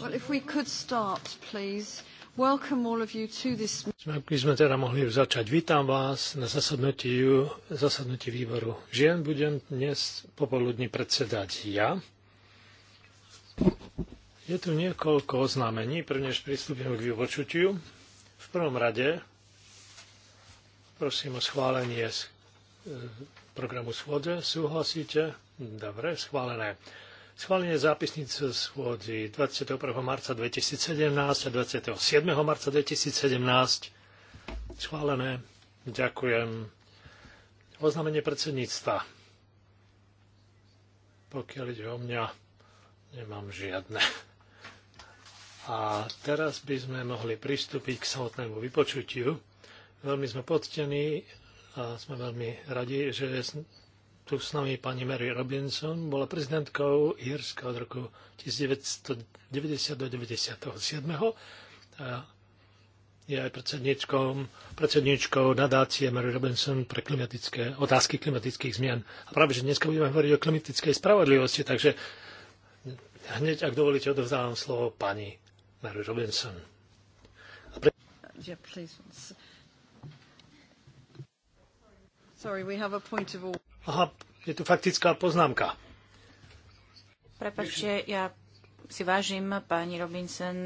Well, if we could start, please. Welcome all of you to this... Ak by sme teda mohli už začať, vítam vás na zasadnutí, zasadnutí výboru žien. Budem dnes popoludní predsedať ja. Je tu niekoľko oznámení, prvne prvnež pristúpim k vypočutiu. V prvom rade prosím o schválenie e, programu schôdze. Súhlasíte? Dobre, schválené schválenie zápisníc schôdzi 21. marca 2017 a 27. marca 2017 schválené. Ďakujem. Oznámenie predsedníctva. Pokiaľ ide o mňa, nemám žiadne. A teraz by sme mohli pristúpiť k samotnému vypočutiu. Veľmi sme poctení a sme veľmi radi, že tu s nami pani Mary Robinson, bola prezidentkou Jirska od roku 1990 do 1997. Je aj predsedničkou, predsedničkou nadácie Mary Robinson pre klimatické, otázky klimatických zmien. A práve, že dneska budeme hovoriť o klimatickej spravodlivosti, takže hneď, ak dovolíte, odovzdávam slovo pani Mary Robinson. Sorry, we have a point of order. Aha, je tu faktická poznámka. Prepačte, ja si vážim, pani Robinson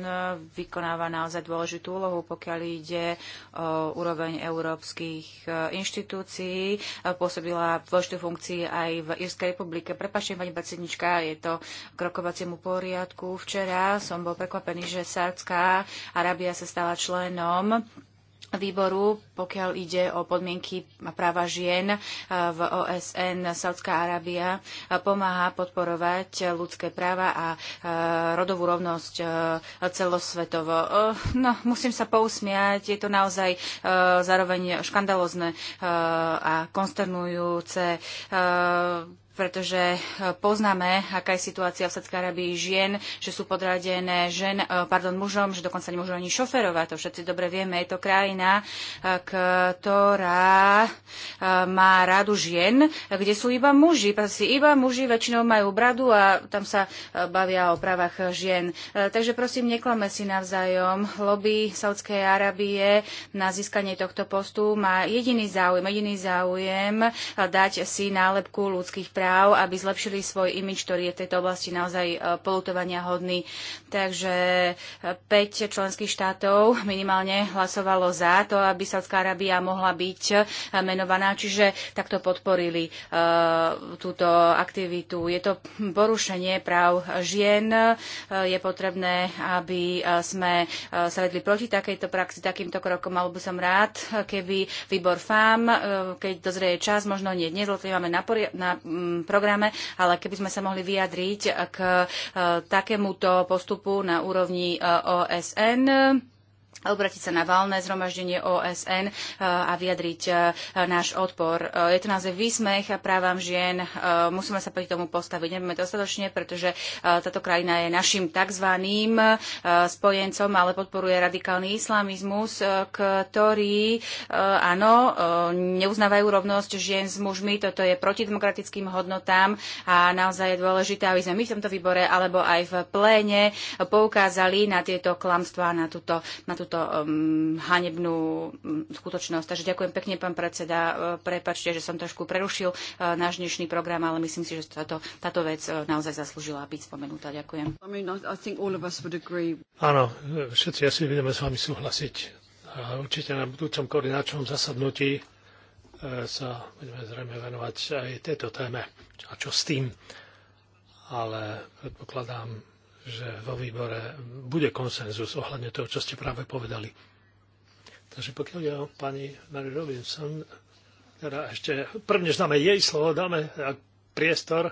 vykonáva naozaj dôležitú úlohu, pokiaľ ide o úroveň európskych eh, inštitúcií. Eh, pôsobila dôležitú funkcii aj v Irskej republike. Prepačte, pani predsednička, je to k rokovaciemu poriadku. Včera som bol prekvapený, že Sárdská Arábia sa stala členom výboru, pokiaľ ide o podmienky a práva žien e, v OSN. Saudská Arábia e, pomáha podporovať ľudské práva a e, rodovú rovnosť celosvetovo. No, musím sa pousmiať, je to naozaj zároveň škandalozne a konsternujúce pretože eh, poznáme, aká je situácia v Sadskej Arabii žien, že sú podradené žen, eh, pardon, mužom, že dokonca nemôžu ani šoferovať. To všetci dobre vieme. Je to krajina, eh, ktorá má radu žien, kde sú iba muži. Proste iba muži väčšinou majú bradu a tam sa bavia o právach žien. Takže prosím, neklame si navzájom. Lobby Saudskej Arabie na získanie tohto postu má jediný záujem, jediný záujem dať si nálepku ľudských práv správ, aby zlepšili svoj imič, ktorý je v tejto oblasti naozaj e, polutovania hodný. Takže 5 e, členských štátov minimálne hlasovalo za to, aby Saudská Arábia mohla byť e, menovaná, čiže takto podporili túto aktivitu. Je to porušenie práv žien, je potrebné, aby sme sa vedli proti takejto praxi, takýmto krokom, alebo som rád, keby výbor FAM, keď dozrie čas, možno nie dnes, lebo máme na, pori- na mm, programe, ale keby sme sa mohli vyjadriť k e, takémuto postupu na úrovni e, OSN, obrátiť sa na valné zhromaždenie OSN eh, a vyjadriť eh, náš odpor. Eh, je to naozaj výsmech a právam žien. Musíme sa pri tomu postaviť. Nevieme dostatočne, pretože táto krajina je našim tzv. spojencom, ale podporuje radikálny islamizmus, ktorý, áno, neuznávajú rovnosť žien s mužmi. Toto je proti demokratickým hodnotám a naozaj je dôležité, aby sme my v tomto výbore alebo aj v pléne poukázali na tieto klamstvá, na túto, na túto túto um, hanebnú um, skutočnosť. Takže ďakujem pekne, pán predseda. Uh, prepačte, že som trošku prerušil uh, náš dnešný program, ale myslím si, že táto, táto vec uh, naozaj zaslúžila byť spomenutá. Ďakujem. I mean, I Áno, všetci asi budeme s vami súhlasiť. A určite na budúcom koordinačnom zasadnutí uh, sa budeme zrejme venovať aj tejto téme. A čo s tým? Ale predpokladám, že vo výbore bude konsenzus ohľadne toho, čo ste práve povedali. Takže pokiaľ ja pani Mary Robinson, teda ešte prvne, známe dáme jej slovo, dáme priestor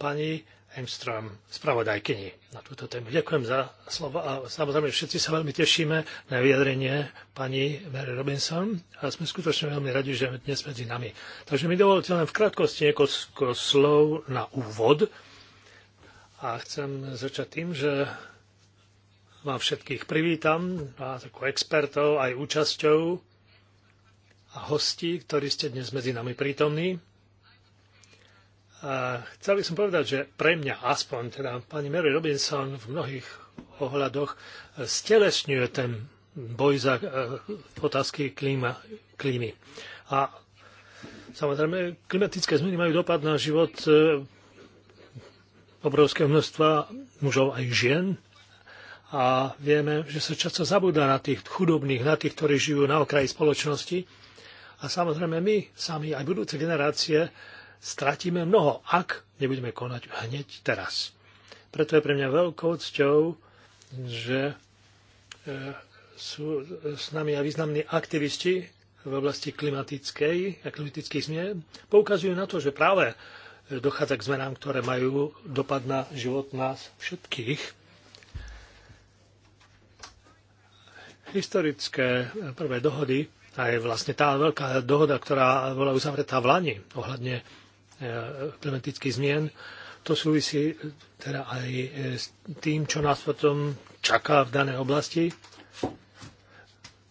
pani Engström, spravodajkyni na túto tému. Ďakujem za slovo a samozrejme všetci sa veľmi tešíme na vyjadrenie pani Mary Robinson a sme skutočne veľmi radi, že je dnes medzi nami. Takže mi dovolte len v krátkosti niekoľko slov na úvod a chcem začať tým, že vám všetkých privítam, vás ako expertov, aj účasťou a hostí, ktorí ste dnes medzi nami prítomní. A chcel by som povedať, že pre mňa aspoň, teda pani Mary Robinson v mnohých ohľadoch stelesňuje ten boj za e, otázky klíma, klímy. A samozrejme, klimatické zmeny majú dopad na život e, obrovského množstva mužov aj žien a vieme, že sa často zabúda na tých chudobných, na tých, ktorí žijú na okraji spoločnosti. A samozrejme my sami, aj budúce generácie, stratíme mnoho, ak nebudeme konať hneď teraz. Preto je pre mňa veľkou cťou, že e, sú s nami aj významní aktivisti v oblasti klimatickej a klimatických zmien. Poukazujú na to, že práve dochádza k zmenám, ktoré majú dopad na život nás všetkých. Historické prvé dohody, aj vlastne tá veľká dohoda, ktorá bola uzavretá v Lani ohľadne e, klimatických zmien, to súvisí teda aj e, s tým, čo nás potom čaká v danej oblasti.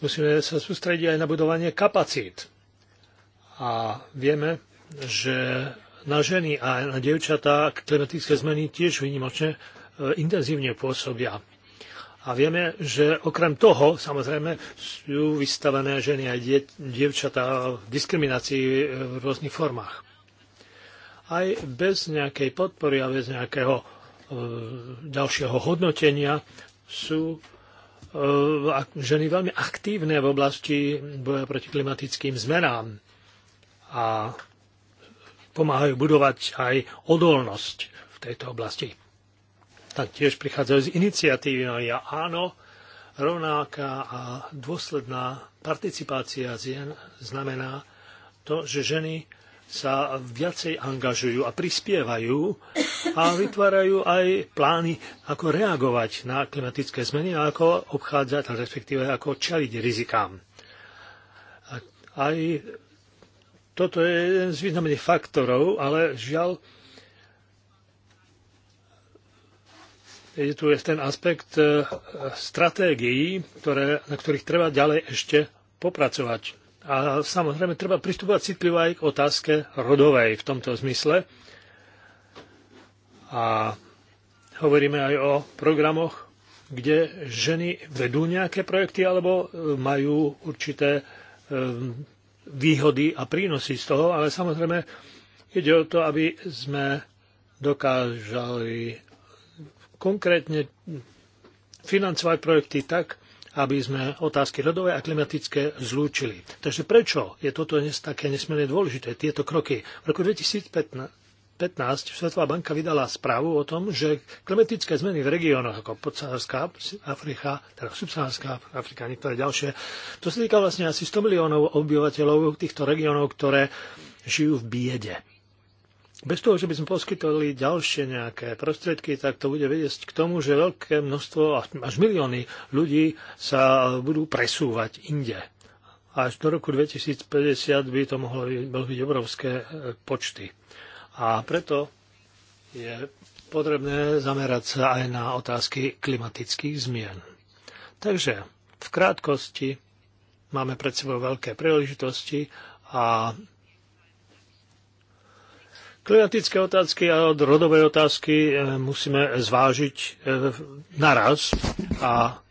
Musíme sa sústrediť aj na budovanie kapacít. A vieme, že na ženy a na dievčatá klimatické zmeny tiež výnimočne e, intenzívne pôsobia. A vieme, že okrem toho, samozrejme, sú vystavené ženy a dievčatá v diskriminácii e, v rôznych formách. Aj bez nejakej podpory a bez nejakého e, ďalšieho hodnotenia sú e, ženy veľmi aktívne v oblasti boja proti klimatickým zmenám. A pomáhajú budovať aj odolnosť v tejto oblasti. Tak tiež prichádzajú z iniciatívy. No ja áno, rovnáka a dôsledná participácia zien znamená to, že ženy sa viacej angažujú a prispievajú a vytvárajú aj plány, ako reagovať na klimatické zmeny a ako obchádzať, respektíve ako čeliť rizikám. Aj toto je jeden z významných faktorov, ale žiaľ, je tu ten aspekt e, stratégií, ktoré, na ktorých treba ďalej ešte popracovať. A samozrejme, treba pristúpať citlivo aj k otázke rodovej v tomto zmysle. A hovoríme aj o programoch, kde ženy vedú nejaké projekty alebo majú určité e, výhody a prínosy z toho, ale samozrejme ide o to, aby sme dokážali konkrétne financovať projekty tak, aby sme otázky rodové a klimatické zlúčili. Takže prečo je toto také nesmierne dôležité, tieto kroky? V roku 2015 2015 Svetová banka vydala správu o tom, že klimatické zmeny v regiónoch ako podsaharská Afrika, teda subsaharská Afrika a niektoré ďalšie, to sa týka vlastne asi 100 miliónov obyvateľov týchto regiónov, ktoré žijú v biede. Bez toho, že by sme poskytovali ďalšie nejaké prostriedky, tak to bude vedieť k tomu, že veľké množstvo, až milióny ľudí sa budú presúvať inde. až do roku 2050 by to mohlo byť obrovské e, počty. A preto je potrebné zamerať sa aj na otázky klimatických zmien. Takže v krátkosti máme pred sebou veľké príležitosti a klimatické otázky a rodové otázky eh, musíme zvážiť eh, naraz a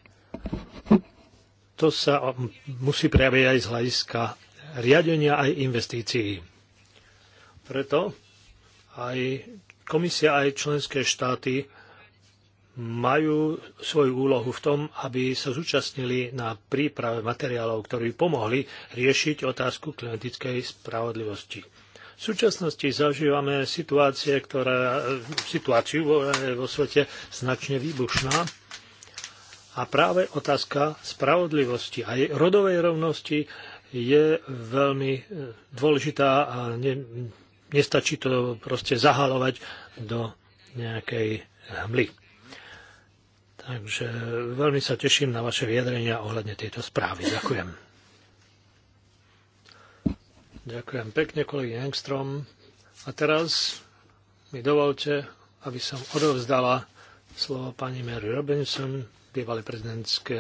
to sa eh, musí prejaviť aj z hľadiska riadenia aj investícií. Preto aj komisia, aj členské štáty majú svoju úlohu v tom, aby sa zúčastnili na príprave materiálov, ktorí pomohli riešiť otázku klimatickej spravodlivosti. V súčasnosti zažívame situácie, ktorá, situáciu vo, vo svete značne výbušná a práve otázka spravodlivosti a rodovej rovnosti je veľmi dôležitá a ne, Nestačí to proste zahalovať do nejakej hmly. Takže veľmi sa teším na vaše vyjadrenia ohľadne tejto správy. Ďakujem. Ďakujem pekne, kolegy Engstrom. A teraz mi dovolte, aby som odovzdala slovo pani Mary Robinson, bývalej prezidentské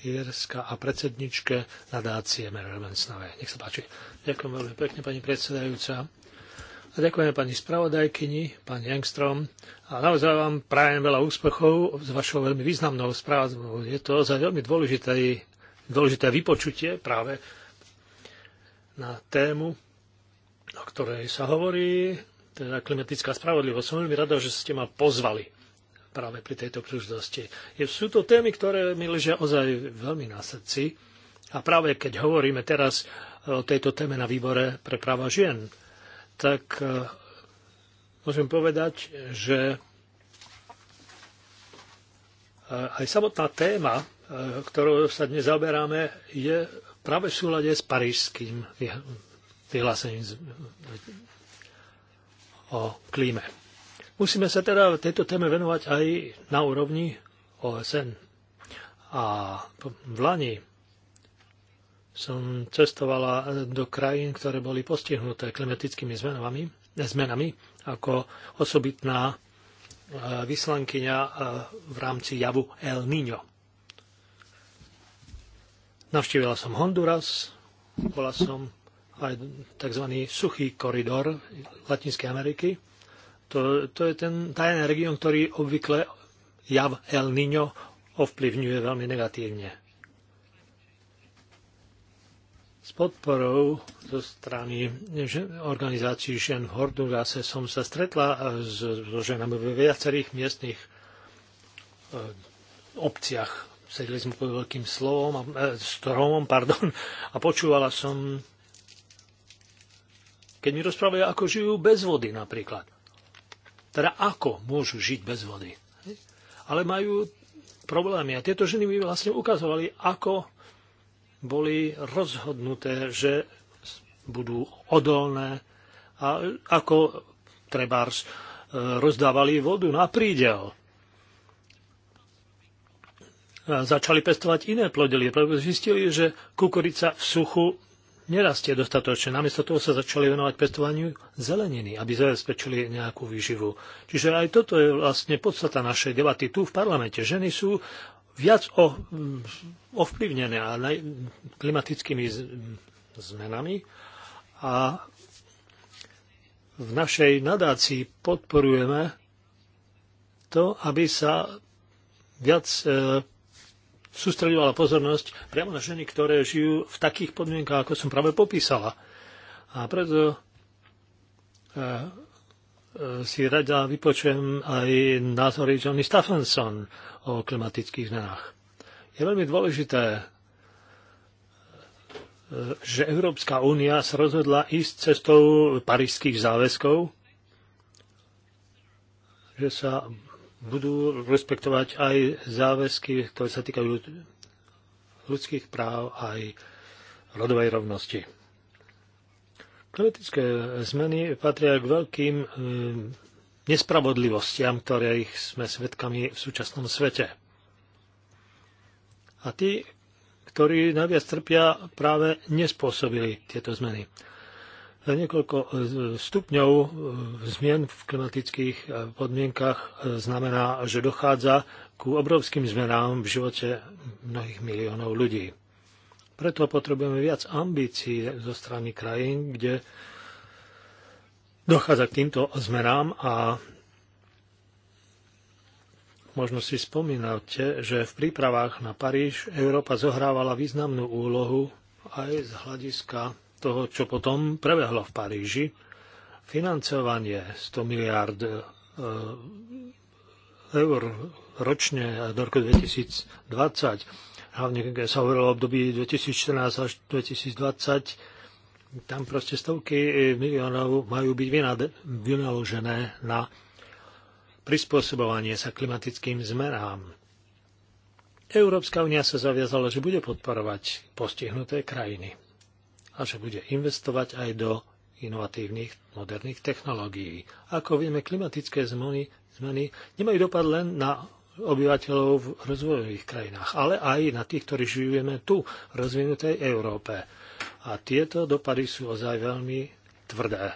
Jerska a predsedničke nadácie Merelbensnové. Nech sa páči. Ďakujem veľmi pekne, pani predsedajúca. A ďakujeme pani spravodajkyni, pani Engstrom. A naozaj vám prajem veľa úspechov s vašou veľmi významnou správou. Je to za veľmi dôležité, dôležité vypočutie práve na tému, o ktorej sa hovorí, teda klimatická spravodlivosť. Som veľmi rada, že ste ma pozvali práve pri tejto príležitosti. Sú to témy, ktoré mi ležia ozaj veľmi na srdci. A práve keď hovoríme teraz e, o tejto téme na výbore pre práva žien, tak e, môžem povedať, že e, aj samotná téma, ktorou sa dnes zaoberáme, je práve v súlade s parížským vyhlásením o klíme. Musíme sa teda tejto téme venovať aj na úrovni OSN. A v Lani som cestovala do krajín, ktoré boli postihnuté klimatickými zmenami, zmenami ako osobitná e, vyslankyňa e, v rámci javu El Niño. Navštívila som Honduras, bola som aj tzv. suchý koridor Latinskej Ameriky to, to je ten, tajný región, ktorý obvykle jav El Niño ovplyvňuje veľmi negatívne. S podporou zo strany organizácií žen v Hordugase som sa stretla s ženami v viacerých miestnych eh, obciach. Sedeli sme pod veľkým slovom, eh, stromom pardon, a počúvala som, keď mi rozprávajú, ako žijú bez vody napríklad. Teda ako môžu žiť bez vody. Ale majú problémy. A tieto ženy mi vlastne ukazovali, ako boli rozhodnuté, že budú odolné a ako trebárs e, rozdávali vodu na prídel. A začali pestovať iné plodelie, pretože zistili, že kukurica v suchu nerastie dostatočne. Namiesto toho sa začali venovať pestovaniu zeleniny, aby zabezpečili nejakú výživu. Čiže aj toto je vlastne podstata našej debaty tu v parlamente. Ženy sú viac mm, ovplyvnené klimatickými mm, zmenami a v našej nadácii podporujeme to, aby sa viac e, sústredovala pozornosť priamo na ženy, ktoré žijú v takých podmienkách, ako som práve popísala. A preto e, e, si rada vypočujem aj názory Johnny Stephenson o klimatických zmenách. Je veľmi dôležité, e, že Európska únia sa rozhodla ísť cestou parížských záväzkov, že sa budú respektovať aj záväzky, ktoré sa týkajú ľudských práv aj rodovej rovnosti. Klimatické zmeny patria k veľkým eh, nespravodlivostiam, ktorých sme svedkami v súčasnom svete. A tí, ktorí najviac trpia, práve nespôsobili tieto zmeny. Niekoľko e, stupňov e, zmien v klimatických e, podmienkach znamená, že dochádza ku obrovským zmenám v živote mnohých miliónov ľudí. Preto potrebujeme viac ambícií zo strany krajín, kde dochádza k týmto zmenám a Možno si spomínate, že v prípravách na Paríž Európa zohrávala významnú úlohu aj z hľadiska toho, čo potom prebehlo v Paríži. Financovanie 100 miliard e, eur ročne do roku 2020, hlavne keď sa hovorilo o období 2014 až 2020, tam proste stovky miliónov majú byť vynaložené na prispôsobovanie sa klimatickým zmenám. Európska únia sa zaviazala, že bude podporovať postihnuté krajiny a že bude investovať aj do inovatívnych moderných technológií. Ako vieme, klimatické zmeny, zmeny nemajú dopad len na obyvateľov v rozvojových krajinách, ale aj na tých, ktorí žijeme tu, v rozvinutej Európe. A tieto dopady sú ozaj veľmi tvrdé.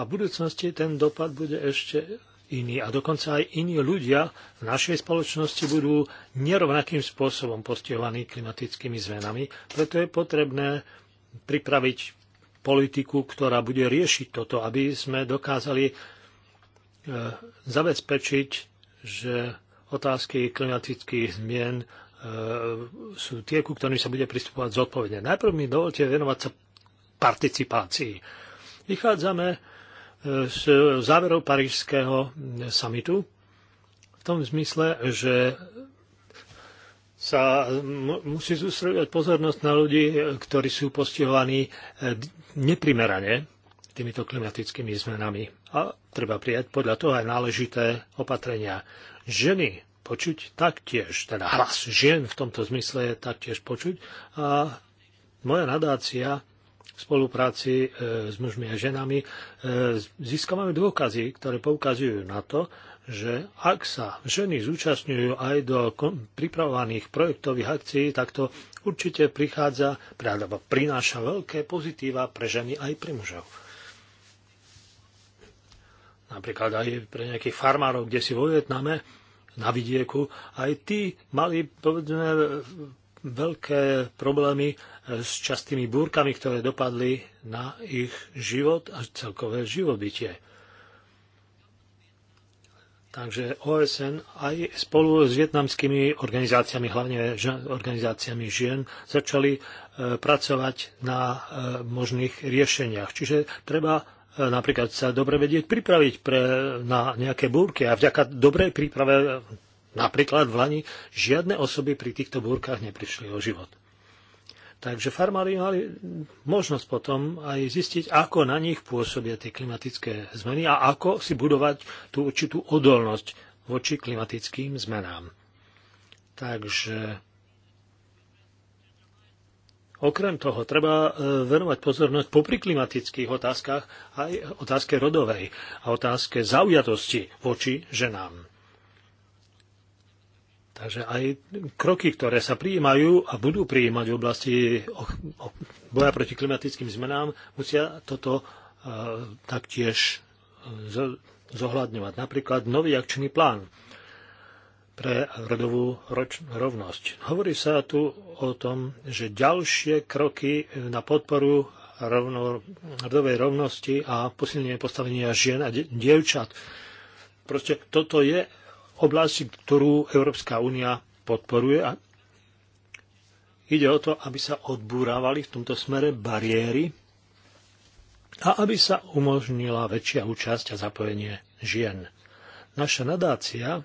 A v budúcnosti ten dopad bude ešte iný. a dokonca aj iní ľudia v našej spoločnosti budú nerovnakým spôsobom postihovaní klimatickými zmenami, preto je potrebné pripraviť politiku, ktorá bude riešiť toto, aby sme dokázali e, zabezpečiť, že otázky klimatických zmien e, sú tie, ku ktorým sa bude pristupovať zodpovedne. Najprv mi dovolte venovať sa participácii. Vychádzame e, z záverov parížského samitu v tom zmysle, že sa musí zústrediť pozornosť na ľudí, ktorí sú postihovaní eh, neprimerane týmito klimatickými zmenami. A treba prijať podľa toho aj náležité opatrenia. Ženy počuť taktiež, teda hlas žien v tomto zmysle je taktiež počuť. A moja nadácia v spolupráci eh, s mužmi a ženami eh, získavame dôkazy, ktoré poukazujú na to, že ak sa ženy zúčastňujú aj do pripravovaných projektových akcií, tak to určite prichádza, alebo prináša veľké pozitíva pre ženy aj pre mužov. Napríklad aj pre nejakých farmárov, kde si vo Vietname na vidieku, aj tí mali povedzme veľké problémy e, s častými búrkami, ktoré dopadli na ich život a celkové živobytie. Takže OSN aj spolu s vietnamskými organizáciami, hlavne organizáciami žien, začali e, pracovať na e, možných riešeniach. Čiže treba e, napríklad sa dobre vedieť pripraviť pre, na nejaké búrky a vďaka dobrej príprave napríklad v Lani žiadne osoby pri týchto búrkach neprišli o život. Takže farmári mali možnosť potom aj zistiť, ako na nich pôsobia tie klimatické zmeny a ako si budovať tú určitú odolnosť voči klimatickým zmenám. Takže okrem toho treba e, venovať pozornosť popri klimatických otázkach aj otázke rodovej a otázke zaujatosti voči ženám. Takže aj kroky, ktoré sa prijímajú a budú prijímať v oblasti boja proti klimatickým zmenám, musia toto e, taktiež e, zohľadňovať. Napríklad nový akčný plán pre rodovú rovnosť. Hovorí sa tu o tom, že ďalšie kroky na podporu rovno, rodovej rovnosti a posilnenie postavenia žien a dievčat. Proste toto je oblasti, ktorú Európska únia podporuje a ide o to, aby sa odbúrávali v tomto smere bariéry a aby sa umožnila väčšia účasť a zapojenie žien. Naša nadácia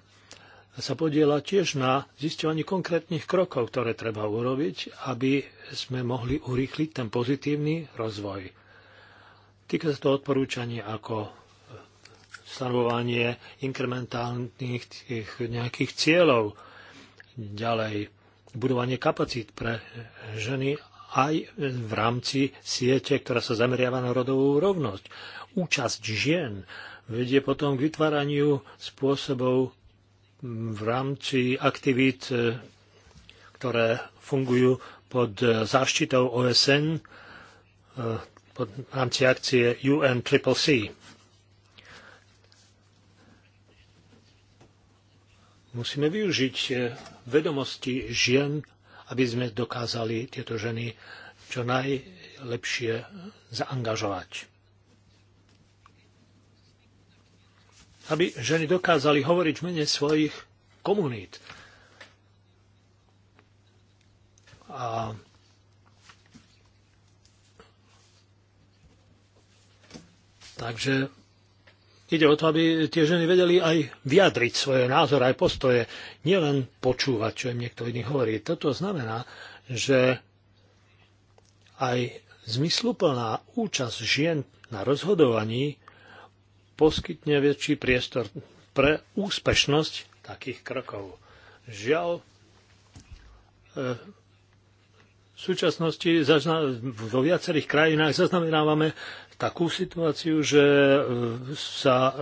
sa podiela tiež na zisťovaní konkrétnych krokov, ktoré treba urobiť, aby sme mohli urýchliť ten pozitívny rozvoj. Týka sa to odporúčanie ako stanovovanie inkrementálnych tých nejakých cieľov, ďalej budovanie kapacít pre ženy aj v rámci siete, ktorá sa zameriava na rodovú rovnosť. Účasť žien vedie potom k vytváraniu spôsobov v rámci aktivít, e, ktoré fungujú pod záštitou OSN e, v rámci akcie UNCCC. Musíme využiť eh, vedomosti žien, aby sme dokázali tieto ženy čo najlepšie zaangažovať. Aby ženy dokázali hovoriť v mene svojich komunít. A takže Ide o to, aby tie ženy vedeli aj vyjadriť svoje názory, aj postoje, nielen počúvať, čo im niekto iný hovorí. Toto znamená, že aj zmysluplná účasť žien na rozhodovaní poskytne väčší priestor pre úspešnosť takých krokov. Žiaľ, e, súčasnosti vo viacerých krajinách zaznamenávame takú situáciu, že e, sa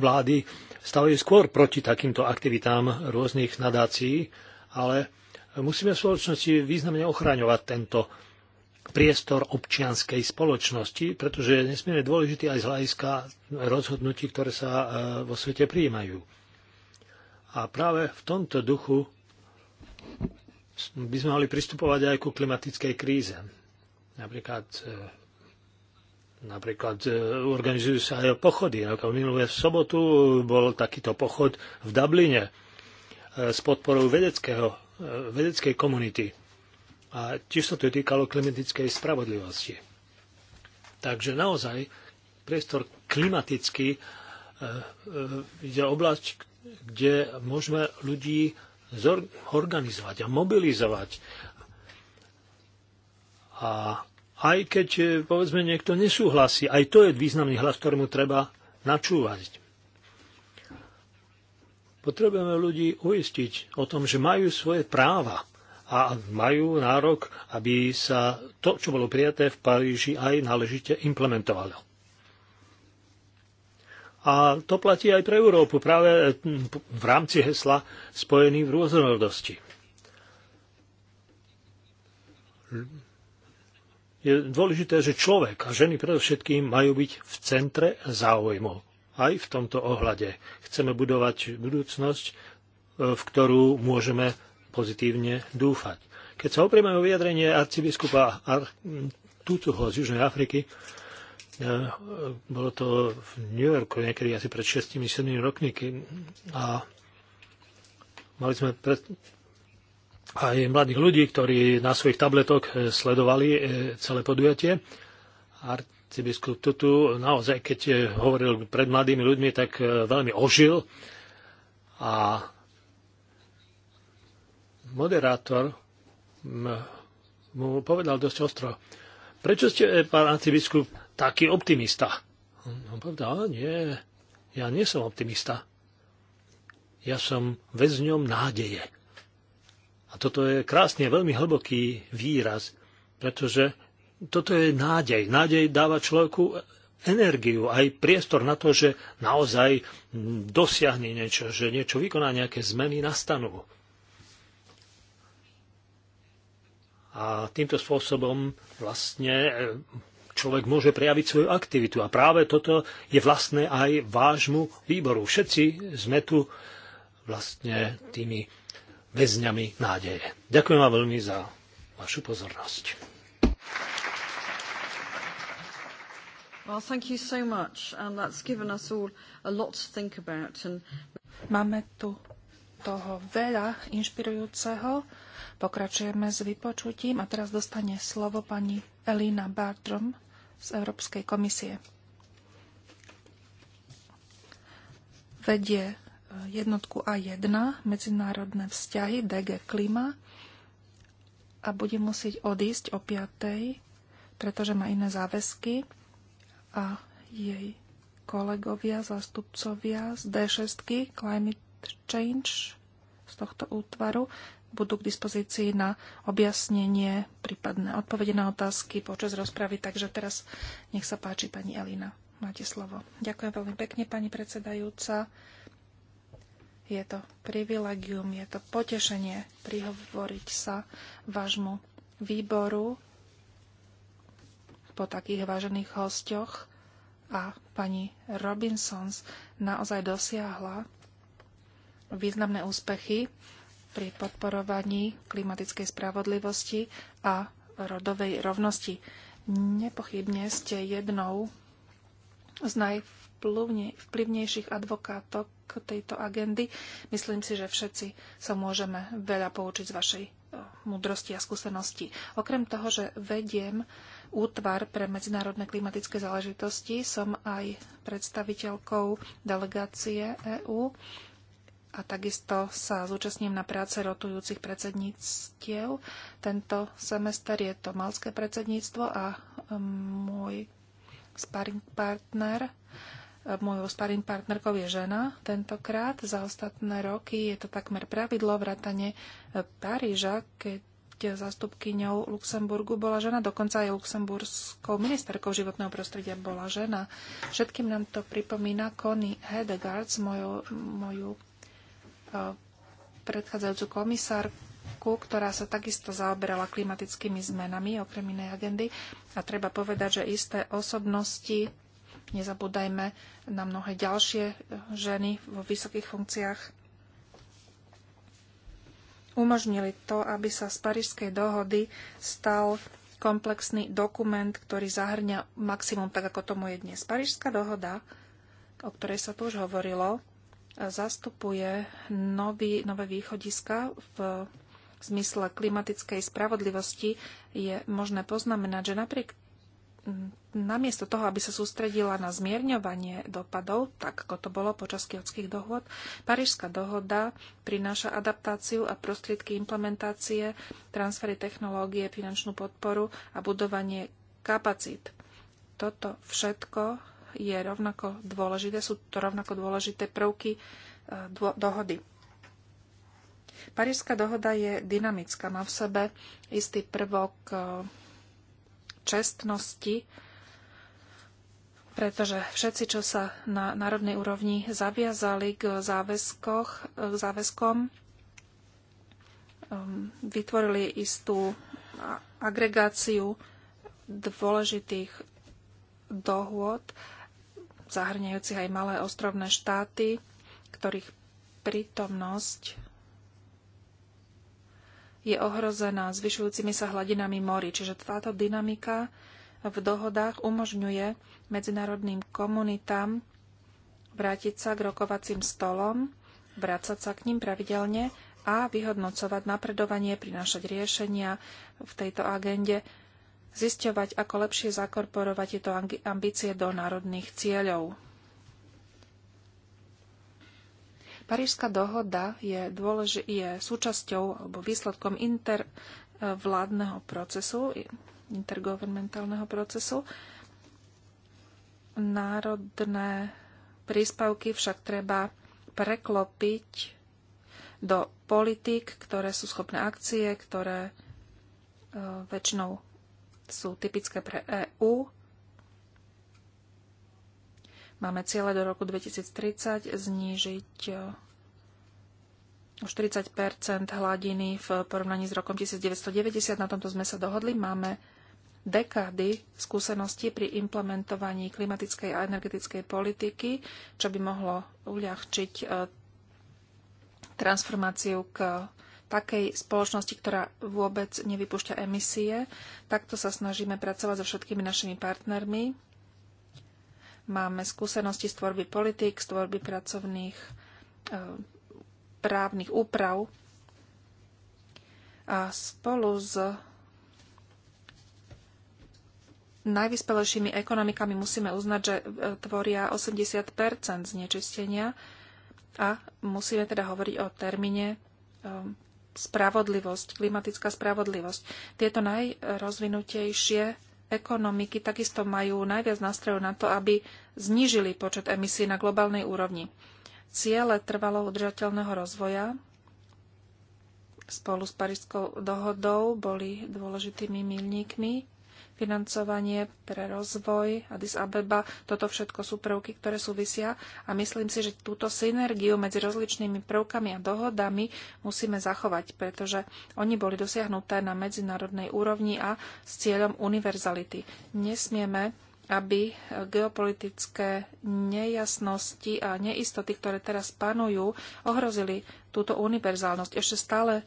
vlády stavajú skôr proti takýmto aktivitám rôznych nadácií, ale musíme v spoločnosti významne ochraňovať tento priestor občianskej spoločnosti, pretože je nesmierne dôležitý aj z hľadiska rozhodnutí, ktoré sa e, vo svete prijímajú. A práve v tomto duchu by sme mali pristupovať aj ku klimatickej kríze. Napríklad, e, napríklad e, organizujú sa aj pochody. Minulé v sobotu bol takýto pochod v Dubline e, s podporou vedeckého, vedeckej komunity. A tiež sa to týkalo klimatickej spravodlivosti. Takže naozaj priestor klimatický je oblasť, kde môžeme ľudí zorganizovať a mobilizovať. A aj keď, e, povedzme, niekto nesúhlasí, aj to je významný hlas, ktorému treba načúvať. Potrebujeme ľudí uistiť o tom, že majú svoje práva a majú nárok, aby sa to, čo bolo prijaté v Paríži, aj náležite implementovalo. A to platí aj pre Európu, práve hm, v rámci hesla spojený v rôznorodosti. Je dôležité, že človek a ženy predovšetkým majú byť v centre záujmov. Aj v tomto ohľade chceme budovať budúcnosť, e, v ktorú môžeme pozitívne dúfať. Keď sa oprieme o vyjadrenie arcibiskupa Ar- Tutuho z Južnej Afriky, bolo to v New Yorku niekedy asi pred 6-7 rokmi a mali sme pred, aj mladých ľudí, ktorí na svojich tabletoch e, sledovali e, celé podujatie. Arcibiskup Tutu naozaj, keď e, hovoril pred mladými ľuďmi, tak veľmi ožil a moderátor mu povedal dosť ostro, prečo ste, pán arcibiskup, taký optimista. On no, povedal, nie, ja nie som optimista. Ja som väzňom nádeje. A toto je krásne, veľmi hlboký výraz, pretože toto je nádej. Nádej dáva človeku energiu, aj priestor na to, že naozaj dosiahne niečo, že niečo vykoná, nejaké zmeny nastanú. A týmto spôsobom vlastne človek môže prejaviť svoju aktivitu. A práve toto je vlastné aj vášmu výboru. Všetci sme tu vlastne tými väzňami nádeje. Ďakujem vám veľmi za vašu pozornosť. Máme tu toho veľa inšpirujúceho. Pokračujeme s vypočutím a teraz dostane slovo pani Elina Bartrom z Európskej komisie. Vedie e, jednotku A1 medzinárodné vzťahy DG Klima a bude musieť odísť o 5, pretože má iné záväzky a jej kolegovia, zástupcovia z D6 Climate Change z tohto útvaru budú k dispozícii na objasnenie, prípadné odpovede na otázky počas rozpravy. Takže teraz nech sa páči pani Elina. Máte slovo. Ďakujem veľmi pekne, pani predsedajúca. Je to privilegium, je to potešenie prihovoriť sa vášmu výboru po takých vážených hostiach a pani Robinsons naozaj dosiahla významné úspechy pri podporovaní klimatickej spravodlivosti a rodovej rovnosti. Nepochybne ste jednou z najvplyvnejších advokátok tejto agendy. Myslím si, že všetci sa môžeme veľa poučiť z vašej eh, múdrosti a skúsenosti. Okrem toho, že vediem útvar pre medzinárodné klimatické záležitosti, som aj predstaviteľkou delegácie EÚ a takisto sa zúčastním na práce rotujúcich predsedníctiev. Tento semester je to malské predsedníctvo a um, môj sparring partner um, Mojou sparring partnerkou je žena tentokrát. Za ostatné roky je to takmer pravidlo vrátane e, Paríža, keď zastupkyňou Luxemburgu bola žena, dokonca aj luxemburskou ministerkou životného prostredia bola žena. Všetkým nám to pripomína Connie Hedegaard, moju, moju E, predchádzajúcu komisárku, ktorá sa takisto zaoberala klimatickými zmenami, okrem inej agendy. A treba povedať, že isté osobnosti, nezabúdajme na mnohé ďalšie ženy vo vysokých funkciách, umožnili to, aby sa z Parížskej dohody stal komplexný dokument, ktorý zahrňa maximum tak, ako tomu je dnes. Parížská dohoda, o ktorej sa tu už hovorilo, zastupuje nový, nové východiska v zmysle klimatickej spravodlivosti, je možné poznamenať, že napriek namiesto toho, aby sa sústredila na zmierňovanie dopadov, tak ako to bolo počas kiotských dohôd, Parížská dohoda prináša adaptáciu a prostriedky implementácie, transfery technológie, finančnú podporu a budovanie kapacít. Toto všetko je rovnako dôležité, sú to rovnako dôležité prvky e, dohody. Parížská dohoda je dynamická, má v sebe istý prvok e, čestnosti, pretože všetci, čo sa na národnej úrovni zaviazali k, záväzkoch, e, k záväzkom, vytvorili istú agregáciu dôležitých dohôd zahrňajúcich aj malé ostrovné štáty, ktorých prítomnosť je ohrozená zvyšujúcimi sa hladinami mori. Čiže táto dynamika v dohodách umožňuje medzinárodným komunitám vrátiť sa k rokovacím stolom, vrácať sa k ním pravidelne a vyhodnocovať napredovanie, prinášať riešenia v tejto agende zisťovať, ako lepšie zakorporovať tieto ambície do národných cieľov. Parížská dohoda je, dôlež- je súčasťou alebo výsledkom intervládneho procesu, intergovernmentálneho procesu. Národné príspevky však treba preklopiť do politik, ktoré sú schopné akcie, ktoré e, väčšinou sú typické pre EÚ. Máme cieľe do roku 2030 znížiť e, o 40 hladiny v porovnaní s rokom 1990. Na tomto sme sa dohodli. Máme dekády skúseností pri implementovaní klimatickej a energetickej politiky, čo by mohlo uľahčiť e, transformáciu k takej spoločnosti, ktorá vôbec nevypúšťa emisie. Takto sa snažíme pracovať so všetkými našimi partnermi. Máme skúsenosti z tvorby politik, z tvorby pracovných e, právnych úprav a spolu s najvyspelejšími ekonomikami musíme uznať, že eh, tvoria 80 znečistenia a musíme teda hovoriť o termíne eh, spravodlivosť, klimatická spravodlivosť. Tieto najrozvinutejšie ekonomiky takisto majú najviac nástrojov na to, aby znížili počet emisí na globálnej úrovni. Ciele trvalo udržateľného rozvoja spolu s Parískou dohodou boli dôležitými milníkmi financovanie pre rozvoj Addis Abeba. Toto všetko sú prvky, ktoré súvisia a myslím si, že túto synergiu medzi rozličnými prvkami a dohodami musíme zachovať, pretože oni boli dosiahnuté na medzinárodnej úrovni a s cieľom univerzality. Nesmieme aby geopolitické nejasnosti a neistoty, ktoré teraz panujú, ohrozili túto univerzálnosť. Ešte stále e,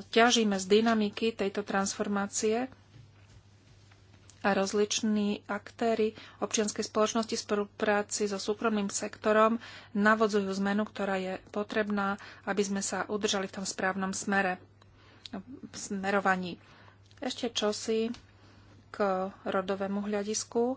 ťažíme z dynamiky tejto transformácie a rozliční aktéry občianskej spoločnosti v spolupráci so súkromným sektorom navodzujú zmenu, ktorá je potrebná, aby sme sa udržali v tom správnom smere, v smerovaní. Ešte čosi k rodovému hľadisku.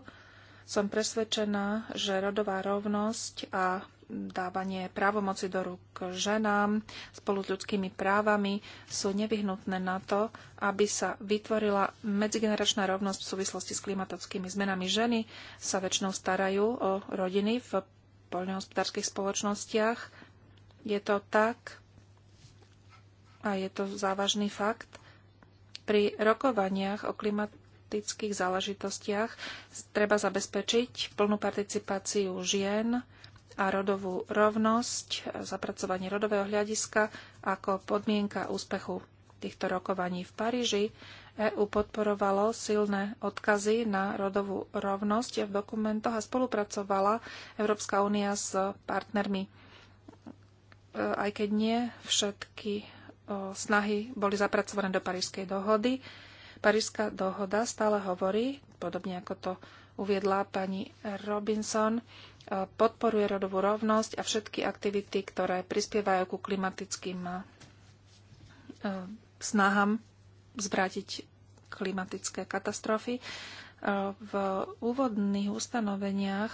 Som presvedčená, že rodová rovnosť a dávanie právomoci do rúk ženám spolu s ľudskými právami sú nevyhnutné na to, aby sa vytvorila medzigeneračná rovnosť v súvislosti s klimatickými zmenami. Ženy sa väčšinou starajú o rodiny v poľnohospodárských spoločnostiach. Je to tak a je to závažný fakt. Pri rokovaniach o klimatických záležitostiach treba zabezpečiť plnú participáciu žien a rodovú rovnosť, e, zapracovanie rodového hľadiska ako podmienka úspechu týchto rokovaní v Paríži. EU podporovalo silné odkazy na rodovú rovnosť v dokumentoch a spolupracovala Európska únia s partnermi. E, aj keď nie všetky e, snahy boli zapracované do Parížskej dohody, Parížská dohoda stále hovorí, podobne ako to uviedla pani Robinson, podporuje rodovú rovnosť a všetky aktivity, ktoré prispievajú ku klimatickým e, snahám zvrátiť klimatické katastrofy. E, v úvodných ustanoveniach,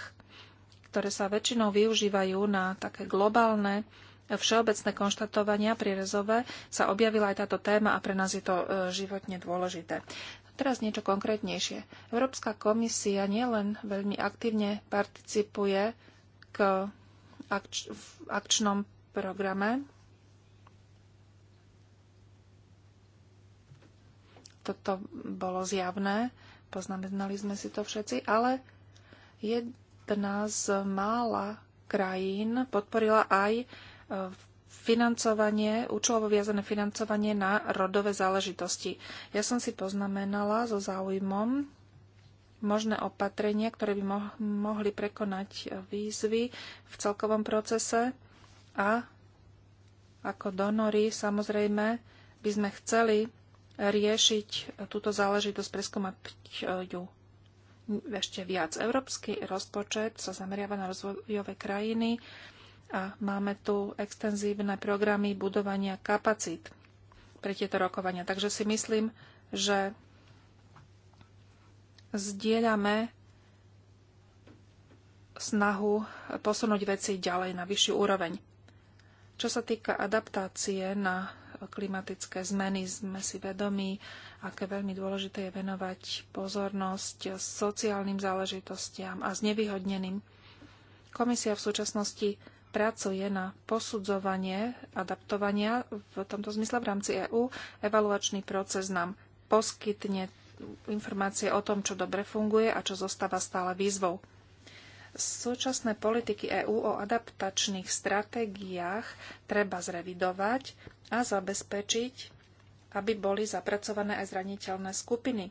ktoré sa väčšinou využívajú na také globálne všeobecné konštatovania pri rezove sa objavila aj táto téma a pre nás je to e, životne dôležité. Teraz niečo konkrétnejšie. Európska komisia nielen veľmi aktívne participuje k akč- v akčnom programe, toto bolo zjavné, poznamenali sme si to všetci, ale jedna z mála krajín podporila aj e, financovanie, účelovo viazané financovanie na rodové záležitosti. Ja som si poznamenala so záujmom možné opatrenia, ktoré by mohli prekonať výzvy v celkovom procese a ako donory samozrejme by sme chceli riešiť túto záležitosť, preskúmať ju ešte viac. Európsky rozpočet sa zameriava na rozvojové krajiny, a máme tu extenzívne programy budovania kapacít pre tieto rokovania. Takže si myslím, že zdieľame snahu posunúť veci ďalej na vyššiu úroveň. Čo sa týka adaptácie na klimatické zmeny, sme si vedomí, aké veľmi dôležité je venovať pozornosť sociálnym záležitostiam a znevýhodneným. Komisia v súčasnosti pracuje na posudzovanie adaptovania v tomto zmysle v rámci EÚ. Evaluačný proces nám poskytne informácie o tom, čo dobre funguje a čo zostáva stále výzvou. Súčasné politiky EÚ o adaptačných stratégiách treba zrevidovať a zabezpečiť, aby boli zapracované aj zraniteľné skupiny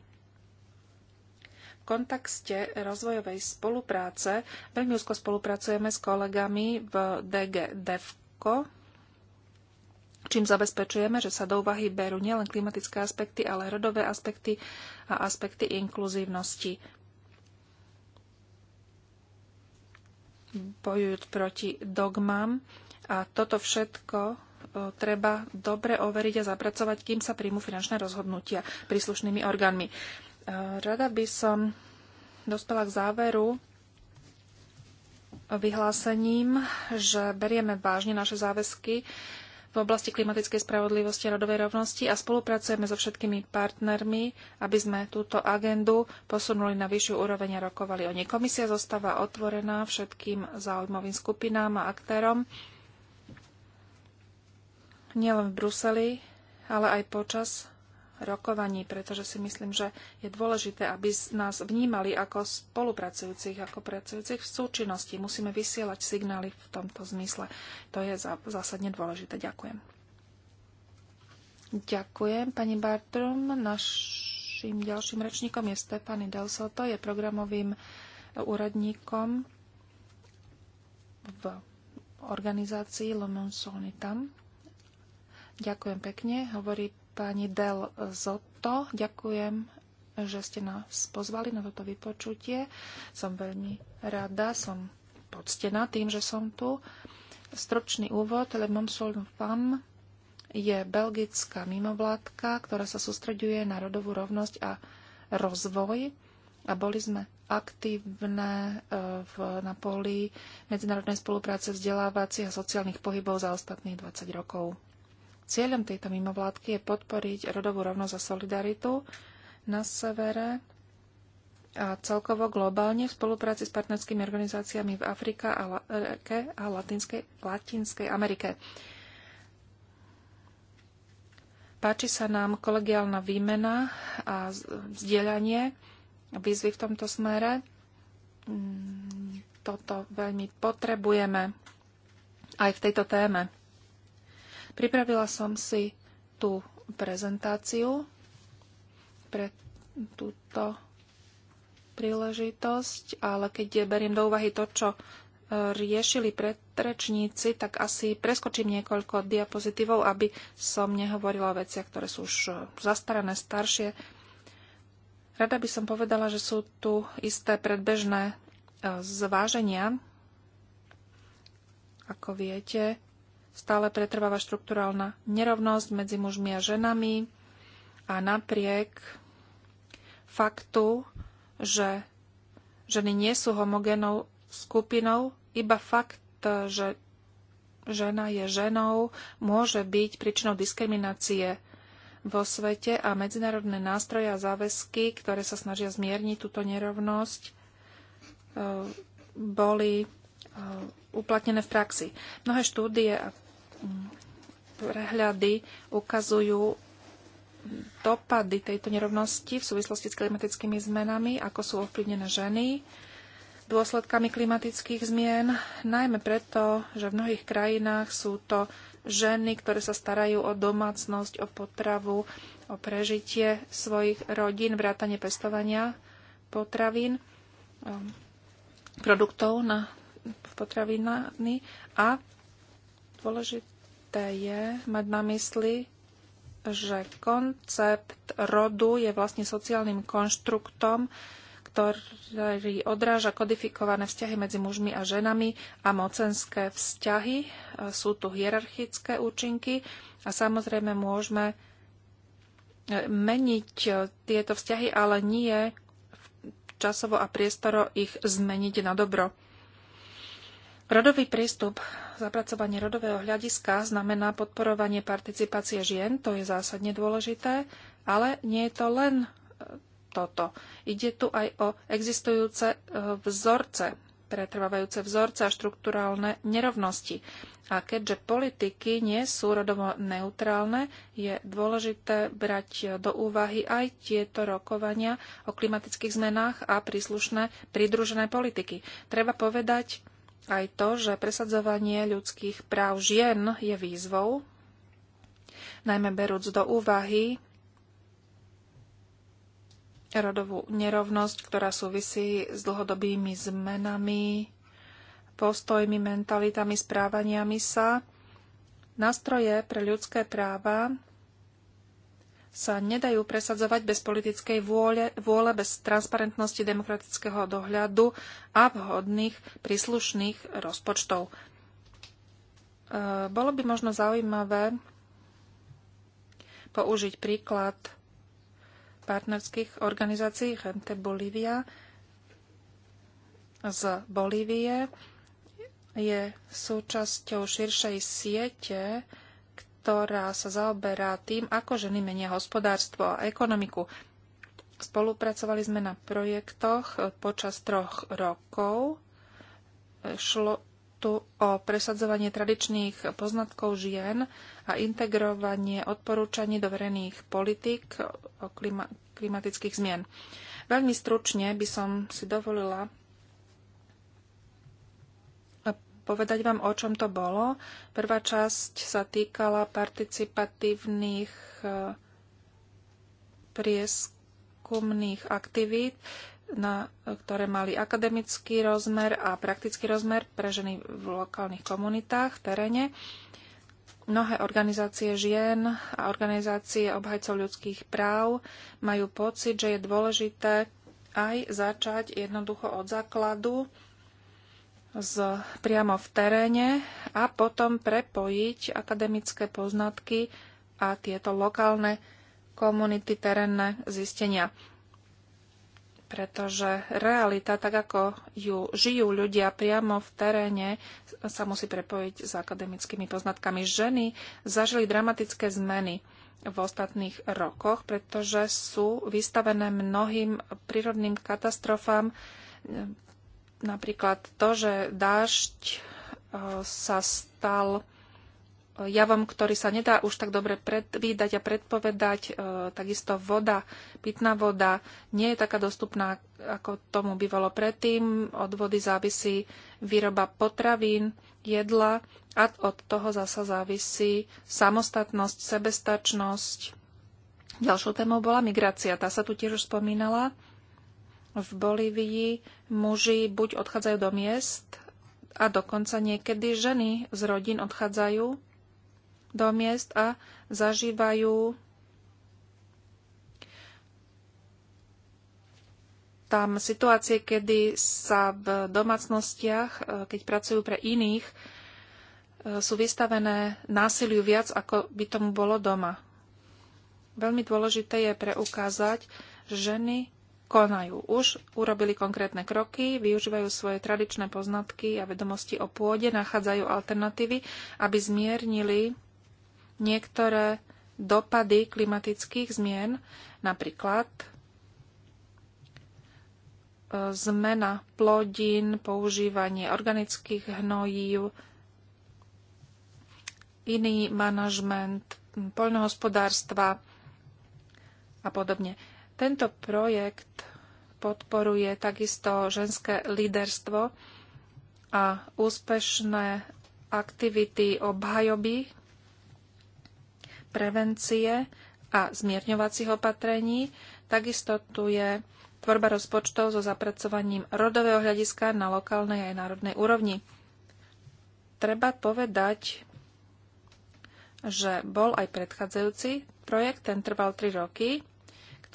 kontexte rozvojovej spolupráce veľmi úzko spolupracujeme s kolegami v DG DEVCO, čím zabezpečujeme, že sa do úvahy berú nielen klimatické aspekty, ale rodové aspekty a aspekty inkluzívnosti. Bojujúc proti dogmám a toto všetko e, treba dobre overiť a zapracovať, kým sa príjmu finančné rozhodnutia príslušnými orgánmi. Rada by som dospela k záveru vyhlásením, že berieme vážne naše záväzky v oblasti klimatickej spravodlivosti a rodovej rovnosti a spolupracujeme so všetkými partnermi, aby sme túto agendu posunuli na vyššiu úroveň a rokovali o nej. Komisia zostáva otvorená všetkým záujmovým skupinám a aktérom, nielen v Bruseli, ale aj počas rokovaní, pretože si myslím, že je dôležité, aby nás vnímali ako spolupracujúcich, ako pracujúcich v súčinnosti. Musíme vysielať signály v tomto zmysle. To je zásadne dôležité. Ďakujem. Ďakujem, pani Bartrum. Našim ďalším rečníkom je Stefany Delsoto, je programovým úradníkom v organizácii Le Monde Ďakujem pekne, hovorí Pani Del Zoto, ďakujem, že ste nás pozvali na toto vypočutie. Som veľmi rada, som poctená tým, že som tu. Stročný úvod, Le Monsoul Fam je belgická mimovládka, ktorá sa sústreďuje na rodovú rovnosť a rozvoj. A boli sme aktívne e, v, na poli medzinárodnej spolupráce vzdelávacích a sociálnych pohybov za ostatných 20 rokov. Cieľom tejto mimovládky je podporiť rodovú rovnosť a solidaritu na severe a celkovo globálne v spolupráci s partnerskými organizáciami v Afrika a, La- a Latinskej, Latinskej Amerike. Páči sa nám kolegiálna výmena a vzdielanie výzvy v tomto smere. Mm, toto veľmi potrebujeme aj v tejto téme. Pripravila som si tú prezentáciu pre túto príležitosť, ale keď beriem do úvahy to, čo e, riešili predrečníci, tak asi preskočím niekoľko diapozitívov, aby som nehovorila o veciach, ktoré sú už e, zastarané, staršie. Rada by som povedala, že sú tu isté predbežné e, zváženia. Ako viete, Stále pretrváva štruktúrálna nerovnosť medzi mužmi a ženami a napriek faktu, že ženy nie sú homogénou skupinou, iba fakt, že žena je ženou, môže byť príčinou diskriminácie vo svete a medzinárodné nástroje a záväzky, ktoré sa snažia zmierniť túto nerovnosť, e, boli e, uplatnené v praxi. Mnohé štúdie a prehľady ukazujú dopady tejto nerovnosti v súvislosti s klimatickými zmenami, ako sú ovplyvnené ženy dôsledkami klimatických zmien, najmä preto, že v mnohých krajinách sú to ženy, ktoré sa starajú o domácnosť, o potravu, o prežitie svojich rodín, vrátanie pestovania potravín, um, produktov na, v potraviny a dôležité Dôležité je mať na mysli, že koncept rodu je vlastne sociálnym konštruktom, ktorý odráža kodifikované vzťahy medzi mužmi a ženami a mocenské vzťahy. Sú tu hierarchické účinky a samozrejme môžeme e, meniť e, tieto vzťahy, ale nie časovo a priestoro ich zmeniť na dobro. Rodový prístup, zapracovanie rodového hľadiska znamená podporovanie participácie žien, to je zásadne dôležité, ale nie je to len e, toto. Ide tu aj o existujúce e, vzorce, pretrvávajúce vzorce a štruktúrálne nerovnosti. A keďže politiky nie sú rodovo neutrálne, je dôležité brať do úvahy aj tieto rokovania o klimatických zmenách a príslušné pridružené politiky. Treba povedať, aj to, že presadzovanie ľudských práv žien je výzvou, najmä berúc do úvahy rodovú nerovnosť, ktorá súvisí s dlhodobými zmenami, postojmi, mentalitami, správaniami sa. Nástroje pre ľudské práva sa nedajú presadzovať bez politickej vôle, vôle bez transparentnosti demokratického dohľadu a vhodných príslušných rozpočtov. E, bolo by možno zaujímavé použiť príklad partnerských organizácií Gente Bolivia z Bolívie. Je súčasťou širšej siete ktorá sa zaoberá tým, ako ženy menia hospodárstvo a ekonomiku. Spolupracovali sme na projektoch e, počas troch rokov. E, šlo tu o presadzovanie tradičných poznatkov žien a integrovanie odporúčaní do verejných politik o klima- klimatických zmien. Veľmi stručne by som si dovolila povedať vám, o čom to bolo. Prvá časť sa týkala participatívnych e, prieskumných aktivít, na, e, ktoré mali akademický rozmer a praktický rozmer pre ženy v lokálnych komunitách v teréne. Mnohé organizácie žien a organizácie obhajcov ľudských práv majú pocit, že je dôležité aj začať jednoducho od základu z, priamo v teréne a potom prepojiť akademické poznatky a tieto lokálne komunity terénne zistenia. Pretože realita, tak ako ju žijú ľudia priamo v teréne, sa musí prepojiť s akademickými poznatkami. Ženy zažili dramatické zmeny v ostatných rokoch, pretože sú vystavené mnohým prírodným katastrofám, Napríklad to, že dážď e, sa stal javom, ktorý sa nedá už tak dobre predvídať a predpovedať. E, takisto voda, pitná voda nie je taká dostupná, ako tomu bývalo predtým. Od vody závisí výroba potravín, jedla a od toho zasa závisí samostatnosť, sebestačnosť. Ďalšou témou bola migrácia. Tá sa tu tiež už spomínala v Bolívii muži buď odchádzajú do miest a dokonca niekedy ženy z rodín odchádzajú do miest a zažívajú tam situácie, kedy sa v domácnostiach, e, keď pracujú pre iných, e, sú vystavené násiliu viac, ako by tomu bolo doma. Veľmi dôležité je preukázať, že ženy konajú už, urobili konkrétne kroky, využívajú svoje tradičné poznatky a vedomosti o pôde, nachádzajú alternatívy, aby zmiernili niektoré dopady klimatických zmien, napríklad e, zmena plodín, používanie organických hnojív, iný manažment poľnohospodárstva a podobne. Tento projekt podporuje takisto ženské líderstvo a úspešné aktivity obhajoby, prevencie a zmierňovacích opatrení. Takisto tu je tvorba rozpočtov so zapracovaním rodového hľadiska na lokálnej aj národnej úrovni. Treba povedať, že bol aj predchádzajúci projekt, ten trval 3 roky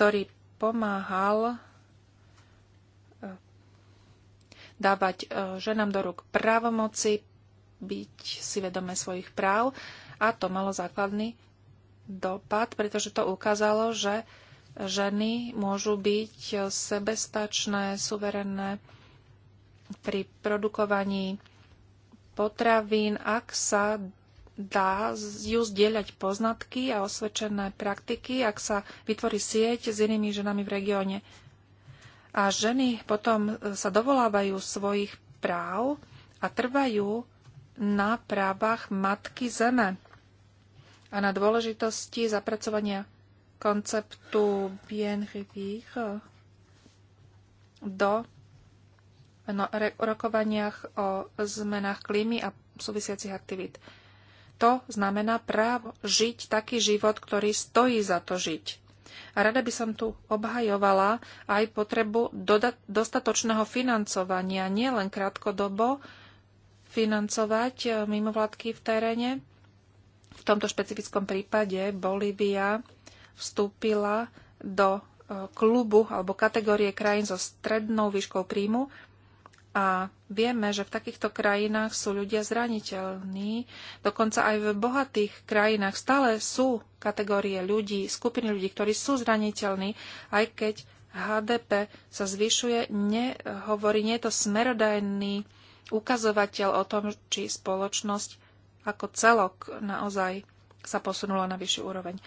ktorý pomáhal e, dávať e, ženám do rúk právomoci, byť si vedomé svojich práv a to malo základný dopad, pretože to ukázalo, že ženy môžu byť sebestačné, suverenné pri produkovaní potravín, ak sa dá ju zdieľať poznatky a osvedčené praktiky, ak sa vytvorí sieť s inými ženami v regióne. A ženy potom e, sa dovolávajú svojich práv a trvajú na právach matky zeme a na dôležitosti zapracovania konceptu bien e, do no, rokovaniach o zmenách klímy a súvisiacich aktivít to znamená právo žiť taký život, ktorý stojí za to žiť. A rada by som tu obhajovala aj potrebu dostatočného financovania, nielen krátkodobo financovať e, mimovládky v teréne. V tomto špecifickom prípade Bolívia vstúpila do e, klubu alebo kategórie krajín so strednou výškou príjmu, a vieme, že v takýchto krajinách sú ľudia zraniteľní. Dokonca aj v bohatých krajinách stále sú kategórie ľudí, skupiny ľudí, ktorí sú zraniteľní, aj keď HDP sa zvyšuje, nehovorí, nie je to smerodajný ukazovateľ o tom, či spoločnosť ako celok naozaj sa posunula na vyššiu úroveň.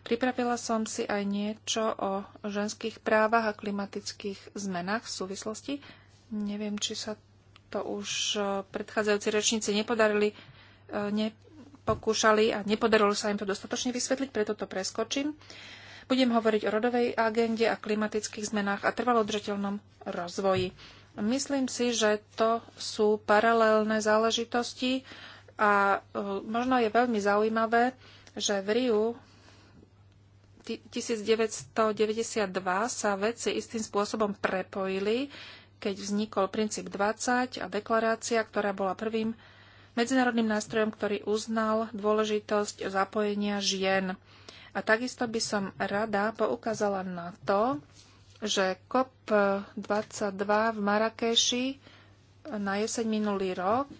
Pripravila som si aj niečo o ženských právach a klimatických zmenách v súvislosti Neviem, či sa to už e, predchádzajúci rečníci nepodarili, e, nepokúšali a nepodarilo sa im to dostatočne vysvetliť, preto to preskočím. Budem hovoriť o rodovej agende a klimatických zmenách a trvalo rozvoji. Myslím si, že to sú paralelné záležitosti a e, možno je veľmi zaujímavé, že v Riu 1992 sa veci istým spôsobom prepojili keď vznikol princíp 20 a deklarácia, ktorá bola prvým medzinárodným nástrojom, ktorý uznal dôležitosť zapojenia žien. A takisto by som rada poukázala na to, že COP22 v Marrakeši na jeseň minulý rok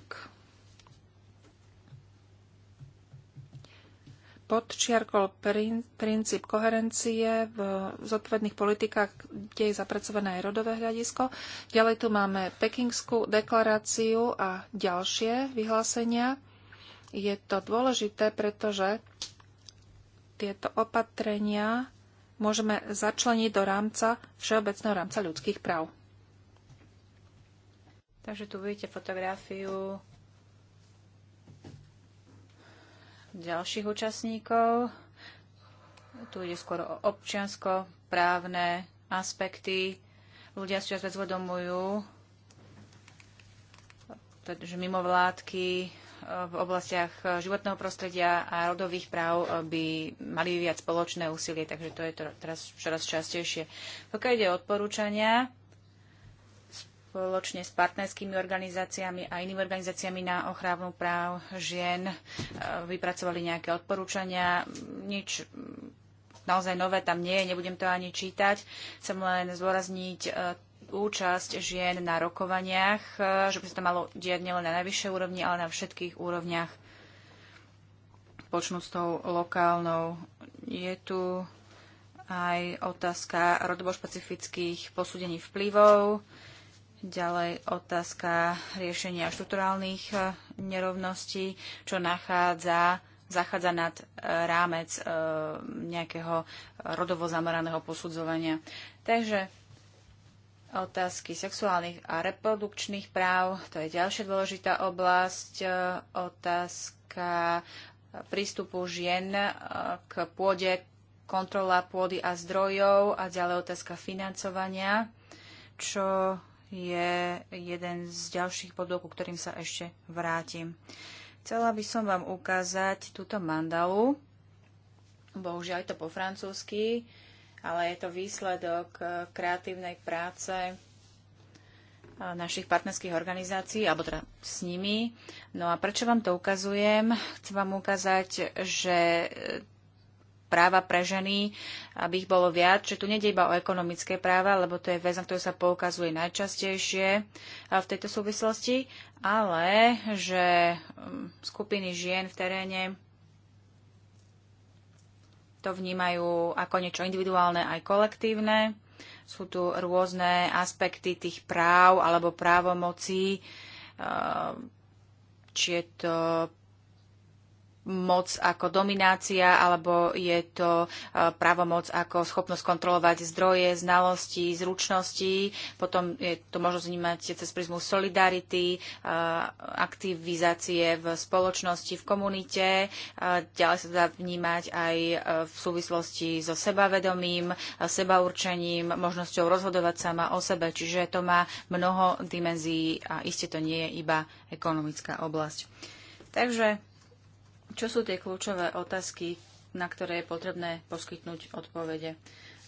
podčiarkol prin, princíp koherencie v zodpovedných politikách, kde je zapracované aj rodové hľadisko. Ďalej tu máme Pekingskú deklaráciu a ďalšie vyhlásenia. Je to dôležité, pretože tieto opatrenia môžeme začleniť do rámca všeobecného rámca ľudských práv. Takže tu vidíte fotografiu ďalších účastníkov. Tu ide skôr o občiansko-právne aspekty. Ľudia si čas zvedomujú, že mimovládky eh, v oblastiach eh, životného prostredia a rodových práv eh, by mali viac spoločné úsilie, takže to je teraz čoraz častejšie. Pokiaľ ide o odporúčania, spoločne s partnerskými organizáciami a inými organizáciami na ochranu práv žien e, vypracovali nejaké odporúčania. Nič naozaj nové tam nie je, nebudem to ani čítať. Chcem len zdôrazniť e, účasť žien na rokovaniach, e, že by sa to malo diať nielen na najvyššej úrovni, ale na všetkých úrovniach počnúť s tou lokálnou. Je tu aj otázka rodovo špecifických posúdení vplyvov. Ďalej otázka riešenia štruktúrálnych e, nerovností, čo nachádza zachádza nad e, rámec e, nejakého rodovo zameraného posudzovania. Takže otázky sexuálnych a reprodukčných práv, to je ďalšia dôležitá oblasť, otázka prístupu žien k pôde, kontrola pôdy a zdrojov a ďalej otázka financovania, čo je jeden z ďalších bodov, ku ktorým sa ešte vrátim. Chcela by som vám ukázať túto mandalu. Bohužiaľ je to po francúzsky, ale je to výsledok eh, kreatívnej práce eh, našich partnerských organizácií, alebo teda s nimi. No a prečo vám to ukazujem? Chcem vám ukázať, že eh, práva pre ženy, aby ich bolo viac, že tu nede iba o ekonomické práva, lebo to je vec, na ktorú sa poukazuje najčastejšie v tejto súvislosti, ale že mm, skupiny žien v teréne to vnímajú ako niečo individuálne aj kolektívne. Sú tu rôzne aspekty tých práv alebo právomocí, či je to moc ako dominácia, alebo je to e, právomoc ako schopnosť kontrolovať zdroje, znalosti, zručnosti. Potom je to možnosť vnímať cez prizmu solidarity, e, aktivizácie v spoločnosti, v komunite. E, ďalej sa dá vnímať aj v súvislosti so sebavedomím, sebaurčením, možnosťou rozhodovať sama o sebe. Čiže to má mnoho dimenzií a iste to nie je iba ekonomická oblasť. Takže čo sú tie kľúčové otázky, na ktoré je potrebné poskytnúť odpovede?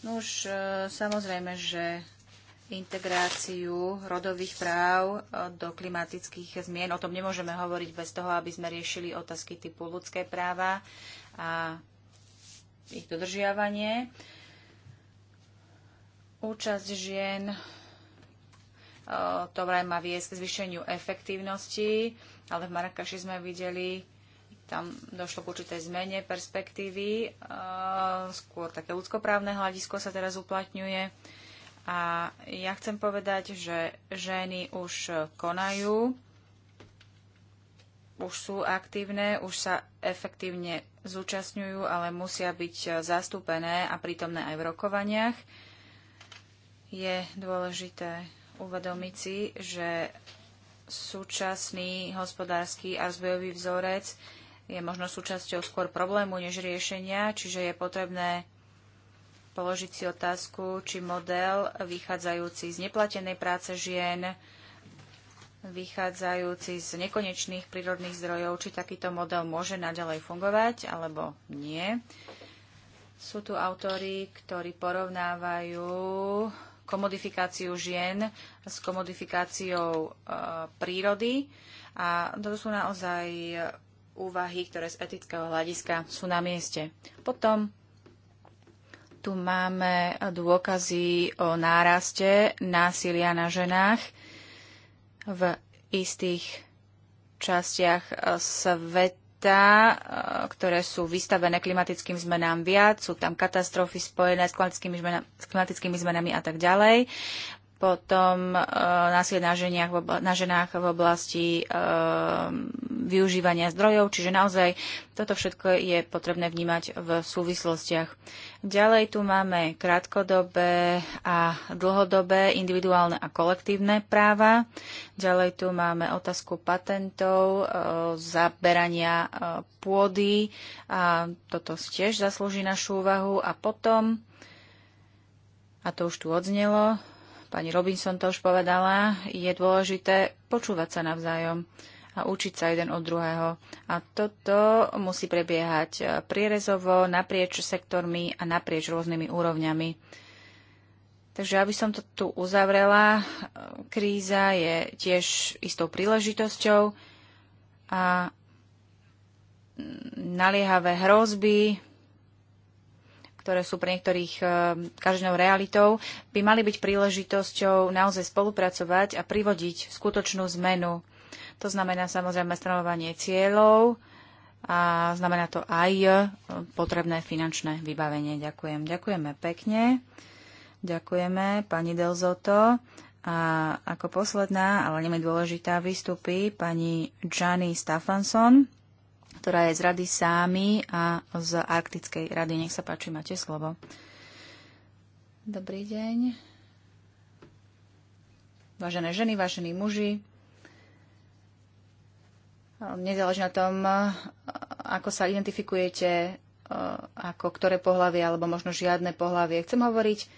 No už e, samozrejme, že integráciu rodových práv e, do klimatických zmien. O tom nemôžeme hovoriť bez toho, aby sme riešili otázky typu ľudské práva a ich dodržiavanie. Účasť žien e, to vraj má viesť k zvýšeniu efektívnosti, ale v Marakaši sme videli tam došlo k určitej zmene perspektívy, e, skôr také ľudskoprávne hľadisko sa teraz uplatňuje. A ja chcem povedať, že ženy už konajú, už sú aktívne, už sa efektívne zúčastňujú, ale musia byť zastúpené a prítomné aj v rokovaniach. Je dôležité uvedomiť si, že súčasný hospodársky a zbojový vzorec je možno súčasťou skôr problému než riešenia, čiže je potrebné položiť si otázku, či model vychádzajúci z neplatenej práce žien, vychádzajúci z nekonečných prírodných zdrojov, či takýto model môže naďalej fungovať alebo nie. Sú tu autory, ktorí porovnávajú komodifikáciu žien s komodifikáciou e, prírody a to sú naozaj úvahy, ktoré z etického hľadiska sú na mieste. Potom tu máme dôkazy o náraste násilia na ženách v istých častiach e, sveta, e, ktoré sú vystavené klimatickým zmenám viac, sú tam katastrofy spojené s klimatickými, zmenami, s klimatickými zmenami a tak ďalej potom e, násilie na, ženiach, na ženách v oblasti e, využívania zdrojov. Čiže naozaj toto všetko je potrebné vnímať v súvislostiach. Ďalej tu máme krátkodobé a dlhodobé individuálne a kolektívne práva. Ďalej tu máme otázku patentov, e, zaberania e, pôdy. A toto tiež zaslúži našu úvahu. A potom a to už tu odznelo, pani Robinson to už povedala, je dôležité počúvať sa navzájom a učiť sa jeden od druhého. A toto musí prebiehať prierezovo, naprieč sektormi a naprieč rôznymi úrovňami. Takže aby som to tu uzavrela, kríza je tiež istou príležitosťou a naliehavé hrozby ktoré sú pre niektorých eh, každou realitou, by mali byť príležitosťou naozaj spolupracovať a privodiť skutočnú zmenu. To znamená samozrejme stanovanie cieľov a znamená to aj eh, potrebné finančné vybavenie. Ďakujem. Ďakujeme pekne. Ďakujeme pani Delzoto. A ako posledná, ale nemej dôležitá, vystupí pani Gianni Stafanson ktorá je z Rady Sámy a z Arktickej rady. Nech sa páči, máte slovo. Dobrý deň. Vážené ženy, vážení muži, Nezáleží na tom, ako sa identifikujete, ako ktoré pohlavie, alebo možno žiadne pohlavie. Chcem hovoriť eh,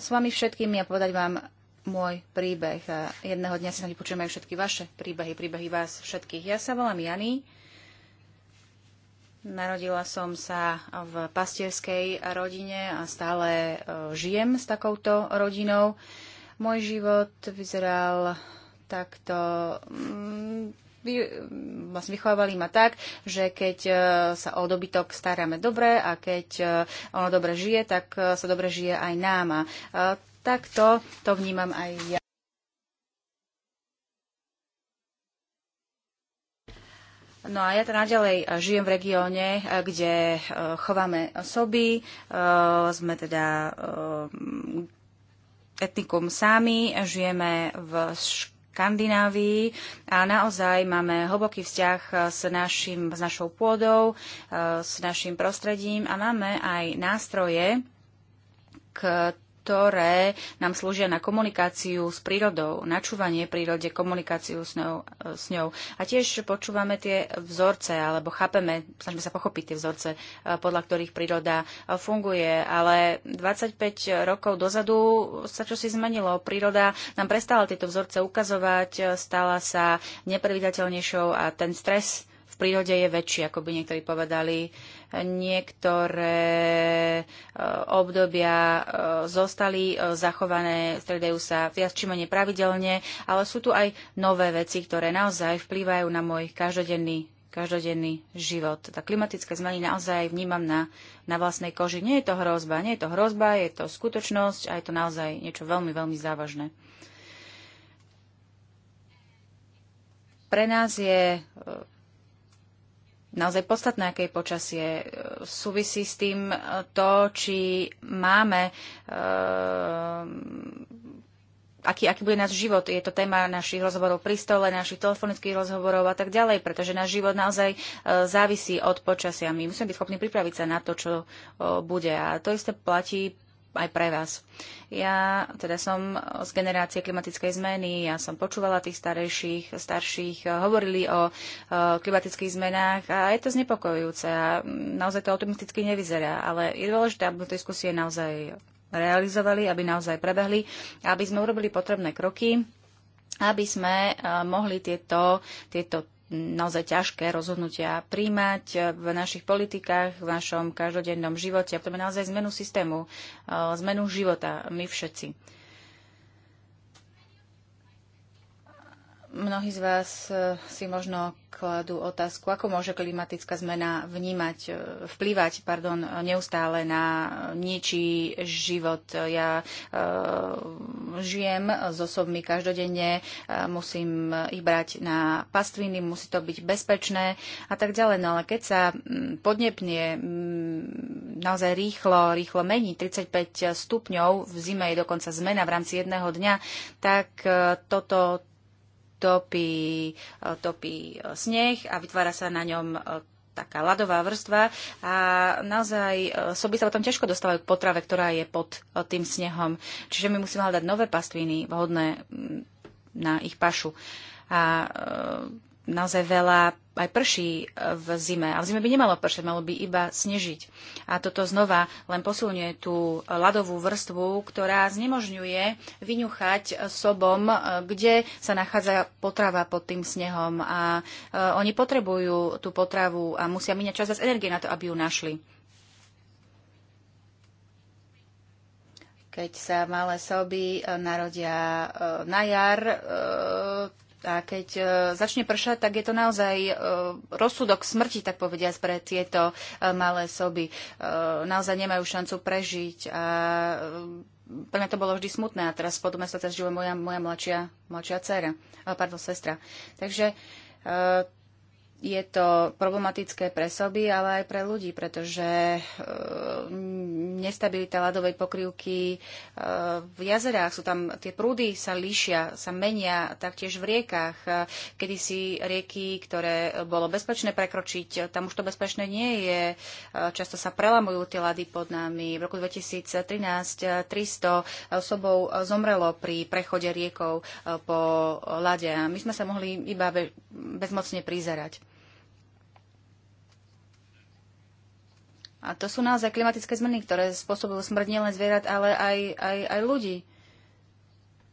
s vami všetkými a povedať vám môj príbeh. Jedného dňa si sa vypočujeme aj všetky vaše príbehy, príbehy vás všetkých. Ja sa volám Jani Narodila som sa v pastierskej rodine a stále e, žijem s takouto rodinou. Môj život vyzeral takto. Mm, vlastne vychovávali ma tak, že keď e, sa o dobytok staráme dobre a keď e, ono dobre žije, tak sa dobre žije aj nám. Takto to vnímam aj ja. No a ja to naďalej eh, žijem v regióne, eh, kde eh, chováme soby, sme teda etnikum sami, žijeme v Škandinávii a naozaj máme hlboký vzťah s, našim, s našou pôdou, s našim prostredím a máme aj nástroje, k ktoré nám slúžia na komunikáciu s prírodou, načúvanie prírode, komunikáciu s ňou, s ňou. A tiež počúvame tie vzorce, alebo chápeme, snažíme sa pochopiť tie vzorce, eh, podľa ktorých príroda eh, funguje. Ale 25 rokov dozadu sa čo si zmenilo. Príroda nám prestala tieto vzorce ukazovať, eh, stala sa nepredvídateľnejšou a ten stres v prírode je väčší, ako by niektorí povedali niektoré e, obdobia e, zostali e, zachované, stredajú sa viac či menej pravidelne, ale sú tu aj nové veci, ktoré naozaj vplývajú na môj každodenný každodenný život. Tá klimatické zmeny naozaj vnímam na, na vlastnej koži. Nie je to hrozba, nie je to hrozba, je to skutočnosť a je to naozaj niečo veľmi, veľmi závažné. Pre nás je naozaj podstatné, aké je počasie. E, súvisí s tým e, to, či máme, e, aký, aký bude náš život. Je to téma našich rozhovorov pri stole, našich telefonických rozhovorov a tak ďalej, pretože náš život naozaj závisí od počasia. My musíme byť schopní pripraviť sa na to, čo bude. A to isté platí aj pre vás. Ja teda som z generácie klimatickej zmeny, ja som počúvala tých starejších, starších, eh, hovorili o eh, klimatických zmenách a je to znepokojujúce a naozaj to optimisticky nevyzerá, ale je dôležité, aby diskusie naozaj realizovali, aby naozaj prebehli, aby sme urobili potrebné kroky, aby sme eh, mohli tieto, tieto naozaj ťažké rozhodnutia príjmať v našich politikách, v našom každodennom živote. a je naozaj zmenu systému, eh, zmenu života, my všetci. Mnohí z vás eh, si možno kladú otázku, ako môže klimatická zmena vnímať, eh, vplývať pardon, neustále na ničí život. Ja e, žijem s osobmi každodenne, musím ich brať na pastviny, musí to byť bezpečné a tak ďalej. No ale keď sa mm, podnepne mm, naozaj rýchlo, rýchlo mení, 35 stupňov, v zime je dokonca zmena v rámci jedného dňa, tak toto topí, e, topí e, sneh a vytvára sa na ňom e, taká ľadová vrstva a naozaj soby sa potom ťažko dostávajú k potrave, ktorá je pod tým snehom. Čiže my musíme hľadať nové pastviny vhodné na ich pašu. A naozaj veľa aj prší e, v zime. A v zime by nemalo pršať, malo by iba snežiť. A toto znova len posilňuje tú ľadovú vrstvu, ktorá znemožňuje vyňuchať sobom, e, kde sa nachádza potrava pod tým snehom. A e, oni potrebujú tú potravu a musia miniať čas z energie na to, aby ju našli. Keď sa malé soby narodia na jar, a keď e, začne pršať, tak je to naozaj e, rozsudok smrti, tak povediať, pre tieto e, malé soby. E, naozaj nemajú šancu prežiť. A, e, pre mňa to bolo vždy smutné a teraz podobne sa cez moja, moja mladšia, mladšia dcera, e, pardon, sestra. Takže e, je to problematické pre soby, ale aj pre ľudí, pretože e, nestabilita ľadovej pokrývky e, v jazerách sú tam, tie prúdy sa líšia, sa menia, taktiež v riekach. E, Kedy si rieky, ktoré bolo bezpečné prekročiť, e, tam už to bezpečné nie je. E, často sa prelamujú tie lady pod nami. V roku 2013 300 osobou zomrelo pri prechode riekov e, po lade. A my sme sa mohli iba bezmocne prizerať. A to sú naozaj klimatické zmeny, ktoré spôsobujú smrť nielen zvierat, ale aj, aj, aj ľudí.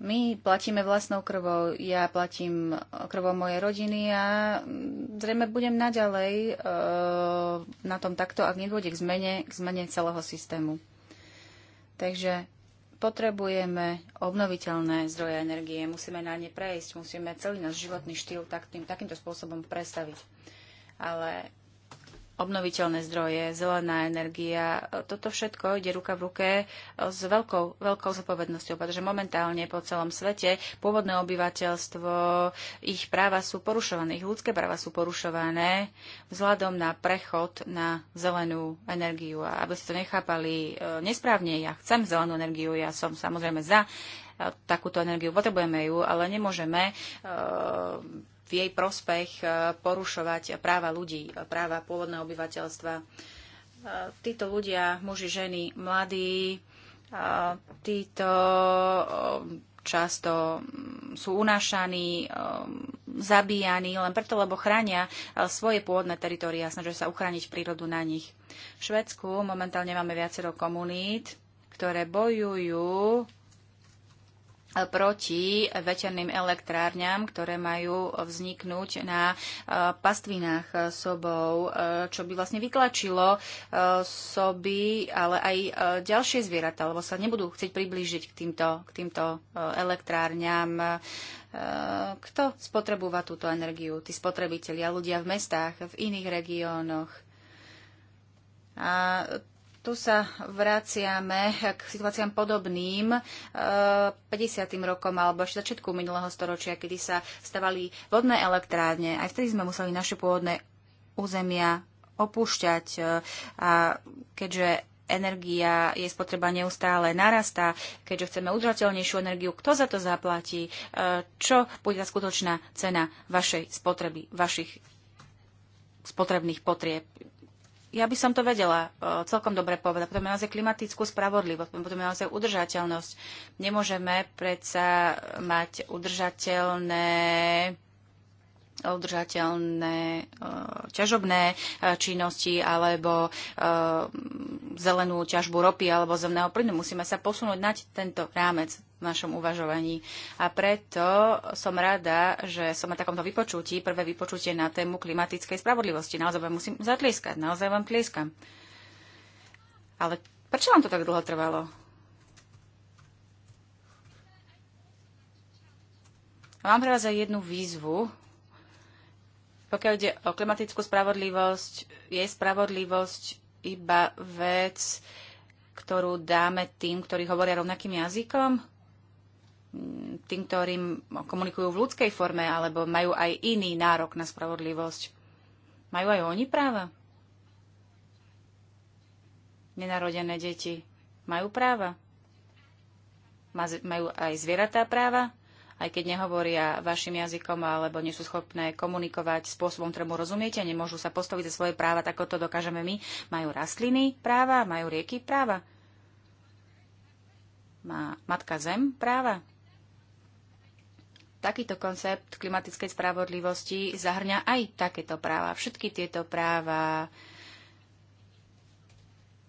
My platíme vlastnou krvou, ja platím eh, krvou mojej rodiny a mm, zrejme budem naďalej e, na tom takto, ak nedôjde k zmene, k zmene celého systému. Takže potrebujeme obnoviteľné zdroje energie, musíme na ne prejsť, musíme celý náš životný štýl tak, tým, takýmto spôsobom prestaviť. Ale obnoviteľné zdroje, zelená energia. Toto všetko ide ruka v ruke s veľkou, veľkou zodpovednosťou, pretože momentálne po celom svete pôvodné obyvateľstvo, ich práva sú porušované, ich ľudské práva sú porušované vzhľadom na prechod na zelenú energiu. A aby ste to nechápali e, nesprávne, ja chcem zelenú energiu, ja som samozrejme za e, takúto energiu, potrebujeme ju, ale nemôžeme e, v jej prospech e, porušovať práva ľudí, práva pôvodného obyvateľstva. E, títo ľudia, muži, ženy, mladí, e, títo často mm, sú unášaní, zabíjaní len preto, lebo chránia svoje pôvodné a snažia sa uchrániť prírodu na nich. V Švedsku momentálne máme viacero komunít, ktoré bojujú proti veterným elektrárňam, ktoré majú vzniknúť na e, pastvinách sobov, e, čo by vlastne vyklačilo e, soby, ale aj ďalšie zvieratá, lebo sa nebudú chcieť priblížiť k týmto, k týmto elektrárňam. Kto spotrebúva túto energiu? Tí spotrebitelia, ľudia v mestách, v iných regiónoch. A tu sa vraciame k situáciám podobným 50. E, rokom alebo ešte začiatku minulého storočia, kedy sa stavali vodné elektrárne. Aj vtedy sme museli naše pôvodné územia opúšťať. E, a keďže energia, jej spotreba neustále narastá, keďže chceme udržateľnejšiu energiu, kto za to zaplatí, e, čo bude tá skutočná cena vašej spotreby, vašich spotrebných potrieb ja by som to vedela e, celkom dobre povedať. Potrebujeme naozaj klimatickú spravodlivosť, potrebujeme naozaj udržateľnosť. Nemôžeme predsa mať udržateľné udržateľné eh, ťažobné eh, činnosti alebo eh, zelenú ťažbu ropy alebo zemného plynu. Musíme sa posunúť na tento rámec v našom uvažovaní. A preto som rada, že som na takomto vypočutí, prvé vypočutie na tému klimatickej spravodlivosti. Naozaj vám musím zatlieskať, naozaj vám tlieskam. Ale prečo vám to tak dlho trvalo? Mám pre vás aj jednu výzvu, pokiaľ ide o klimatickú spravodlivosť, je spravodlivosť iba vec, ktorú dáme tým, ktorí hovoria rovnakým jazykom? Tým, ktorým komunikujú v ľudskej forme, alebo majú aj iný nárok na spravodlivosť? Majú aj oni práva? Nenarodené deti majú práva? Majú aj zvieratá práva? aj keď nehovoria vašim jazykom alebo nie sú schopné komunikovať spôsobom, ktorému rozumiete, nemôžu sa postaviť za svoje práva, tak to dokážeme my. Majú rastliny práva, majú rieky práva. Má matka zem práva. Takýto koncept klimatickej spravodlivosti zahrňa aj takéto práva. Všetky tieto práva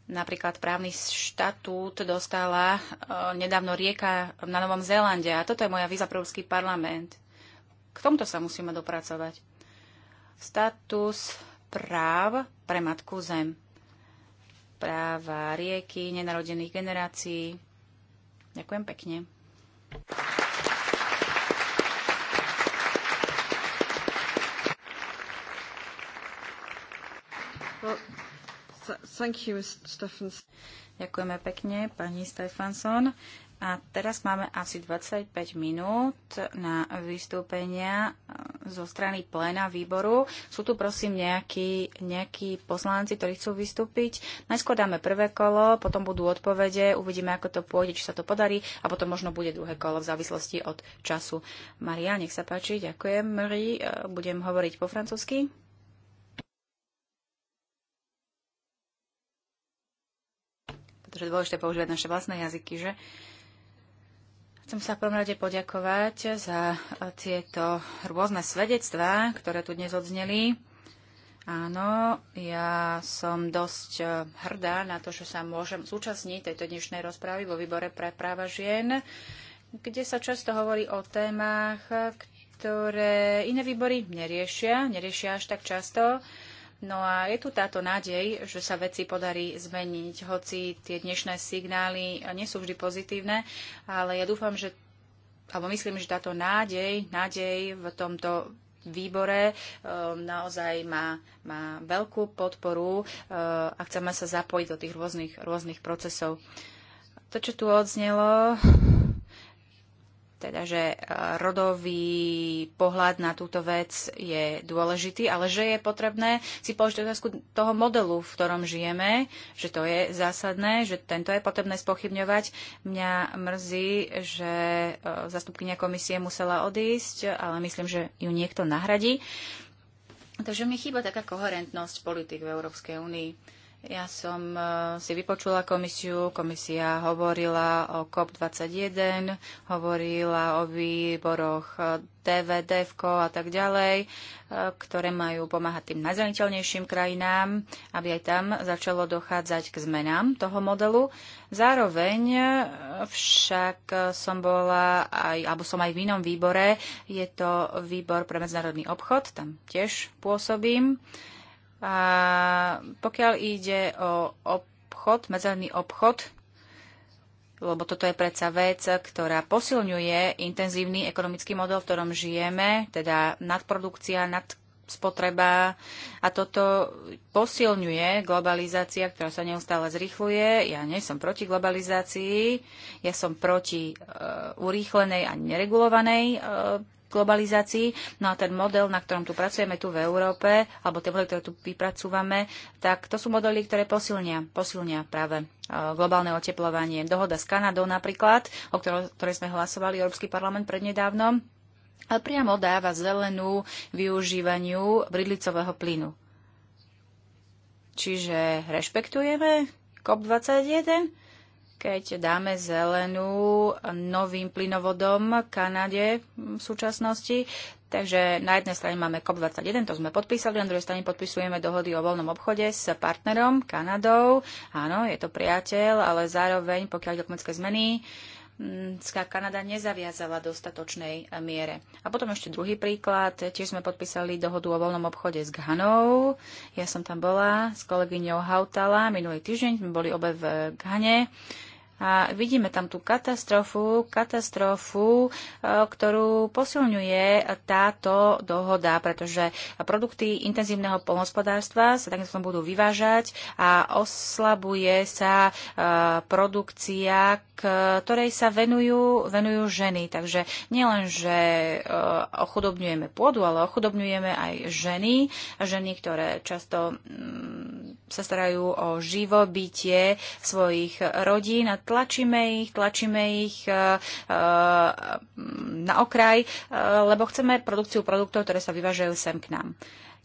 Napríklad právny štatút dostala e, nedávno rieka na Novom Zélande a toto je moja víza pre Európsky parlament. K tomuto sa musíme dopracovať. Status práv pre matku zem. Práva rieky, nenarodených generácií. Ďakujem pekne. Well, Thank you, Stephens. Ďakujeme pekne, pani Stefanson. A teraz máme asi 25 minút na vystúpenia e, zo strany pléna výboru. Sú tu prosím nejakí, nejakí poslanci, ktorí chcú vystúpiť. Najskôr dáme prvé kolo, potom budú odpovede, uvidíme, ako to pôjde, či sa to podarí a potom možno bude druhé kolo v závislosti od času. Maria, nech sa páči, ďakujem. Marie, e, budem hovoriť po francúzsky. pretože je dôležité používať naše vlastné jazyky, že? Chcem sa v prvom rade poďakovať za tieto rôzne svedectvá, ktoré tu dnes odzneli. Áno, ja som dosť hrdá na to, že sa môžem zúčastniť tejto dnešnej rozprávy vo výbore pre práva žien, kde sa často hovorí o témach, ktoré iné výbory neriešia, neriešia až tak často. No a je tu táto nádej, že sa veci podarí zmeniť, hoci tie dnešné signály nie sú vždy pozitívne, ale ja dúfam, že, alebo myslím, že táto nádej, nádej v tomto výbore eh, naozaj má, má veľkú podporu eh, a chceme sa zapojiť do tých rôznych, rôznych procesov. To, čo tu odznelo, teda, že e, rodový pohľad na túto vec je dôležitý, ale že je potrebné si položiť otázku toho modelu, v ktorom žijeme, že to je zásadné, že tento je potrebné spochybňovať. Mňa mrzí, že e, zastupkynia komisie musela odísť, ale myslím, že ju niekto nahradí. Takže mi chýba taká koherentnosť politik v Európskej únii ja som e, si vypočula komisiu, komisia hovorila o COP21, hovorila o výboroch DVD e, a tak ďalej, e, ktoré majú pomáhať tým najzraniteľnejším krajinám, aby aj tam začalo dochádzať k zmenám toho modelu. Zároveň však som bola aj, alebo som aj v inom výbore, je to výbor pre medzinárodný obchod, tam tiež pôsobím. A pokiaľ ide o obchod, medzerný obchod, lebo toto je predsa vec, ktorá posilňuje intenzívny ekonomický model, v ktorom žijeme, teda nadprodukcia, nad spotreba a toto posilňuje globalizácia, ktorá sa neustále zrýchluje. Ja nie som proti globalizácii, ja som proti e, urýchlenej a neregulovanej e, globalizácii. No a ten model, na ktorom tu pracujeme tu v Európe, alebo tie modely, ktoré tu vypracúvame, tak to sú modely, ktoré posilnia, posilnia práve e, globálne oteplovanie. Dohoda s Kanadou napríklad, o ktorej sme hlasovali Európsky parlament prednedávnom, e, priamo dáva zelenú využívaniu bridlicového plynu. Čiže rešpektujeme COP21? keď dáme zelenú novým plynovodom Kanade v súčasnosti. Takže na jednej strane máme COP21, to sme podpísali, na druhej strane podpisujeme dohody o voľnom obchode s partnerom Kanadou. Áno, je to priateľ, ale zároveň, pokiaľ ide o zmeny, mm, Kanada nezaviazala dostatočnej miere. A potom ešte druhý príklad. Tiež sme podpísali dohodu o voľnom obchode s Ghanou. Ja som tam bola s kolegyňou Hautala minulý týždeň. Sme boli obe v Ghane. A vidíme tam tú katastrofu, katastrofu, e, ktorú posilňuje táto dohoda, pretože produkty intenzívneho polnospodárstva sa takým budú vyvážať a oslabuje sa e, produkcia, ktorej sa venujú, venujú ženy. Takže nielen, že e, ochudobňujeme pôdu, ale ochudobňujeme aj ženy, ženy, ktoré často mm, sa starajú o živobytie svojich rodín a tlačíme ich, tlačíme ich e, e, na okraj, e, lebo chceme produkciu produktov, ktoré sa vyvážajú sem k nám.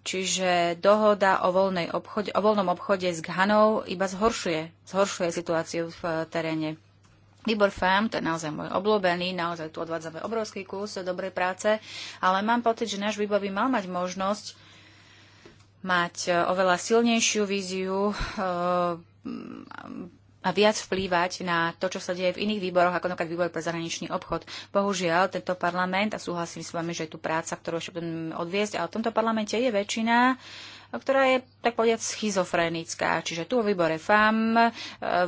Čiže dohoda o, voľnej obchode, o voľnom obchode s Ghanou iba zhoršuje, zhoršuje situáciu v teréne. Výbor FAM, to je naozaj môj obľúbený, naozaj tu odvádzame obrovský kus dobrej práce, ale mám pocit, že náš výbor by mal mať možnosť mať oveľa silnejšiu víziu, a viac vplývať na to, čo sa deje v iných výboroch, ako napríklad výbor pre zahraničný obchod. Bohužiaľ, tento parlament, a súhlasím s vami, že je tu práca, ktorú ešte budeme odviezť, ale v tomto parlamente je väčšina, ktorá je tak povediať schizofrenická. Čiže tu vo výbore FAM e,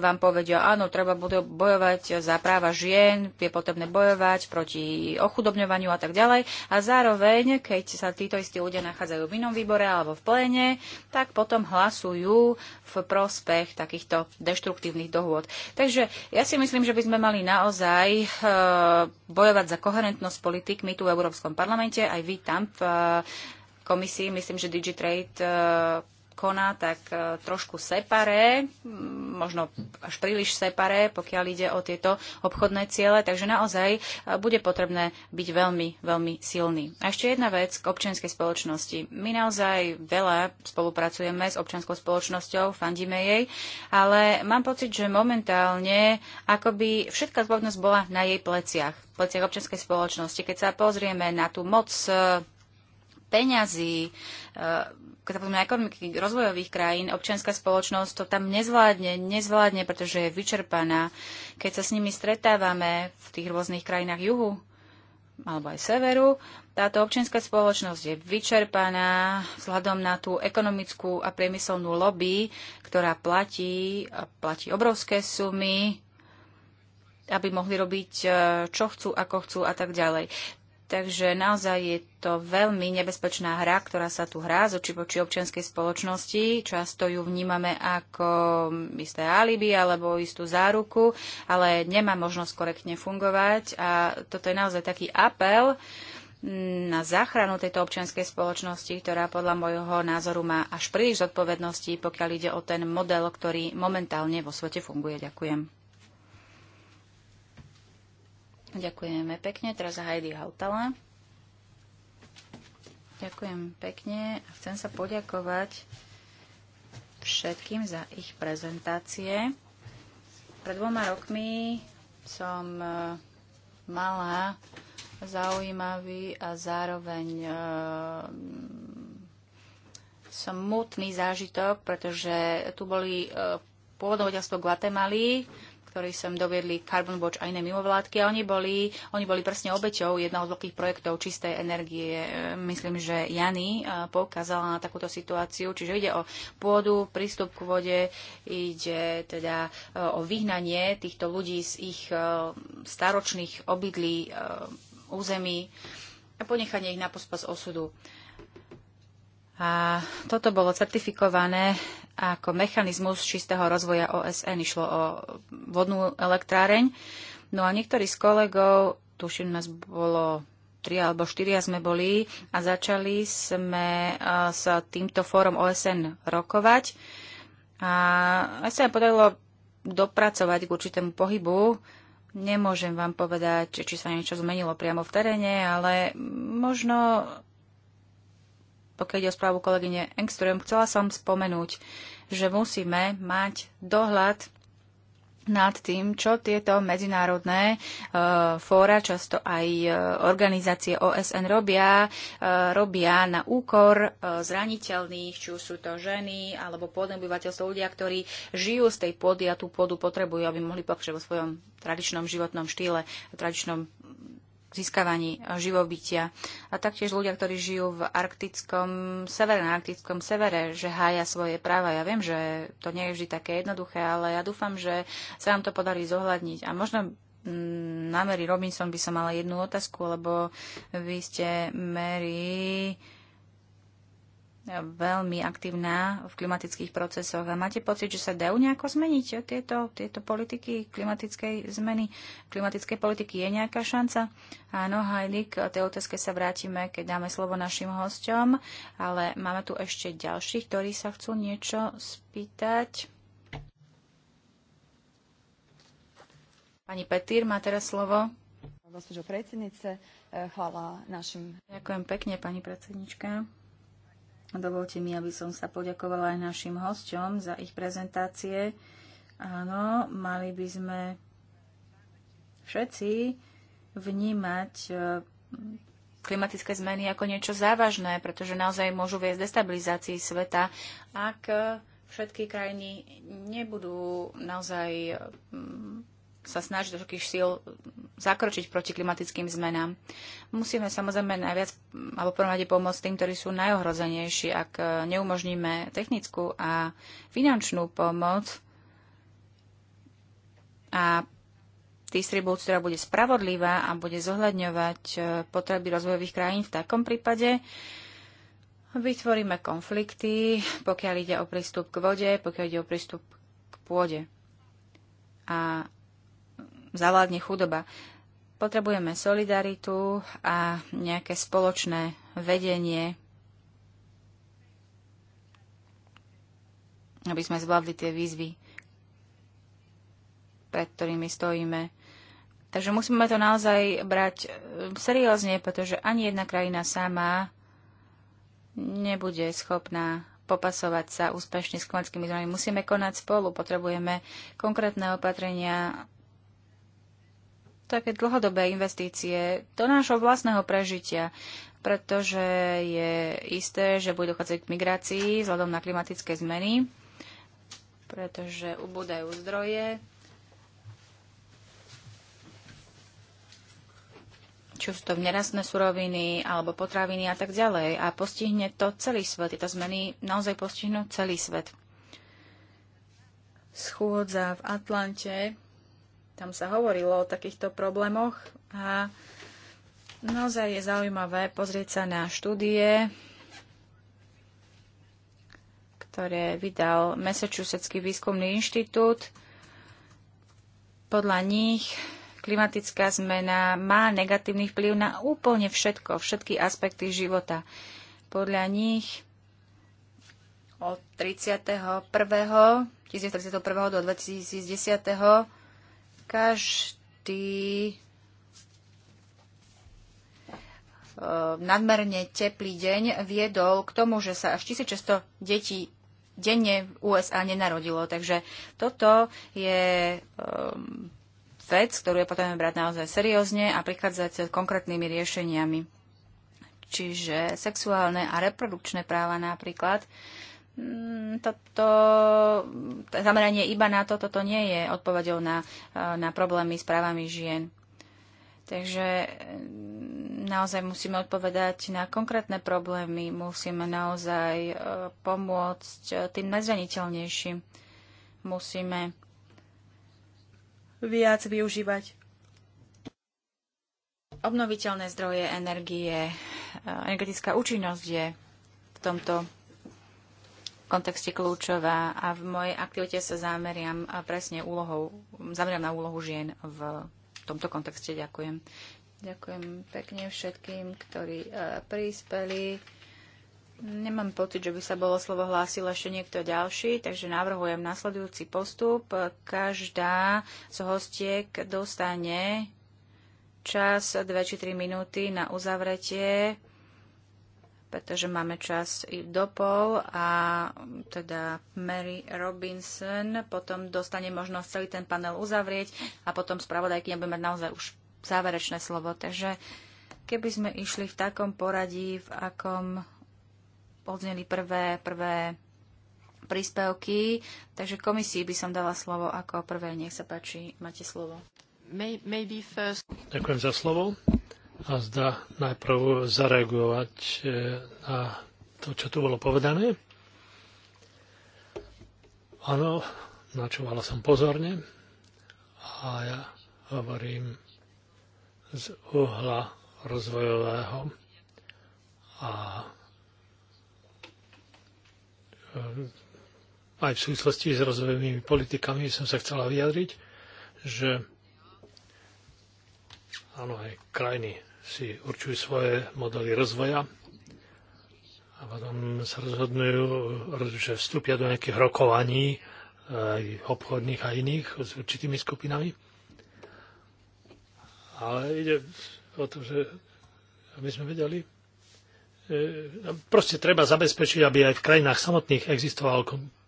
vám povedia, áno, treba bude bojovať za práva žien, je potrebné bojovať proti ochudobňovaniu a tak ďalej. A zároveň, keď sa títo istí ľudia nachádzajú v inom výbore alebo v pléne, tak potom hlasujú v prospech takýchto deštruktívnych dohôd. Takže ja si myslím, že by sme mali naozaj e, bojovať za koherentnosť politikmi tu v Európskom parlamente, aj vy tam v komisii. Myslím, že Digitrade e, koná tak e, trošku separé, možno až príliš separé, pokiaľ ide o tieto obchodné ciele, takže naozaj e, bude potrebné byť veľmi, veľmi silný. A ešte jedna vec k občianskej spoločnosti. My naozaj veľa spolupracujeme s občianskou spoločnosťou, fandíme jej, ale mám pocit, že momentálne akoby všetká zodpovednosť bola na jej pleciach, pleciach občianskej spoločnosti. Keď sa pozrieme na tú moc peňazí, e, keď sa na ekonomiky rozvojových krajín, občianská spoločnosť to tam nezvládne, nezvládne, pretože je vyčerpaná. Keď sa s nimi stretávame v tých rôznych krajinách juhu alebo aj severu, táto občianská spoločnosť je vyčerpaná vzhľadom na tú ekonomickú a priemyselnú lobby, ktorá platí, platí obrovské sumy, aby mohli robiť, e, čo chcú, ako chcú a tak ďalej. Takže naozaj je to veľmi nebezpečná hra, ktorá sa tu hrá z oči voči občianskej spoločnosti. Často ju vnímame ako isté alibi alebo istú záruku, ale nemá možnosť korektne fungovať. A toto je naozaj taký apel na záchranu tejto občianskej spoločnosti, ktorá podľa môjho názoru má až príliš zodpovednosti, pokiaľ ide o ten model, ktorý momentálne vo svete funguje. Ďakujem. Ďakujeme pekne. Teraz Heidi Hautala. Ďakujem pekne a chcem sa poďakovať všetkým za ich prezentácie. Pred dvoma rokmi som e, mala zaujímavý a zároveň e, som smutný zážitok, pretože tu boli e, pôvodné Guatemaly, ktorí sem doviedli Carbon Watch a iné mimovládky a oni boli, oni boli presne obeťou jedného z veľkých projektov čistej energie. E, myslím, že Jany e, poukázala na takúto situáciu, čiže ide o pôdu, prístup k vode, ide teda e, o vyhnanie týchto ľudí z ich staročných obydlí území a ponechanie ich na pospas osudu. A toto bolo certifikované ako mechanizmus čistého rozvoja OSN. Išlo o vodnú elektráreň. No a niektorí z kolegov, tuším, nás bolo tri alebo štyria sme boli a začali sme e, s týmto fórom OSN rokovať. A aj sa podarilo dopracovať k určitému pohybu. Nemôžem vám povedať, či sa niečo zmenilo priamo v teréne, ale možno pokiaľ ide o správu kolegyne Engström, chcela som spomenúť, že musíme mať dohľad nad tým, čo tieto medzinárodné e, fóra, často aj e, organizácie OSN robia, e, robia na úkor e, zraniteľných, či už sú to ženy alebo pôdne obyvateľstvo, ľudia, ktorí žijú z tej pôdy a tú pôdu potrebujú, aby mohli pokračovať vo svojom tradičnom životnom štýle, tradičnom získavaní e, živobytia. A taktiež ľudia, ktorí žijú v arktickom severe, na arktickom severe, že hája svoje práva. Ja viem, že to nie je vždy také jednoduché, ale ja dúfam, že sa nám to podarí zohľadniť. A možno mm, na Mary Robinson by som mala jednu otázku, lebo vy ste Mary veľmi aktívna v klimatických procesoch. A máte pocit, že sa dajú nejako zmeniť tieto, tieto politiky klimatickej zmeny, klimatickej politiky? Je nejaká šanca? Áno, k tej otázke sa vrátime, keď dáme slovo našim hosťom, ale máme tu ešte ďalších, ktorí sa chcú niečo spýtať. Pani Petýr má teraz slovo. našim... Ďakujem pekne, pani predsednička. Dovolte mi, aby som sa poďakovala aj našim hosťom za ich prezentácie. Áno, mali by sme všetci vnímať e, klimatické zmeny ako niečo závažné, pretože naozaj môžu viesť destabilizácii sveta, ak e, všetky krajiny nebudú naozaj sa snaží do všetkých síl zakročiť proti klimatickým zmenám. Musíme samozrejme najviac alebo prvom pomôcť tým, ktorí sú najohrozenejší. Ak e, neumožníme technickú a finančnú pomoc a distribúcia bude spravodlivá a bude zohľadňovať e, potreby rozvojových krajín v takom prípade, vytvoríme konflikty, pokiaľ ide o prístup k vode, pokiaľ ide o prístup k pôde. A zavládne chudoba. Potrebujeme solidaritu a nejaké spoločné vedenie, aby sme zvládli tie výzvy, pred ktorými stojíme. Takže musíme to naozaj brať eh, seriózne, pretože ani jedna krajina sama nebude schopná popasovať sa úspešne s klimatickými zmenami. Musíme konať spolu, potrebujeme konkrétne opatrenia také dlhodobé investície do nášho vlastného prežitia, pretože je isté, že bude dochádzať k migrácii vzhľadom na klimatické zmeny, pretože ubúdajú zdroje, či už to nerastné suroviny alebo potraviny a tak ďalej. A postihne to celý svet. Tieto zmeny naozaj postihnú celý svet. Schôdza v Atlante tam sa hovorilo o takýchto problémoch a naozaj je zaujímavé pozrieť sa na štúdie, ktoré vydal Massachusettský výskumný inštitút. Podľa nich klimatická zmena má negatívny vplyv na úplne všetko, všetky aspekty života. Podľa nich od 31. 1931. do 2010. Každý eh, nadmerne teplý deň viedol k tomu, že sa až 1600 detí denne v USA nenarodilo. Takže toto je um, vec, ktorú je potrebné brať naozaj seriózne a prichádzať s konkrétnymi riešeniami. Čiže sexuálne a reprodukčné práva napríklad Mm, toto zameranie iba na to, toto nie je odpovedou na, eh, na problémy s právami žien. Takže mm, naozaj musíme odpovedať na konkrétne problémy, musíme naozaj eh, pomôcť eh, tým najzraniteľnejším. Musíme viac využívať obnoviteľné zdroje energie. Energetická účinnosť je v tomto kontexte kľúčová a v mojej aktivite sa zameriam presne úlohou, zameriam na úlohu žien v tomto kontexte. Ďakujem. Ďakujem pekne všetkým, ktorí e, prispeli. Nemám pocit, že by sa bolo slovo hlásil ešte niekto ďalší, takže navrhujem nasledujúci postup. Každá z hostiek dostane čas 2 či 3 minúty na uzavretie pretože máme čas i do pol a teda Mary Robinson potom dostane možnosť celý ten panel uzavrieť a potom spravodajkyňa bude mať naozaj už záverečné slovo. Takže keby sme išli v takom poradí, v akom odzneli prvé, prvé príspevky, takže komisii by som dala slovo ako prvé. Nech sa páči, máte slovo. Maybe first. Ďakujem za slovo a zda najprv zareagovať eh, na to, čo tu bolo povedané. Áno, načúvala som pozorne a ja hovorím z uhla rozvojového a eh, aj v súvislosti s rozvojovými politikami som sa chcela vyjadriť, že áno, aj krajiny si určujú svoje modely rozvoja a potom sa rozhodnú, že vstúpia do nejakých rokovaní e, aj obchodných a iných s určitými skupinami. Ale ide o to, že aby sme vedeli, e, proste treba zabezpečiť, aby aj v krajinách samotných existoval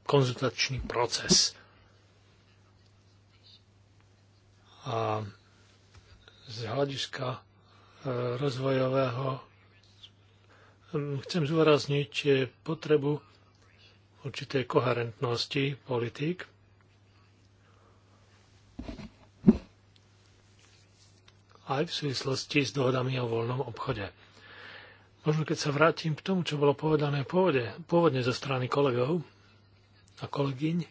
konzultačný proces. A z hľadiska rozvojového chcem zúrazniť potrebu určitej koherentnosti politík. aj v súvislosti s dohodami o voľnom obchode. Možno keď sa vrátim k tomu, čo bolo povedané pôvode, pôvodne zo strany kolegov a kolegyň, e,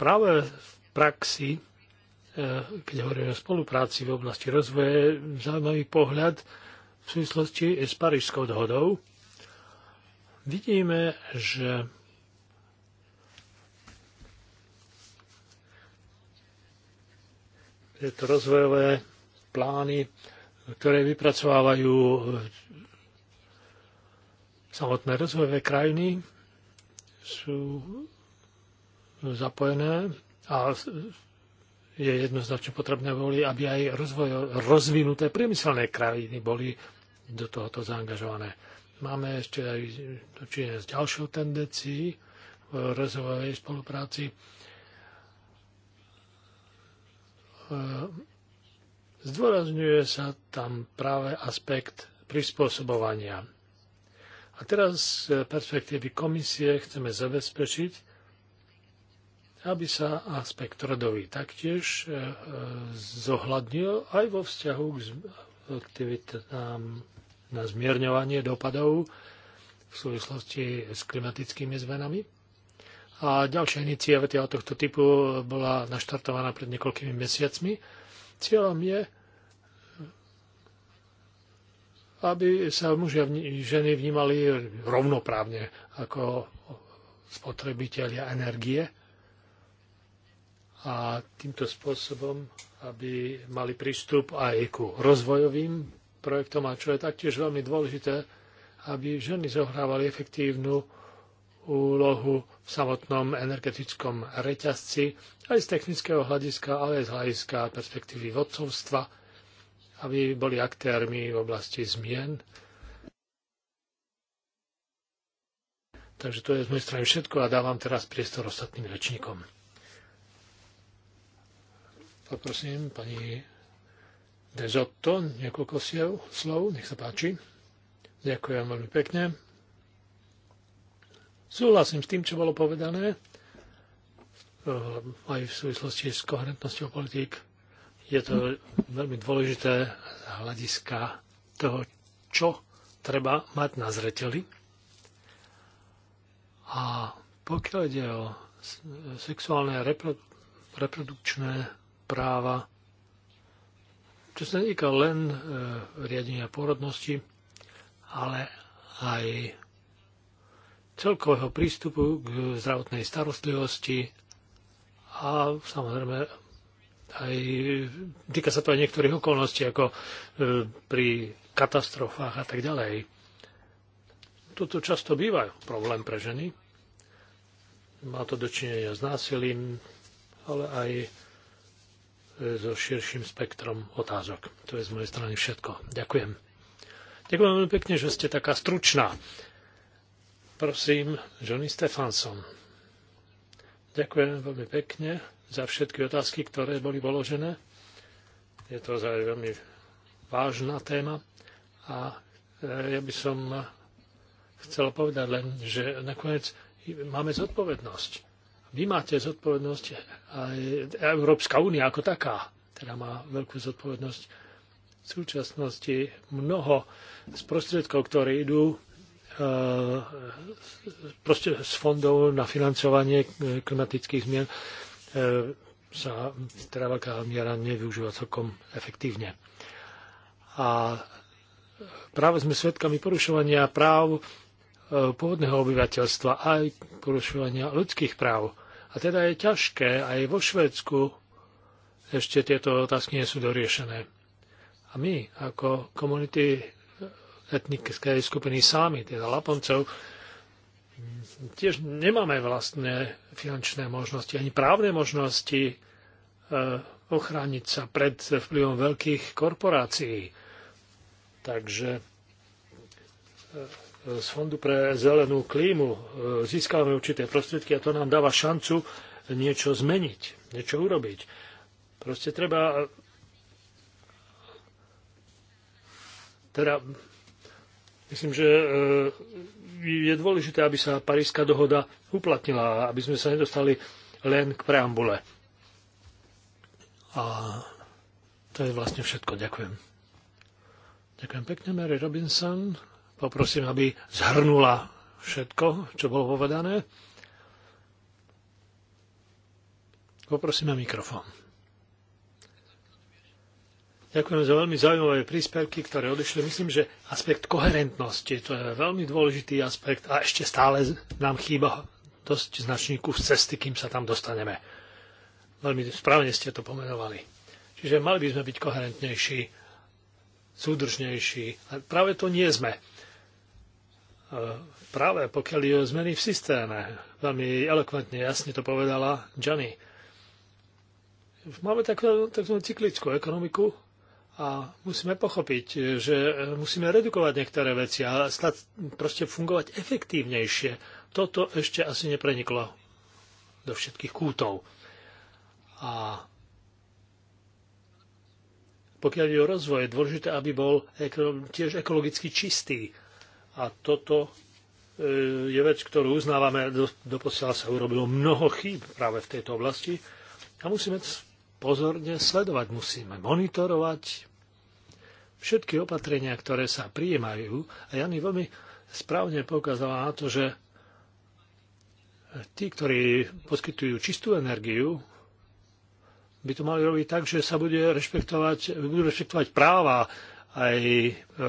práve v praxi Eh, keď hovoríme o spolupráci v oblasti rozvoje, zaujímavý pohľad v súvislosti s Parížskou dohodou. Vidíme, že tieto rozvojové plány, ktoré vypracovávajú eh, samotné rozvojové krajiny, sú zapojené a je jednoznačne potrebné boli, aby aj rozvoj, rozvinuté priemyselné krajiny boli do tohoto zaangažované. Máme ešte aj dočinenie s ďalšou tendencií v rozvojovej spolupráci. E, zdôrazňuje sa tam práve aspekt prispôsobovania. A teraz z perspektívy komisie chceme zabezpečiť, aby sa aspekt rodový taktiež e, e, zohľadnil aj vo vzťahu k aktivitám na zmierňovanie dopadov v súvislosti s klimatickými zmenami. A ďalšia iniciativa tohto typu bola naštartovaná pred niekoľkými mesiacmi. Cieľom je, aby sa muži a ženy vnímali rovnoprávne ako spotrebitelia energie a týmto spôsobom, aby mali prístup aj ku rozvojovým projektom a čo je taktiež veľmi dôležité, aby ženy zohrávali efektívnu úlohu v samotnom energetickom reťazci aj z technického hľadiska, ale aj z hľadiska perspektívy vodcovstva, aby boli aktérmi v oblasti zmien. Takže to je z mojej strany všetko a dávam teraz priestor ostatným rečníkom. Poprosím pani Dezotto niekoľko siev, slov, nech sa páči. Ďakujem veľmi pekne. Súhlasím s tým, čo bolo povedané eh, aj v súvislosti s koherentnosťou politík. Je to veľmi dôležité z hľadiska toho, čo treba mať na zreteli. A pokiaľ ide o sexuálne a reprodukčné práva, čo sa týka len e, riadenia porodnosti, ale aj celkového prístupu k zdravotnej starostlivosti a samozrejme aj, týka sa to aj niektorých okolností, ako e, pri katastrofách a tak ďalej. Toto často býva problém pre ženy. Má to dočinenia s násilím, ale aj so širším spektrom otázok. To je z mojej strany všetko. Ďakujem. Ďakujem veľmi pekne, že ste taká stručná. Prosím, Johnny Stefanson. Ďakujem veľmi pekne za všetky otázky, ktoré boli položené. Je to za veľmi vážna téma a e, ja by som chcel povedať len, že nakoniec máme zodpovednosť vy máte zodpovednosť, aj Európska únia ako taká, teda má veľkú zodpovednosť. V súčasnosti mnoho z prostriedkov, ktoré idú e, proste z fondov na financovanie klimatických zmien e, sa teda veľká miera nevyužíva celkom efektívne. A práve sme svedkami porušovania práv pôvodného obyvateľstva, aj porušovania ľudských práv. A teda je ťažké aj vo Švedsku ešte tieto otázky nie sú doriešené. A my, ako komunity etnické skupiny sámi, teda Laponcov, tiež nemáme vlastné finančné možnosti, ani právne možnosti e, ochrániť sa pred vplyvom veľkých korporácií. Takže e, z Fondu pre zelenú klímu e, získavame určité prostriedky a to nám dáva šancu niečo zmeniť, niečo urobiť. Proste treba teda myslím, že e, je dôležité, aby sa Paríska dohoda uplatnila, aby sme sa nedostali len k preambule. A to je vlastne všetko. Ďakujem. Ďakujem pekne, Mary Robinson poprosím, aby zhrnula všetko, čo bolo povedané. Poprosíme mikrofón. Ďakujem za veľmi zaujímavé príspevky, ktoré odišli. Myslím, že aspekt koherentnosti, to je veľmi dôležitý aspekt a ešte stále nám chýba dosť značný z cesty, kým sa tam dostaneme. Veľmi správne ste to pomenovali. Čiže mali by sme byť koherentnejší, súdržnejší. A práve to nie sme. E, práve pokiaľ je o zmeny v systéme. Veľmi elokventne, jasne to povedala Johnny. Máme takú, takú cyklickú ekonomiku a musíme pochopiť, že musíme redukovať niektoré veci a stať, proste fungovať efektívnejšie. Toto ešte asi nepreniklo do všetkých kútov. A pokiaľ je o rozvoj, je dôležité, aby bol tiež ekologicky čistý a toto e, je vec, ktorú uznávame, doposiaľ sa urobilo mnoho chýb práve v tejto oblasti a musíme pozorne sledovať, musíme monitorovať všetky opatrenia, ktoré sa prijímajú. A mi veľmi správne poukázala na to, že tí, ktorí poskytujú čistú energiu, by to mali robiť tak, že sa bude rešpektovať, budú rešpektovať práva aj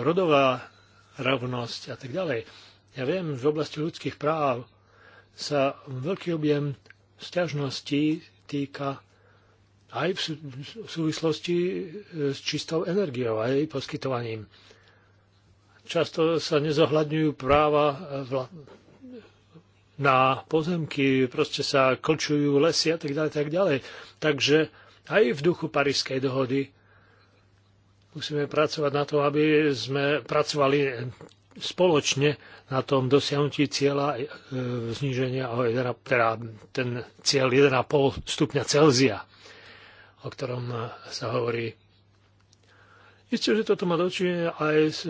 rodová rovnosť a tak ďalej. Ja viem, že v oblasti ľudských práv sa veľký objem sťažností týka aj v súvislosti e, s čistou energiou a jej poskytovaním. Často sa nezohľadňujú práva e, na pozemky, proste sa kočujú lesy a tak ďalej, tak ďalej. Takže aj v duchu Parískej dohody Musíme pracovať na to, aby sme pracovali spoločne na tom dosiahnutí cieľa e, zníženia o 1, teda ten cieľ 1,5 stupňa Celzia, o ktorom e, sa hovorí. Isté, že toto má dočinenie aj s,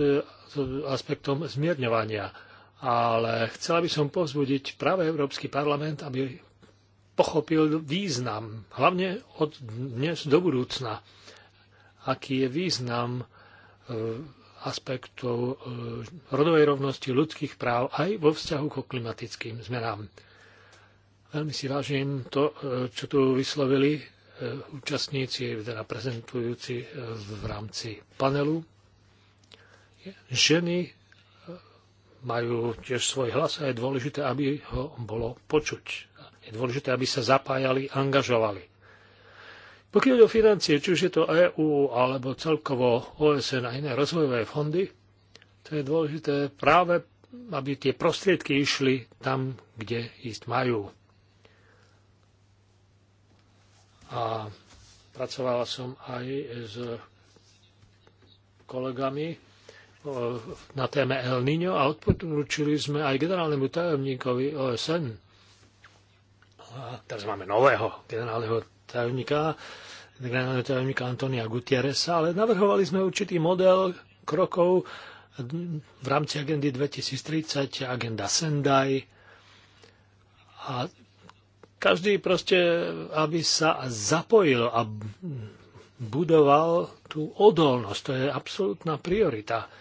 s aspektom zmierňovania, ale chcela by som pozbudiť práve Európsky parlament, aby pochopil význam, hlavne od dnes do budúcna aký je význam e, aspektov e, rodovej rovnosti ľudských práv aj vo vzťahu k klimatickým zmenám. Veľmi si vážim to, e, čo tu vyslovili účastníci, teda prezentujúci v rámci panelu. Ženy majú tiež svoj hlas a je dôležité, aby ho bolo počuť. Je dôležité, aby sa zapájali, angažovali. Pokiaľ o financie, či už je to EÚ alebo celkovo OSN a iné rozvojové fondy, to je dôležité práve, aby tie prostriedky išli tam, kde ísť majú. A pracovala som aj s kolegami na téme El Niño a odporúčili sme aj generálnemu tajomníkovi OSN. A teraz máme nového generálneho tajomníka, generálneho tajomníka Antonia Gutieresa, ale navrhovali sme určitý model krokov v rámci agendy 2030, agenda Sendai a každý proste, aby sa zapojil a budoval tú odolnosť. To je absolútna priorita,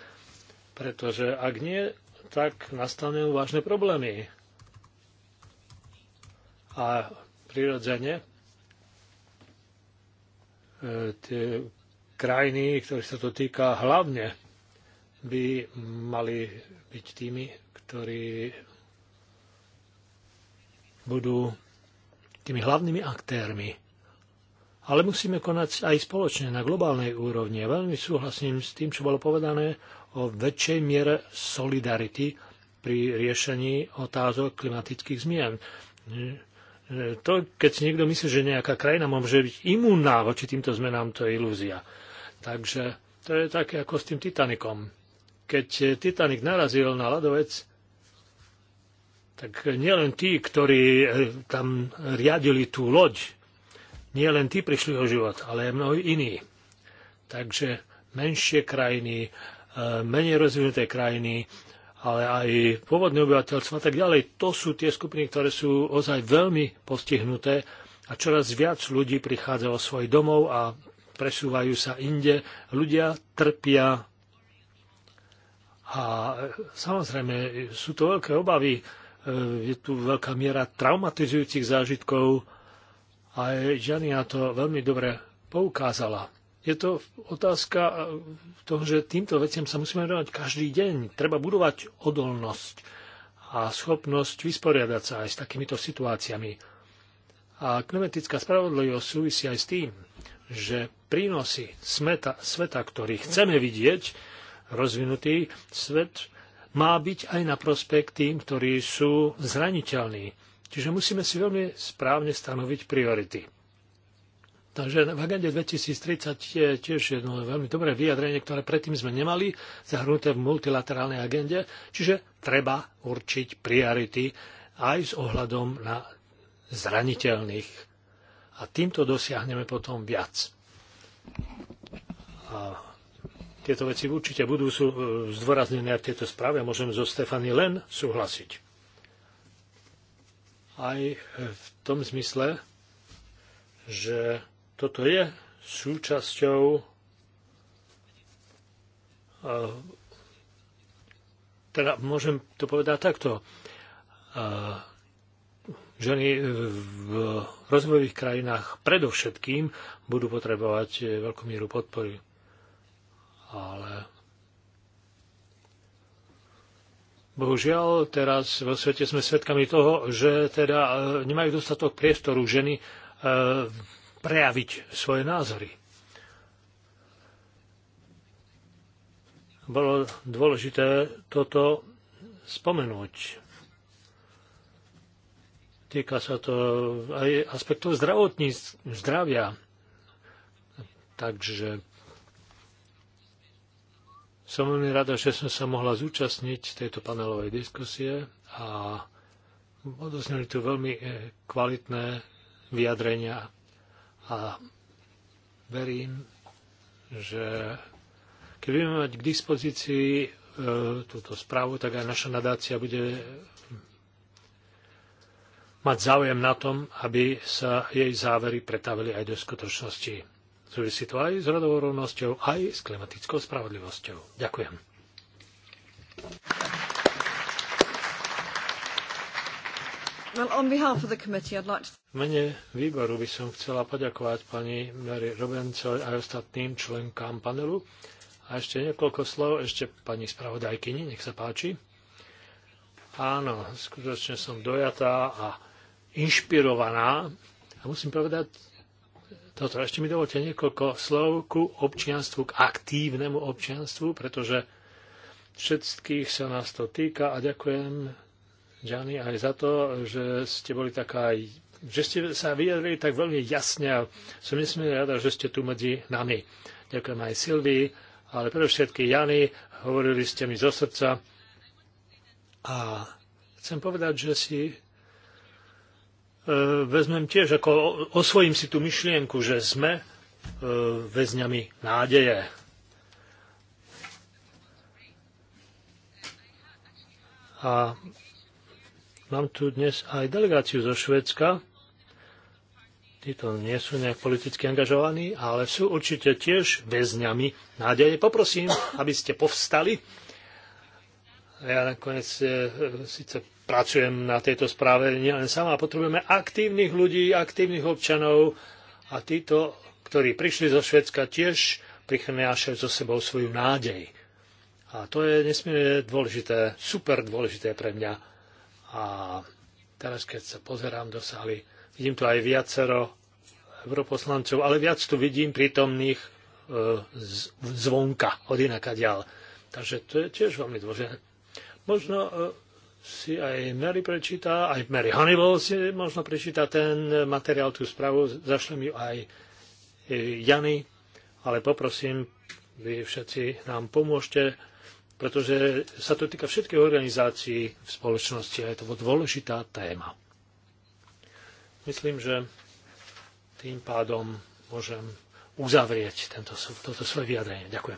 pretože ak nie, tak nastanú vážne problémy. A prirodzene tie krajiny, ktoré sa to týka hlavne, by mali byť tými, ktorí budú tými hlavnými aktérmi. Ale musíme konať aj spoločne na globálnej úrovni. Ja veľmi súhlasím s tým, čo bolo povedané o väčšej miere solidarity pri riešení otázok klimatických zmien. E, to, keď si niekto myslí, že nejaká krajina môže byť imúnna voči týmto zmenám, to je ilúzia. Takže to je také ako s tým Titanikom. Keď e, Titanik narazil na ľadovec, tak nielen tí, ktorí e, tam riadili tú loď, nielen tí prišli o život, ale aj mnohí iní. Takže menšie krajiny, menej rozvinuté krajiny, ale aj pôvodné obyvateľstvo a tak ďalej. To sú tie skupiny, ktoré sú ozaj veľmi postihnuté a čoraz viac ľudí prichádza o svoj domov a presúvajú sa inde. Ľudia trpia a samozrejme sú to veľké obavy, e, je tu veľká miera traumatizujúcich zážitkov a Žania to veľmi dobre poukázala je to otázka eh, toho, že týmto veciam sa musíme venovať každý deň. Treba budovať odolnosť a schopnosť vysporiadať sa aj s takýmito situáciami. A klimatická spravodlivosť súvisí aj s tým, že prínosy smeta, sveta, ktorý chceme vidieť, rozvinutý svet, má byť aj na prospekt tým, ktorí sú zraniteľní. Čiže musíme si veľmi správne stanoviť priority. Takže v agende 2030 je tiež jedno veľmi dobré vyjadrenie, ktoré predtým sme nemali, zahrnuté v multilaterálnej agende, čiže treba určiť priority aj s ohľadom na zraniteľných. A týmto dosiahneme potom viac. A tieto veci určite budú sú, e, zdôraznené v tejto správe a môžem so Stefany len súhlasiť. Aj v tom zmysle, že toto je súčasťou teda môžem to povedať takto. Ženy v rozvojových krajinách predovšetkým budú potrebovať e, veľkú mieru podpory. Ale bohužiaľ teraz vo svete sme svedkami toho, že teda e, nemajú dostatok priestoru ženy e, prejaviť svoje názory. Bolo dôležité toto spomenúť. Týka sa to aj aspektov zdravia. Takže som veľmi rada, že som sa mohla zúčastniť tejto panelovej diskusie a odozneli tu veľmi eh, kvalitné vyjadrenia a verím, že keď budeme mať k dispozícii e, túto správu, tak aj naša nadácia bude mať záujem na tom, aby sa jej závery pretavili aj do skutočnosti. Súvisí to aj s rodovou rovnosťou, aj s klimatickou spravodlivosťou. Ďakujem. Well, on behalf of the committee, I'd like to... V mene výboru by som chcela poďakovať pani Mary Robencoj a ostatným členkám panelu. A ešte niekoľko slov ešte pani spravodajkyni, nech sa páči. Áno, skutočne som dojatá a inšpirovaná. A musím povedať toto. Ešte mi dovolte niekoľko slov ku občianstvu, k aktívnemu občianstvu, pretože všetkých sa nás to týka a ďakujem Gianni aj za to, že ste boli taká že ste sa vyjadrili tak veľmi jasne a som nesmierne rada, že ste tu medzi nami. Ďakujem aj Silvii, ale pre všetky Jany, hovorili ste mi zo srdca a chcem povedať, že si e, vezmem tiež, ako osvojím si tú myšlienku, že sme e, väzňami nádeje. A mám tu dnes aj delegáciu zo Švedska títo nie sú nejak politicky angažovaní, ale sú určite tiež väzňami nádeje. Poprosím, aby ste povstali. Ja nakoniec e, síce pracujem na tejto správe nielen sama, potrebujeme aktívnych ľudí, aktívnych občanov a títo, ktorí prišli zo Švedska, tiež prichnášajú so sebou svoju nádej. A to je nesmierne dôležité, super dôležité pre mňa. A teraz, keď sa pozerám do sály, Vidím tu aj viacero europoslancov, ale viac tu vidím prítomných e, zvonka, od inaka ďal. Takže to je tiež veľmi dôležité. Možno e, si aj Mary prečíta, aj Mary Hannibal si možno prečíta ten materiál, tú správu, zašlem ju aj e, Jany, ale poprosím, vy všetci nám pomôžte, pretože sa to týka všetkých organizácií v spoločnosti a je to dôležitá téma. Myslím, že tým pádom môžem uzavrieť tento, toto svoje vyjadrenie. Ďakujem.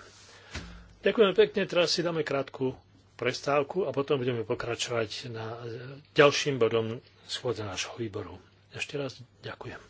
Ďakujem pekne, teraz si dáme krátku prestávku a potom budeme pokračovať na ďalším bodom schôdze nášho výboru. Ešte raz ďakujem.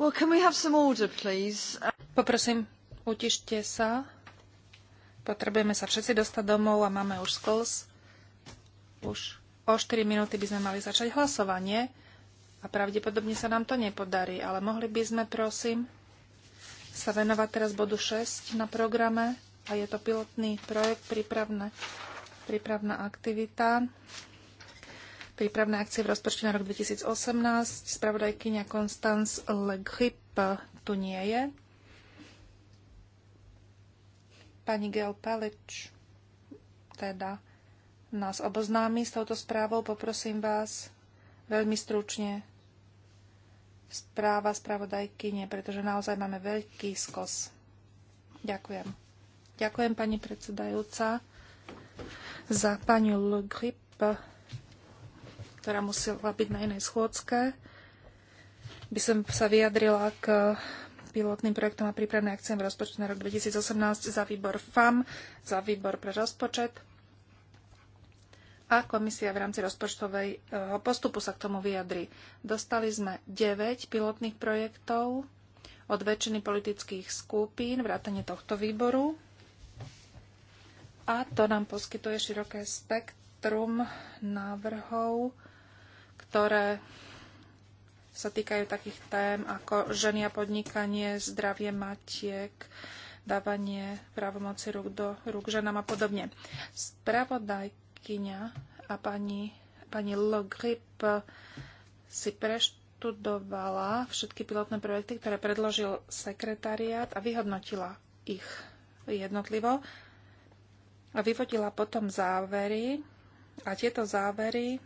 Well, can we have some order, please? Poprosím, utište sa. Potrebujeme sa všetci dostať domov a máme už skls. Už o 4 minúty by sme mali začať hlasovanie a pravdepodobne sa nám to nepodarí, ale mohli by sme, prosím, sa venovať teraz bodu 6 na programe a je to pilotný projekt, prípravné, prípravná aktivita prípravné akcie v rozpočte na rok 2018. Spravodajkyňa Konstanz Le Grip tu nie je. Pani Gel Palič teda nás oboznámi s touto správou. Poprosím vás veľmi stručne správa spravodajkyne, pretože naozaj máme veľký skos. Ďakujem. Ďakujem, pani predsedajúca, za pani Le Grip ktorá musela byť na inej schôdzke, by som sa vyjadrila k pilotným projektom a prípravným akciám v rozpočtu na rok 2018 za výbor FAM, za výbor pre rozpočet a komisia v rámci rozpočtového postupu sa k tomu vyjadri. Dostali sme 9 pilotných projektov od väčšiny politických skupín, vrátane tohto výboru. A to nám poskytuje široké spektrum návrhov ktoré sa týkajú takých tém ako ženy a podnikanie, zdravie matiek, dávanie právomoci rúk do rúk ženám a podobne. Spravodajkyňa a pani, pani Logrip si preštudovala všetky pilotné projekty, ktoré predložil sekretariát a vyhodnotila ich jednotlivo a vyvodila potom závery a tieto závery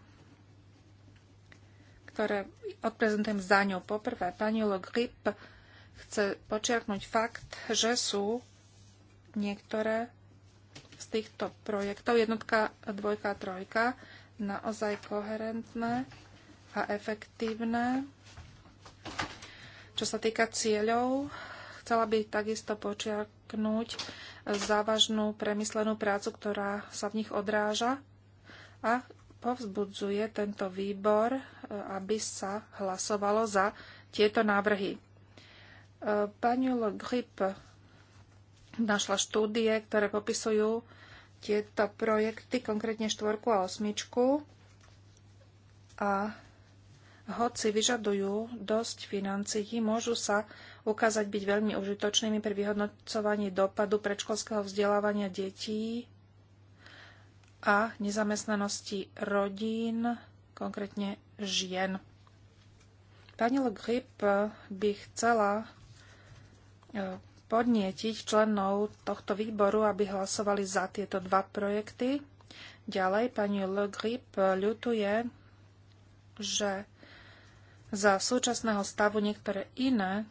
ktoré odprezentujem za ňou. Poprvé, pani Le Grip chce počiarknúť fakt, že sú niektoré z týchto projektov, jednotka, dvojka, trojka, naozaj koherentné a efektívne. Čo sa týka cieľov, chcela by takisto počiarknúť závažnú premyslenú prácu, ktorá sa v nich odráža a povzbudzuje tento výbor aby sa hlasovalo za tieto návrhy. E, pani Le Grip našla štúdie, ktoré popisujú tieto projekty, konkrétne štvorku a osmičku. A hoci vyžadujú dosť financií, môžu sa ukázať byť veľmi užitočnými pri vyhodnocovaní dopadu predškolského vzdelávania detí a nezamestnanosti rodín, konkrétne žien. Pani Le Grip by chcela e, podnietiť členov tohto výboru, aby hlasovali za tieto dva projekty. Ďalej pani Le Grip ľutuje, že za súčasného stavu niektoré iné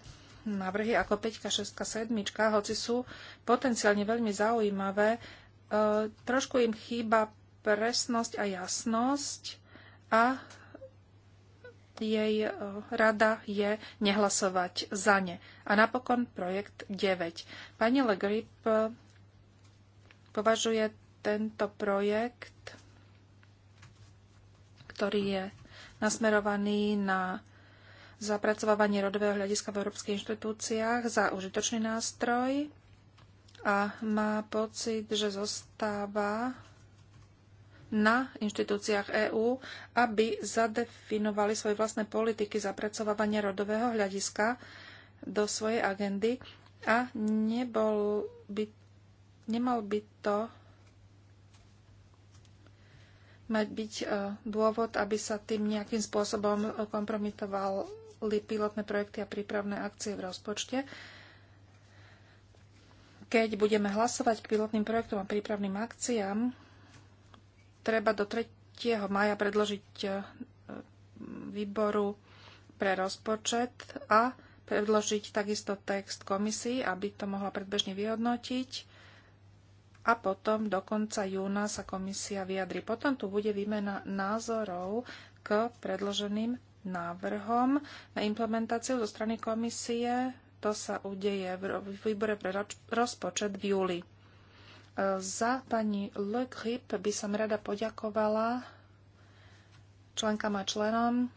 návrhy ako 5, 6, 7, hoci sú potenciálne veľmi zaujímavé, e, trošku im chýba presnosť a jasnosť a jej eh, rada je nehlasovať za ne. A napokon projekt 9. Pani Le Grip eh, považuje tento projekt, ktorý je nasmerovaný na zapracovávanie rodového hľadiska v európskych inštitúciách za užitočný nástroj a má pocit, že zostáva na inštitúciách EÚ, aby zadefinovali svoje vlastné politiky zapracovávania rodového hľadiska do svojej agendy a nebol by, nemal by to mať byť e, dôvod, aby sa tým nejakým spôsobom kompromitovali pilotné projekty a prípravné akcie v rozpočte. Keď budeme hlasovať k pilotným projektom a prípravným akciám, treba do 3. maja predložiť e, výboru pre rozpočet a predložiť takisto text komisii, aby to mohla predbežne vyhodnotiť a potom do konca júna sa komisia vyjadri. Potom tu bude výmena názorov k predloženým návrhom na implementáciu zo strany komisie. To sa udeje v výbore pre rozpočet v júli. Za pani Le Grip by som rada poďakovala členkám a členom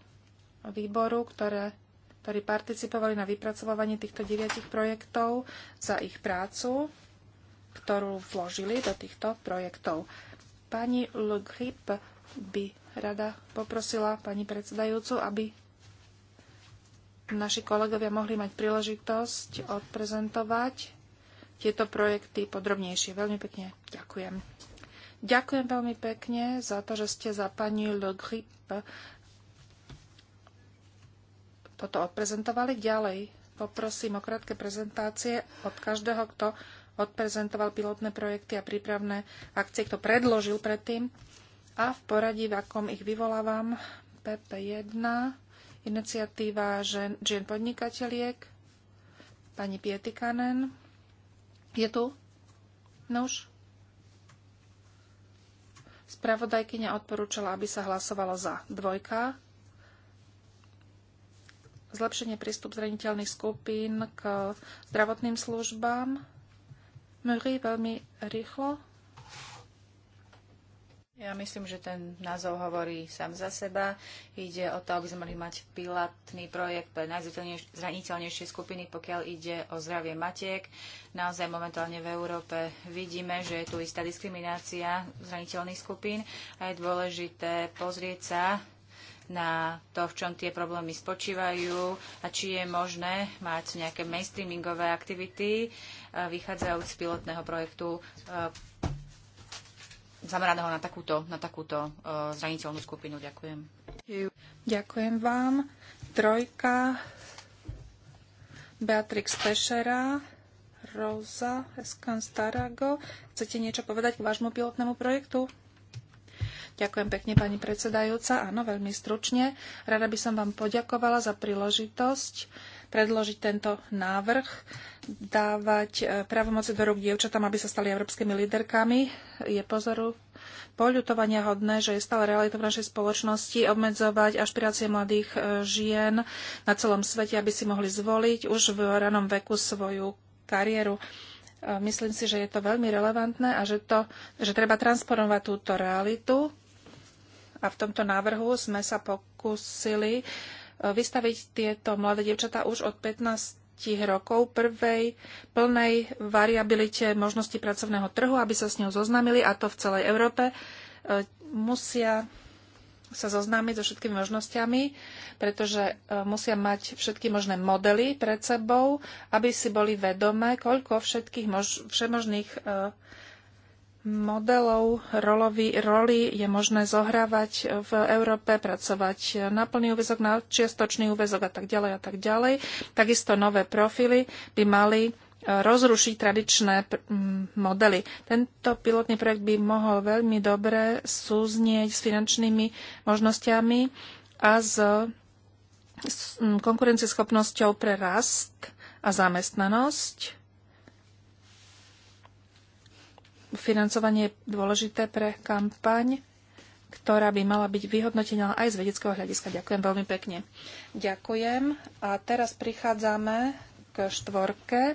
výboru, ktoré, ktorí participovali na vypracovaní týchto deviatich projektov, za ich prácu, ktorú vložili do týchto projektov. Pani Le Grip by rada poprosila pani predsedajúcu, aby naši kolegovia mohli mať príležitosť odprezentovať tieto projekty podrobnejšie. Veľmi pekne ďakujem. Ďakujem veľmi pekne za to, že ste za pani Le Grip toto odprezentovali. Ďalej poprosím o krátke prezentácie od každého, kto odprezentoval pilotné projekty a prípravné akcie, kto predložil predtým a v poradí, v akom ich vyvolávam, PP1, iniciatíva žen, žien podnikateliek, pani Pietikanen, je tu? No už. Spravodajkyňa odporúčala, aby sa hlasovalo za. Dvojka. Zlepšenie prístup zraniteľných skupín k zdravotným službám. Murray veľmi rýchlo. Ja myslím, že ten názov hovorí sám za seba. Ide o to, aby sme mali mať pilotný projekt pre najzraniteľnejšie skupiny, pokiaľ ide o zdravie matiek. Naozaj momentálne v Európe vidíme, že je tu istá diskriminácia zraniteľných skupín a je dôležité pozrieť sa na to, v čom tie problémy spočívajú a či je možné mať nejaké mainstreamingové aktivity e, vychádzajúc z pilotného projektu e, zameraného na takúto, na takúto e, zraniteľnú skupinu. Ďakujem. Ďakujem vám. Trojka. Beatrix Pešera. Rosa Eskan Starago. Chcete niečo povedať k vášmu pilotnému projektu? Ďakujem pekne, pani predsedajúca. Áno, veľmi stručne. Rada by som vám poďakovala za príležitosť predložiť tento návrh, dávať e, právomoci do rúk dievčatám, aby sa stali európskymi líderkami. Je pozoru poľutovania hodné, že je stále realitou v našej spoločnosti obmedzovať ašpirácie mladých e, žien na celom svete, aby si mohli zvoliť už v ranom veku svoju kariéru. E, myslím si, že je to veľmi relevantné a že, to, že treba transformovať túto realitu a v tomto návrhu sme sa pokúsili vystaviť tieto mladé dievčatá už od 15 rokov prvej plnej variabilite možnosti pracovného trhu, aby sa s ňou zoznámili, a to v celej Európe. E, musia sa zoznámiť so všetkými možnosťami, pretože e, musia mať všetky možné modely pred sebou, aby si boli vedomé, koľko všetkých mož- všemožných e, modelov roli, roli je možné zohrávať v Európe, pracovať na plný úvezok, na čiastočný úvezok a tak ďalej a tak ďalej. Takisto nové profily by mali e, rozrušiť tradičné modely. Tento pilotný projekt by mohol veľmi dobre súznieť s finančnými možnosťami a s, s konkurencieschopnosťou pre rast a zamestnanosť financovanie je dôležité pre kampaň, ktorá by mala byť vyhodnotená aj z vedeckého hľadiska. Ďakujem veľmi pekne. Ďakujem. A teraz prichádzame k štvorke. E,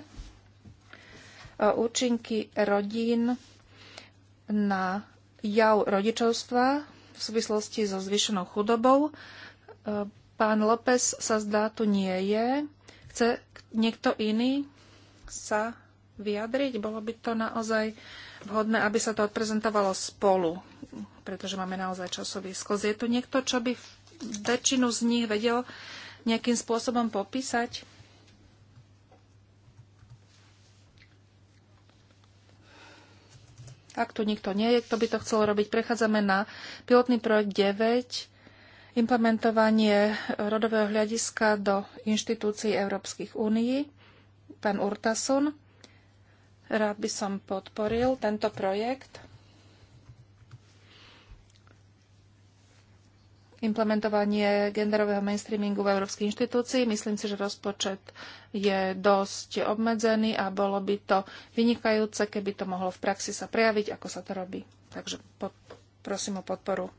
účinky rodín na jav rodičovstva v súvislosti so zvyšenou chudobou. E, pán López sa zdá tu nie je. Chce niekto iný sa vyjadriť? Bolo by to naozaj uh, vhodné, aby sa to odprezentovalo spolu, pretože máme naozaj časový sklz. Je tu niekto, čo by väčšinu z nich vedel nejakým spôsobom popísať? Ak tu nikto nie je, kto by to chcel robiť, prechádzame na pilotný projekt 9, implementovanie rodového hľadiska do inštitúcií Európskych únií. Pán Urtasun. Rád by som podporil tento projekt. implementovanie genderového mainstreamingu v európskej inštitúcii. Myslím si, že rozpočet je dosť obmedzený a bolo by to vynikajúce, keby to mohlo v praxi sa prejaviť, ako sa to robí. Takže pod, prosím o podporu.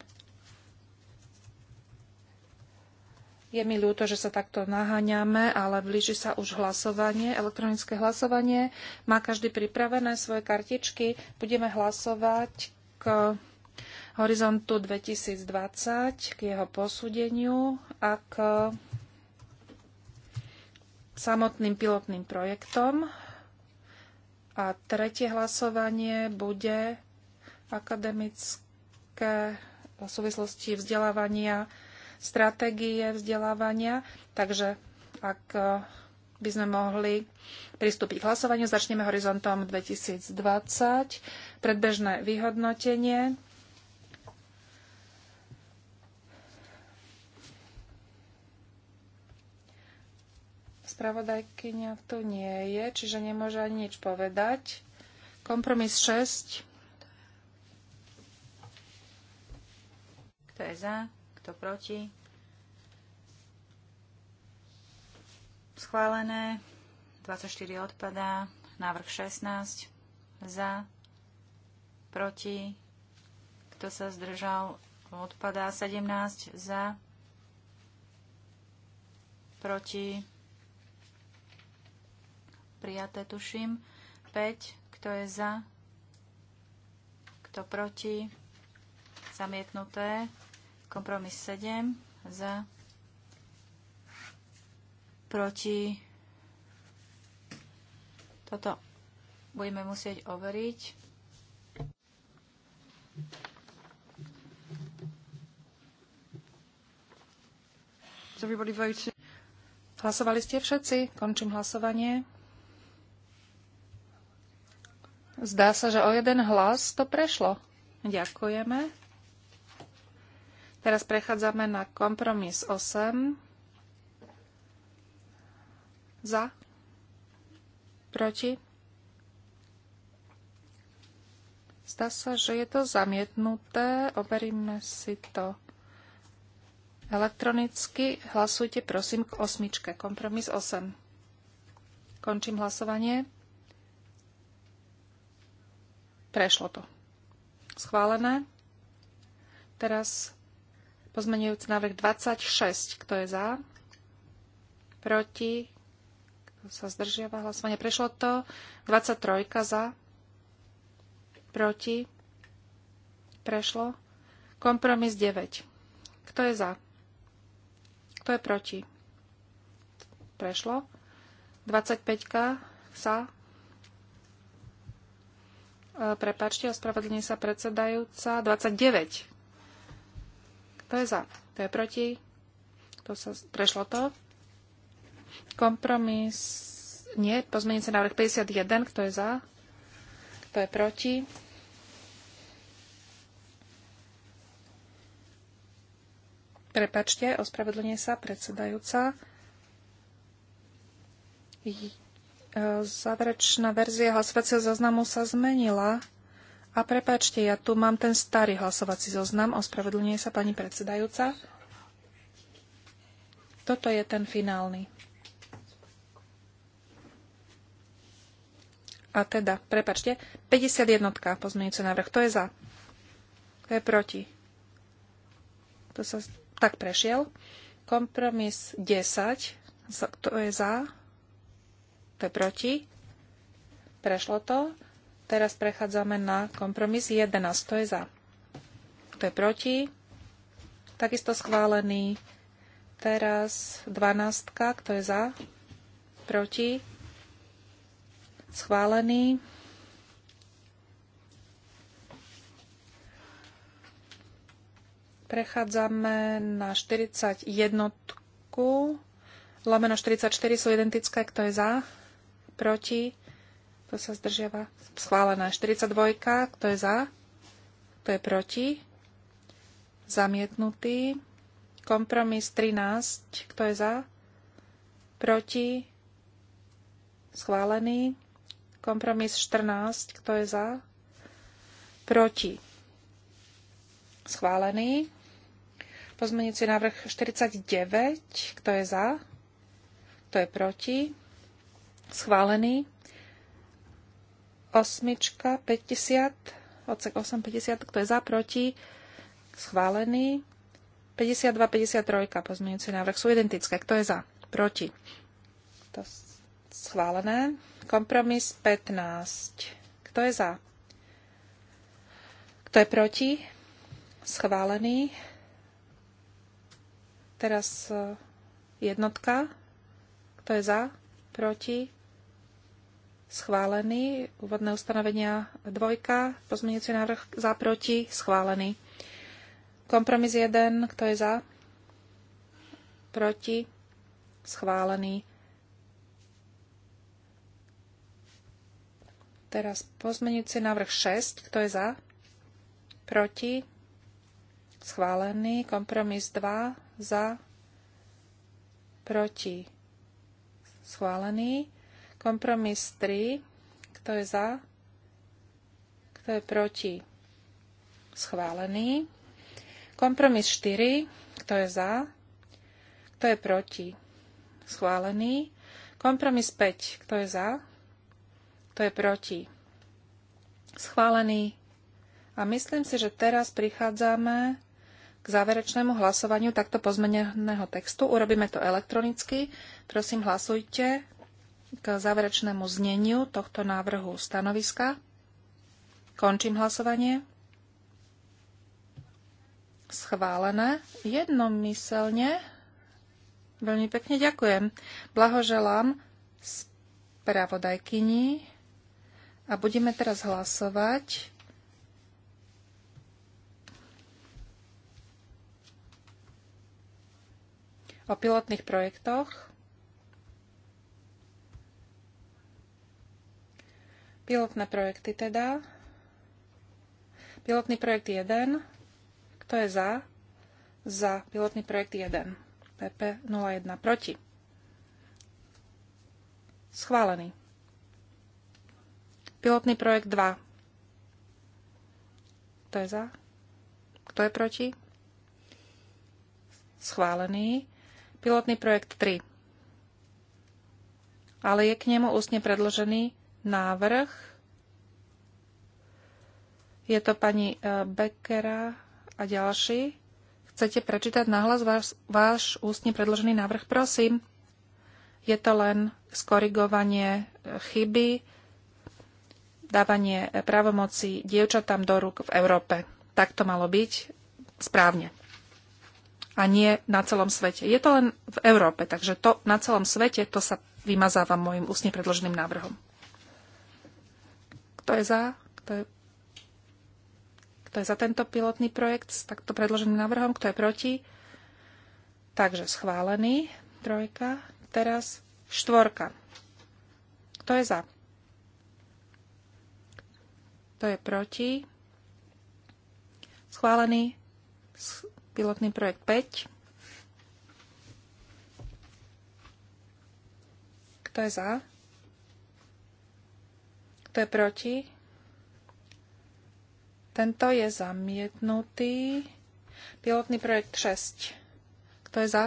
Je mi ľúto, že sa takto naháňame, ale blíži sa už hlasovanie, elektronické hlasovanie. Má každý pripravené svoje kartičky. Budeme hlasovať k horizontu 2020, k jeho posúdeniu a k samotným pilotným projektom. A tretie hlasovanie bude akademické v súvislosti vzdelávania stratégie vzdelávania. Takže ak e, by sme mohli pristúpiť k hlasovaniu, začneme horizontom 2020, predbežné vyhodnotenie. Spravodajkyňa tu nie je, čiže nemôže ani nič povedať. Kompromis 6. Kto je za? kto proti. Schválené. 24 odpadá. Návrh 16. Za. Proti. Kto sa zdržal? Odpadá. 17. Za. Proti. Prijaté tuším. 5. Kto je za? Kto proti? Zamietnuté. Kompromis 7 za, proti. Toto budeme musieť overiť. Hlasovali ste všetci? Končím hlasovanie. Zdá sa, že o jeden hlas to prešlo. Ďakujeme. Teraz prechádzame na kompromis 8. Za. Proti. Zdá sa, že je to zamietnuté. Overíme si to elektronicky. Hlasujte prosím k osmičke. Kompromis 8. Končím hlasovanie. Prešlo to. Schválené. Teraz Pozmenujúci návrh 26. Kto je za? Proti? Kto sa zdržiava hlasovanie? Prešlo to. 23. Za? Proti? Prešlo. Kompromis 9. Kto je za? Kto je proti? Prešlo. 25. Sa? E, Prepačte, ospravedlní sa predsedajúca. 29 kto je za? Kto je proti? To sa, prešlo to. Kompromis. Nie, sa návrh 51. Kto je za? Kto je proti? Prepačte, ospravedlňuje sa predsedajúca. E, záverečná verzia hlasovacieho zoznamu sa zmenila. A prepáčte, ja tu mám ten starý hlasovací zoznam, ospravedlňuje sa pani predsedajúca. Toto je ten finálny. A teda, prepačte, 51. pozmeňujúce návrh. To je za. To je proti. To sa tak prešiel. Kompromis 10. To je za. To je proti. Prešlo to. Teraz prechádzame na kompromis 11. To je za. To je proti. Takisto schválený. Teraz 12. Kto je za? Proti. Schválený. Prechádzame na 41. Lomeno 44 sú identické. Kto je za? Proti kto sa zdržiava? Schválená. 42. Kto je za? Kto je proti? Zamietnutý. Kompromis 13. Kto je za? Proti? Schválený. Kompromis 14. Kto je za? Proti? Schválený. Pozmeňujúci návrh 49. Kto je za? Kto je proti? Schválený. Osmička, 50, odsek 50, kto je za, proti, schválený. 52, 53, pozmeňujúci návrh sú identické. Kto je za? Proti. To schválené. Kompromis 15. Kto je za? Kto je proti? Schválený. Teraz eh, jednotka. Kto je za? Proti? schválený. Úvodné ustanovenia dvojka, pozmeňujúci návrh za, proti, schválený. Kompromis 1, kto je za? Proti, schválený. Teraz pozmeňujúci návrh 6, kto je za? Proti, schválený. Kompromis 2, za, proti, schválený. Kompromis 3. Kto je za? Kto je proti? Schválený. Kompromis 4. Kto je za? Kto je proti? Schválený. Kompromis 5. Kto je za? Kto je proti? Schválený. A myslím si, že teraz prichádzame k záverečnému hlasovaniu takto pozmeneného textu. Urobíme to elektronicky. Prosím, hlasujte k záverečnému zneniu tohto návrhu stanoviska. Končím hlasovanie. Schválené jednomyselne. Veľmi pekne ďakujem. Blahoželám spravodajkyni a budeme teraz hlasovať. o pilotných projektoch Pilotné projekty teda. Pilotný projekt 1. Kto je za? Za pilotný projekt 1. PP01. Proti. Schválený. Pilotný projekt 2. Kto je za? Kto je proti? Schválený. Pilotný projekt 3. Ale je k nemu ústne predložený návrh. Je to pani e, Beckera a ďalší. Chcete prečítať nahlas váš, váš ústne predložený návrh? Prosím. Je to len skorigovanie e, chyby, dávanie e, právomoci dievčatám do rúk v Európe. Tak to malo byť správne. A nie na celom svete. Je to len v Európe, takže to na celom svete, to sa vymazáva môjim ústne predloženým návrhom. Kto je za? Kto je, kto je za tento pilotný projekt s takto predloženým návrhom? Kto je proti? Takže schválený. Trojka. Teraz štvorka. Kto je za? Kto je proti? Schválený pilotný projekt 5. Kto je za? Kto je proti? Tento je zamietnutý. Pilotný projekt 6. Kto je za?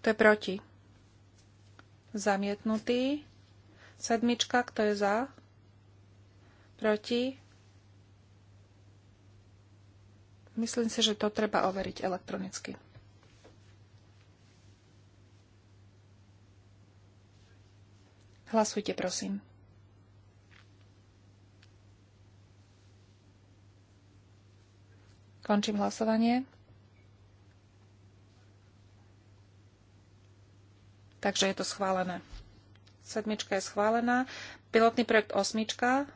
Kto je proti? Zamietnutý. Sedmička, kto je za? Proti? Myslím si, že to treba overiť elektronicky. Hlasujte, prosím. Končím hlasovanie. Takže je to schválené. Sedmička je schválená. Pilotný projekt osmička.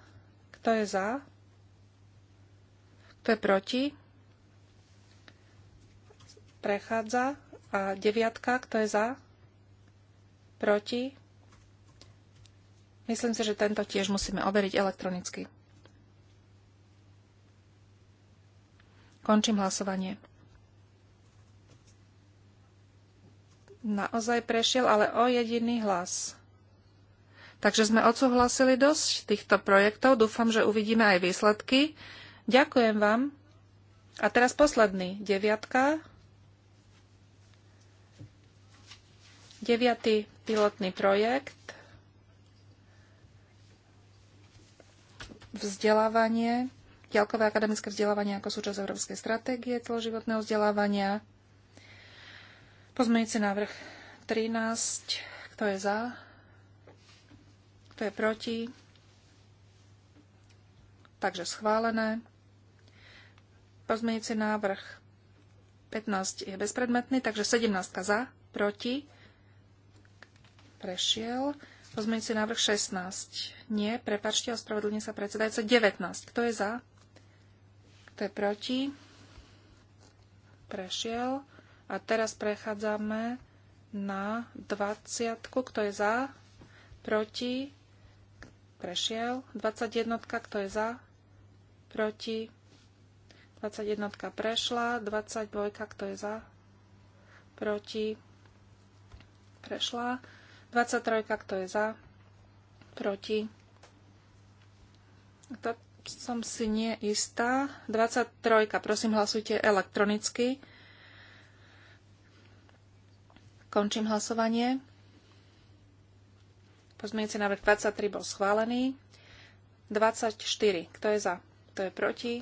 Kto je za? Kto je proti? Prechádza. A deviatka, kto je za? Proti? Myslím si, že tento tiež musíme overiť elektronicky. Končím hlasovanie. Naozaj prešiel, ale o jediný hlas. Takže sme odsúhlasili dosť týchto projektov. Dúfam, že uvidíme aj výsledky. Ďakujem vám. A teraz posledný, deviatka. Deviatý pilotný projekt. Vzdelávanie ďalkové akademické vzdelávanie ako súčasť Európskej stratégie celoživotného vzdelávania. Pozmeňujúci návrh 13. Kto je za? Kto je proti? Takže schválené. Pozmeňujúci návrh 15 je bezpredmetný, takže 17 za, proti. Prešiel. Pozmeňujúci návrh 16. Nie, prepačte, ospravedlňujem sa predsedajúca. 19. Kto je za? Kto je proti? Prešiel. A teraz prechádzame na 20. Kto je za? Proti? Prešiel. 21. Kto je za? Proti? 21. prešla. 22. Kto je za? Proti? Prešla. 23. Kto je za? Proti? To, som si nie istá. 23. Prosím, hlasujte elektronicky. Končím hlasovanie. Pozmienujúci návrh 23 bol schválený. 24. Kto je za? Kto je proti?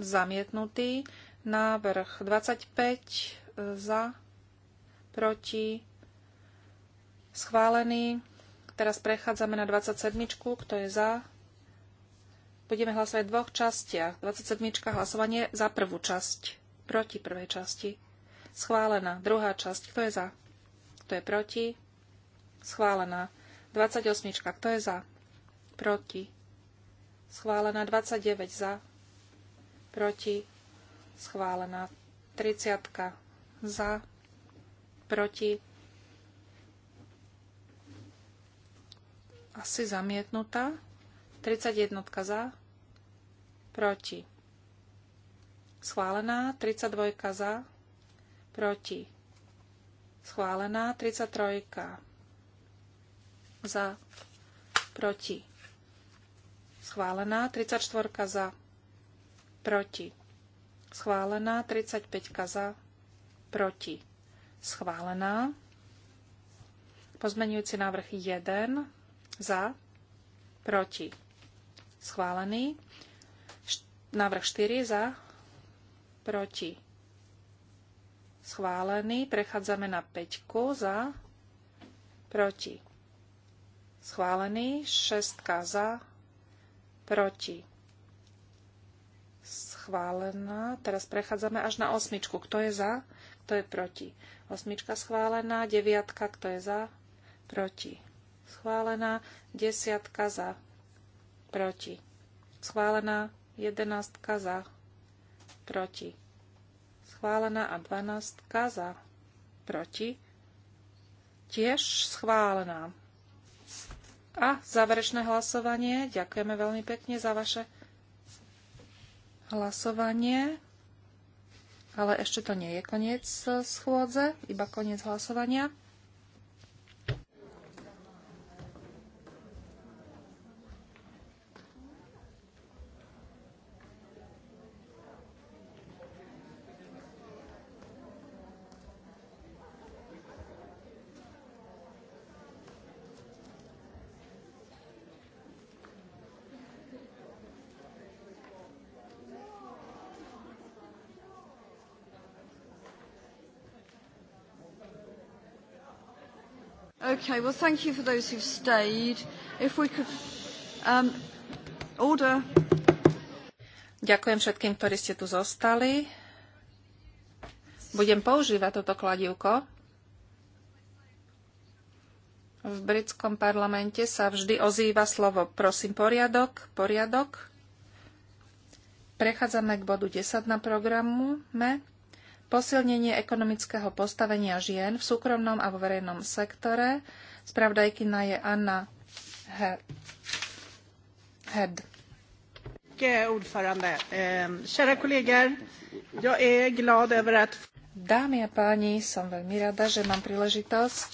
Zamietnutý. Návrh 25 e, za, proti, schválený. Teraz prechádzame na 27. Kto je za? Budeme hlasovať v dvoch častiach. 27. hlasovanie za prvú časť. Proti prvej časti. Schválená. Druhá časť. Kto je za? Kto je proti? Schválená. 28. Kto je za? Proti. Schválená. 29. Za. Proti. Schválená. 30. Za. Proti. asi zamietnutá. 31 za, proti. Schválená 32 za, proti. Schválená 33 za, proti. Schválená 34 za, proti. Schválená 35 za, proti. Schválená. Pozmenujúci návrh 1 za, proti, schválený. Návrh 4 za, proti, schválený. Prechádzame na 5 za, proti, schválený. 6 za, proti, schválená. Teraz prechádzame až na osmičku. Kto je za? Kto je proti? Osmička schválená. Deviatka. Kto je za? Proti schválená, desiatka za, proti, schválená, jedenástka za, proti, schválená a dvanáctka za, proti, tiež schválená. A záverečné hlasovanie. Ďakujeme veľmi pekne za vaše hlasovanie. Ale ešte to nie je koniec eh, schôdze, iba koniec hlasovania. Okay, well, thank you for those who've stayed. If we could... Um, order. Ďakujem všetkým, ktorí ste tu zostali. Budem používať toto kladivko. V britskom parlamente sa vždy ozýva slovo prosím poriadok, poriadok. Prechádzame k bodu 10 na programu. Me posilnenie ekonomického postavenia žien v súkromnom a vo verejnom sektore. Spravdajkina je Anna Head. Ehm, Dámy a páni, som veľmi rada, že mám príležitosť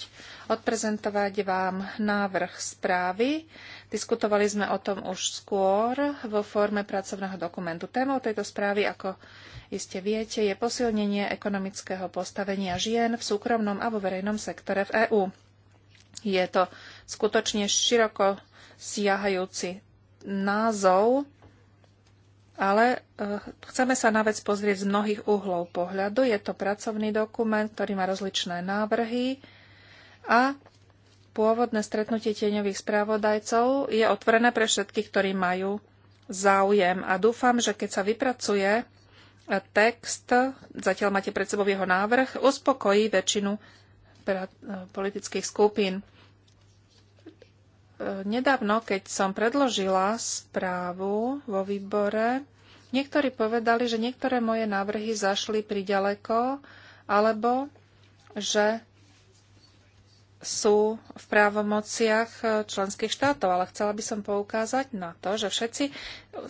odprezentovať vám návrh správy, Diskutovali sme o tom už skôr vo forme pracovného dokumentu. Témou tejto správy, ako iste viete, je posilnenie ekonomického postavenia žien v súkromnom a vo verejnom sektore v EÚ. Je to skutočne široko siahajúci názov, ale eh, chceme sa na vec pozrieť z mnohých uhlov pohľadu. Je to pracovný dokument, ktorý má rozličné návrhy a pôvodné stretnutie tieňových správodajcov je otvorené pre všetkých, ktorí majú záujem. A dúfam, že keď sa vypracuje text, zatiaľ máte pred sebou jeho návrh, uspokojí väčšinu politických skupín. Nedávno, keď som predložila správu vo výbore, niektorí povedali, že niektoré moje návrhy zašli priďaleko, alebo že sú v právomociach e, členských štátov, ale chcela by som poukázať na to, že všetci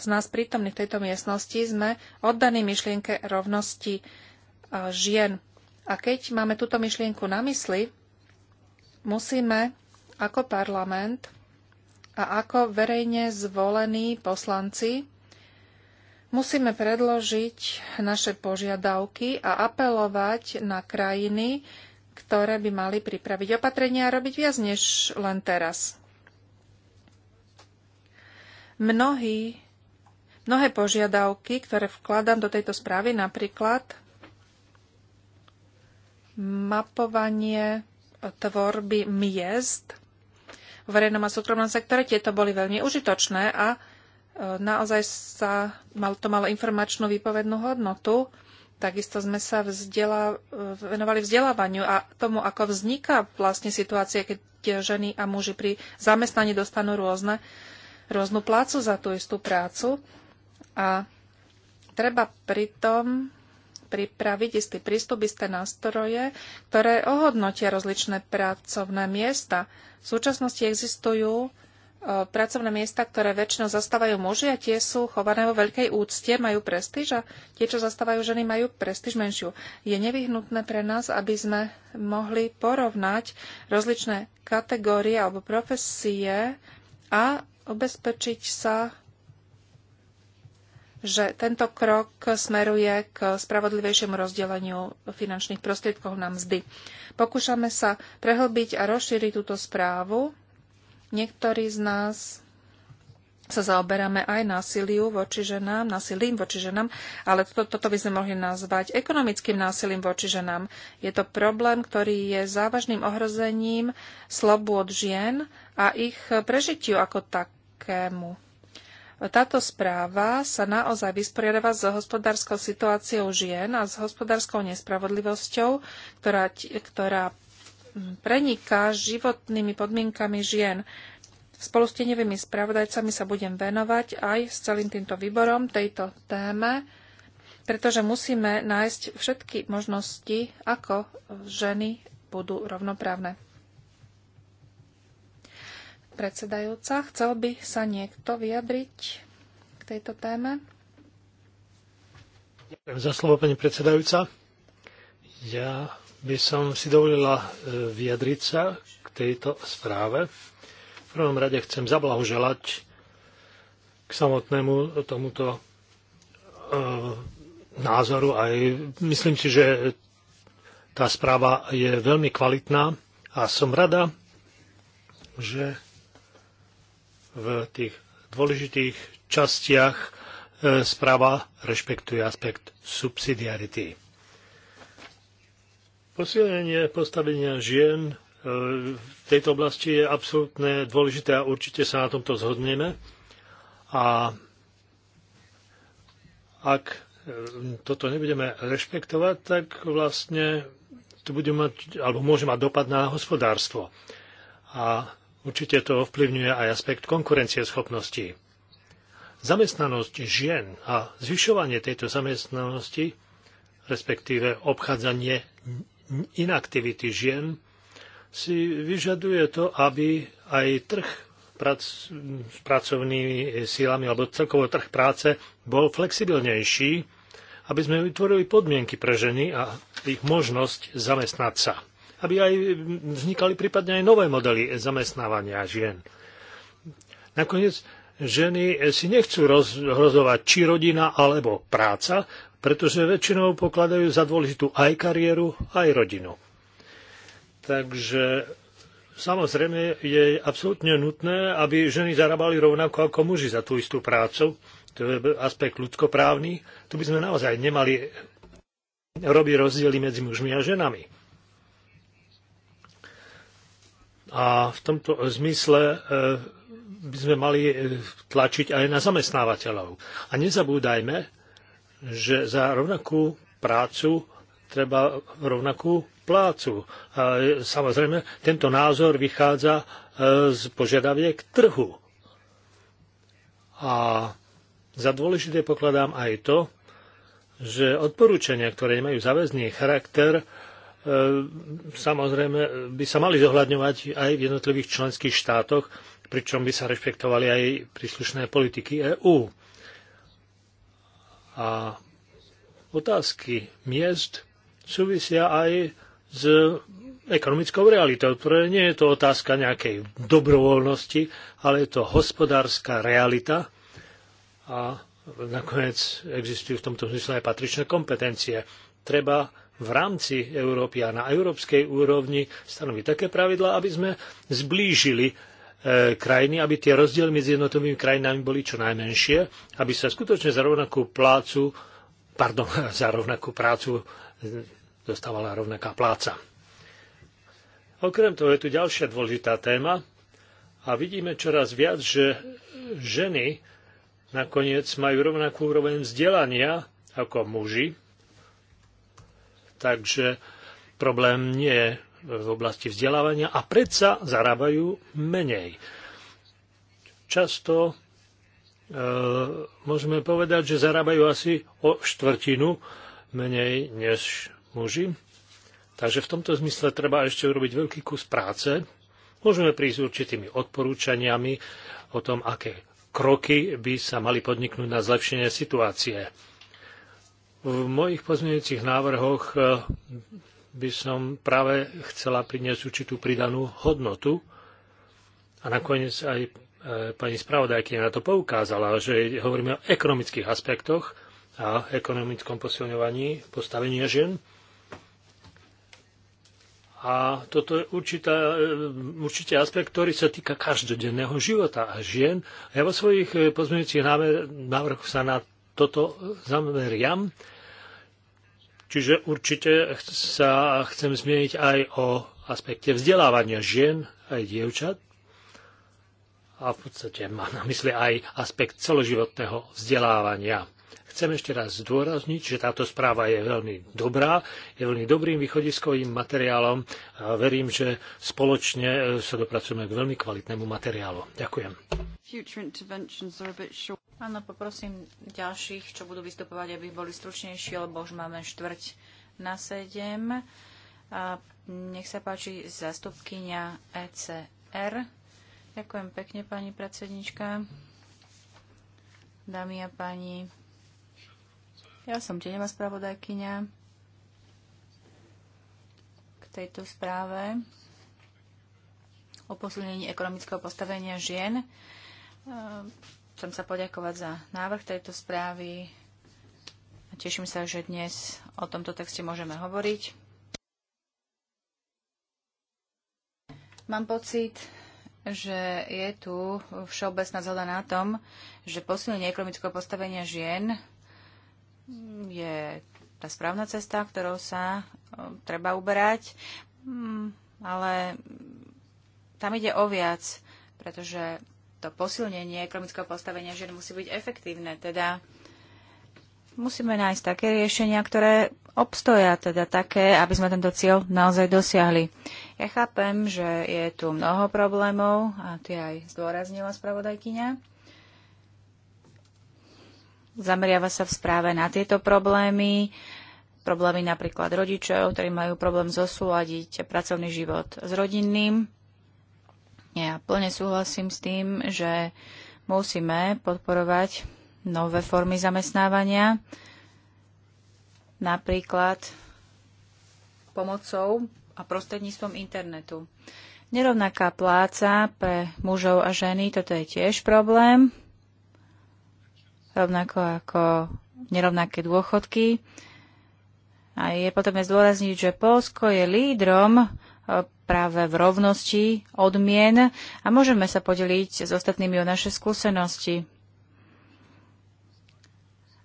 z nás prítomní v tejto miestnosti sme oddaní myšlienke rovnosti e, žien. A keď máme túto myšlienku na mysli, musíme ako parlament a ako verejne zvolení poslanci musíme predložiť naše požiadavky a apelovať na krajiny, ktoré by mali pripraviť opatrenia a robiť viac než len teraz. Mnohí, mnohé požiadavky, ktoré vkladám do tejto správy, napríklad mapovanie tvorby miest v verejnom a súkromnom sektore, tieto boli veľmi užitočné a e, naozaj sa mal, to malo informačnú výpovednú hodnotu Takisto sme sa vzdela, venovali vzdelávaniu a tomu, ako vzniká vlastne situácia, keď ženy a muži pri zamestnaní dostanú rôzne, rôznu plácu za tú istú prácu. A treba pritom pripraviť istý prístup, isté nástroje, ktoré ohodnotia rozličné pracovné miesta. V súčasnosti existujú Eh, pracovné miesta, ktoré väčšinou zastávajú muži a tie sú chované vo veľkej úcte, majú prestíž a tie, čo zastávajú ženy, majú prestíž menšiu. Je nevyhnutné pre nás, aby sme mohli porovnať rozličné kategórie alebo profesie a ubezpečiť sa, že tento krok smeruje k spravodlivejšiemu rozdeleniu finančných prostriedkov na mzdy. Pokúšame sa prehlbiť a rozšíriť túto správu Niektorí z nás sa zaoberáme aj násiliu voči ženám, násilím voči ženám, ale to, toto by sme mohli nazvať ekonomickým násilím voči ženám. Je to problém, ktorý je závažným ohrozením slobôd žien a ich prežitiu ako takému. Táto správa sa naozaj vysporiadáva s hospodárskou situáciou žien a s hospodárskou nespravodlivosťou, ktorá, ktorá preniká životnými podmienkami žien. Spolu s tenevými spravodajcami sa budem venovať aj s celým týmto výborom tejto téme, pretože musíme nájsť všetky možnosti, ako ženy budú rovnoprávne. Predsedajúca, chcel by sa niekto vyjadriť k tejto téme? Ďakujem za slovo, pani predsedajúca. Ja by som si dovolila e, vyjadriť sa k tejto správe. V prvom rade chcem zablahoželať k samotnému tomuto e, názoru. Aj myslím si, že tá správa je veľmi kvalitná a som rada, že v tých dôležitých častiach e, správa rešpektuje aspekt subsidiarity. Posilnenie postavenia žien e, v tejto oblasti je absolútne dôležité a určite sa na tomto zhodneme. A ak e, toto nebudeme rešpektovať, tak vlastne to bude mať, alebo môže mať dopad na hospodárstvo. A určite to ovplyvňuje aj aspekt konkurencieschopnosti. Zamestnanosť žien a zvyšovanie tejto zamestnanosti, respektíve obchádzanie inaktivity žien si vyžaduje to, aby aj trh prac, s pracovnými sílami alebo celkovo trh práce bol flexibilnejší, aby sme vytvorili podmienky pre ženy a ich možnosť zamestnať sa. Aby aj vznikali prípadne aj nové modely zamestnávania žien. Nakoniec ženy si nechcú rozhodovať či rodina alebo práca, pretože väčšinou pokladajú za dôležitú aj kariéru, aj rodinu. Takže samozrejme je absolútne nutné, aby ženy zarábali rovnako ako muži za tú istú prácu. To je aspekt ľudskoprávny. Tu by sme naozaj nemali robiť rozdiely medzi mužmi a ženami. A v tomto zmysle e, by sme mali e, tlačiť aj na zamestnávateľov. A nezabúdajme, že za rovnakú prácu treba rovnakú plácu. A samozrejme, tento názor vychádza e, z požiadaviek trhu. A za dôležité pokladám aj to, že odporúčania, ktoré majú záväzný charakter, e, samozrejme by sa mali zohľadňovať aj v jednotlivých členských štátoch, pričom by sa rešpektovali aj príslušné politiky EÚ. A otázky miest súvisia aj s ekonomickou realitou. Pre nie je to otázka nejakej dobrovoľnosti, ale je to hospodárska realita a nakoniec existujú v tomto zmysle aj patričné kompetencie. Treba v rámci Európy a na európskej úrovni stanoviť také pravidlá, aby sme zblížili E, krajiny, aby tie rozdiely medzi jednotlivými krajinami boli čo najmenšie, aby sa skutočne za rovnakú plácu, pardon, za rovnakú prácu e, dostávala rovnaká pláca. Okrem toho je tu ďalšia dôležitá téma a vidíme čoraz viac, že ženy nakoniec majú rovnakú úroveň vzdelania ako muži, takže problém nie je v oblasti vzdelávania a predsa zarábajú menej. Často e, môžeme povedať, že zarábajú asi o štvrtinu menej než muži. Takže v tomto zmysle treba ešte urobiť veľký kus práce. Môžeme prísť s určitými odporúčaniami o tom, aké kroky by sa mali podniknúť na zlepšenie situácie. V mojich pozmeňujúcich návrhoch eh, by som práve chcela priniesť určitú pridanú hodnotu. A nakoniec aj e, pani spravodajkyňa na to poukázala, že hovoríme o ekonomických aspektoch a ekonomickom posilňovaní postavenia žien. A toto je určitá, e, určitý aspekt, ktorý sa týka každodenného života a žien. Ja vo svojich pozmeňujúcich návrhoch sa na toto zameriam Čiže určite sa chcem zmieniť aj o aspekte vzdelávania žien aj dievčat. A v podstate mám na mysli aj aspekt celoživotného vzdelávania. Chcem ešte raz zdôrazniť, že táto správa je veľmi dobrá, je veľmi dobrým východiskovým materiálom a verím, že spoločne e, sa dopracujeme k veľmi kvalitnému materiálu. Ďakujem. Áno, poprosím ďalších, čo budú vystupovať, aby boli stručnejší, lebo už máme štvrť na sedem. A nech sa páči zastupkynia ECR. Ďakujem pekne, pani predsednička. Dámy a páni, ja som tenová spravodajkynia k tejto správe o posilnení ekonomického postavenia žien. Chcem sa poďakovať za návrh tejto správy a teším sa, že dnes o tomto texte môžeme hovoriť. Mám pocit, že je tu všeobecná zhoda na tom, že posilnenie ekonomického postavenia žien je tá správna cesta, ktorou sa treba uberať, mm, ale tam ide o viac, pretože to posilnenie ekonomického postavenia žien musí byť efektívne. Teda musíme nájsť také riešenia, ktoré obstoja, teda také, aby sme tento cieľ naozaj dosiahli. Ja chápem, že je tu mnoho problémov a tie aj zdôraznila spravodajkyňa. Zameriava sa v správe na tieto problémy, problémy napríklad rodičov, ktorí majú problém zosúľadiť pracovný život s rodinným ja plne súhlasím s tým, že musíme podporovať nové formy zamestnávania, napríklad pomocou a prostredníctvom internetu. Nerovnaká pláca pre mužov a ženy, toto je tiež problém, rovnako ako nerovnaké dôchodky. A je potrebné zdôrazniť, že Polsko je lídrom práve v rovnosti odmien a môžeme sa podeliť s ostatnými o naše skúsenosti.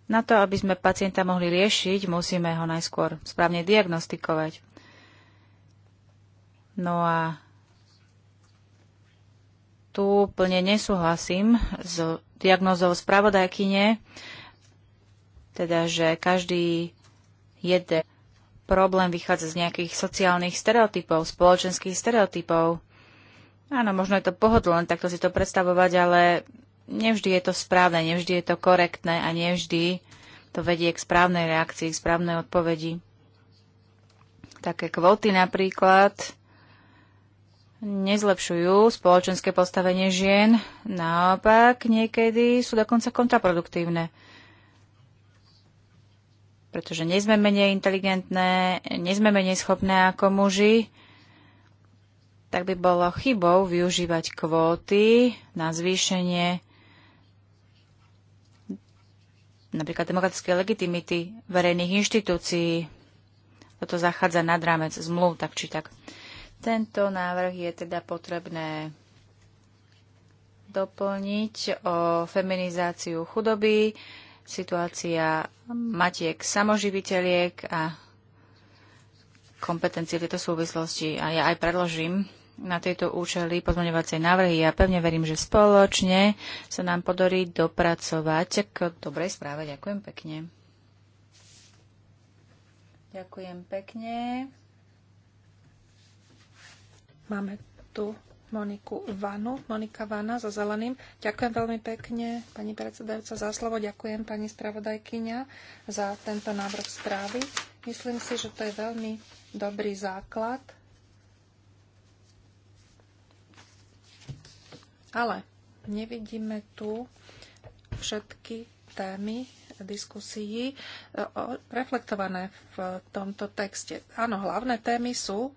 Na to, aby sme pacienta mohli riešiť, musíme ho najskôr správne diagnostikovať. No a tu plne nesúhlasím s diagnózou spravodajkyne, teda že každý jeden problém vychádza z nejakých sociálnych stereotypov, spoločenských stereotypov. Áno, možno je to pohodlné takto si to predstavovať, ale nevždy je to správne, nevždy je to korektné a nevždy to vedie k správnej reakcii, k správnej odpovedi. Také kvóty napríklad nezlepšujú spoločenské postavenie žien, naopak niekedy sú dokonca kontraproduktívne pretože nie sme menej inteligentné, nie sme menej schopné ako muži, tak by bolo chybou využívať kvóty na zvýšenie napríklad demokratickej legitimity verejných inštitúcií. Toto zachádza nad rámec zmluv, tak či tak. Tento návrh je teda potrebné doplniť o feminizáciu chudoby, situácia matiek samoživiteľiek a kompetencie v tejto súvislosti. A ja aj predložím na tieto účely pozmeňovacie návrhy. Ja pevne verím, že spoločne sa nám podarí dopracovať k dobrej správe. Ďakujem pekne. Ďakujem pekne. Máme tu Moniku Vanu. Monika Vana za zeleným. Ďakujem veľmi pekne, pani predsedajúca, za slovo. Ďakujem pani spravodajkyňa za tento návrh správy. Myslím si, že to je veľmi dobrý základ. Ale nevidíme tu všetky témy diskusií e, reflektované v tomto texte. Áno, hlavné témy sú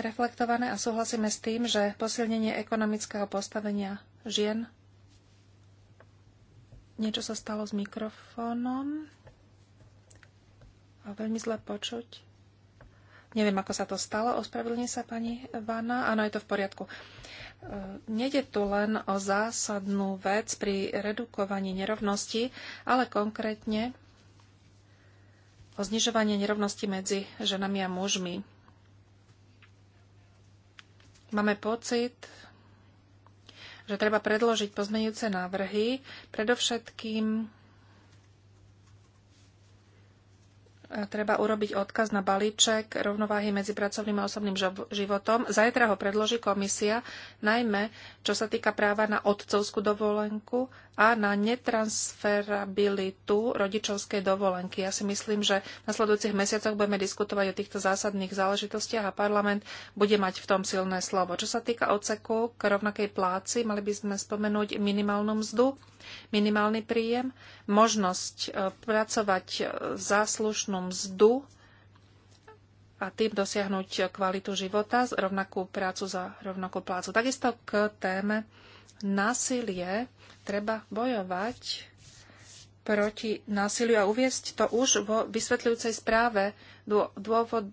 reflektované a súhlasíme s tým, že posilnenie ekonomického postavenia žien. Niečo sa stalo s mikrofónom. A veľmi zle počuť. Neviem, ako sa to stalo. Ospravedlňuje sa pani Vana. Áno, je to v poriadku. E, Nede tu len o zásadnú vec pri redukovaní nerovnosti, ale konkrétne o znižovanie nerovnosti medzi ženami a mužmi. Máme pocit, že treba predložiť pozmenujúce návrhy, predovšetkým e, treba urobiť odkaz na balíček rovnováhy medzi pracovným a osobným životom. Zajtra ho predloží komisia, najmä čo sa týka práva na otcovskú dovolenku a na netransferabilitu rodičovskej dovolenky. Ja si myslím, že v nasledujúcich mesiacoch budeme diskutovať o týchto zásadných záležitostiach a parlament bude mať v tom silné slovo. Čo sa týka odseku k rovnakej pláci, mali by sme spomenúť minimálnu mzdu, minimálny príjem, možnosť e, pracovať e, záslušnú mzdu a tým dosiahnuť kvalitu života, rovnakú prácu za rovnakú plácu. Takisto k téme násilie treba bojovať proti násiliu a uviesť to už vo vysvetľujúcej správe dôvod,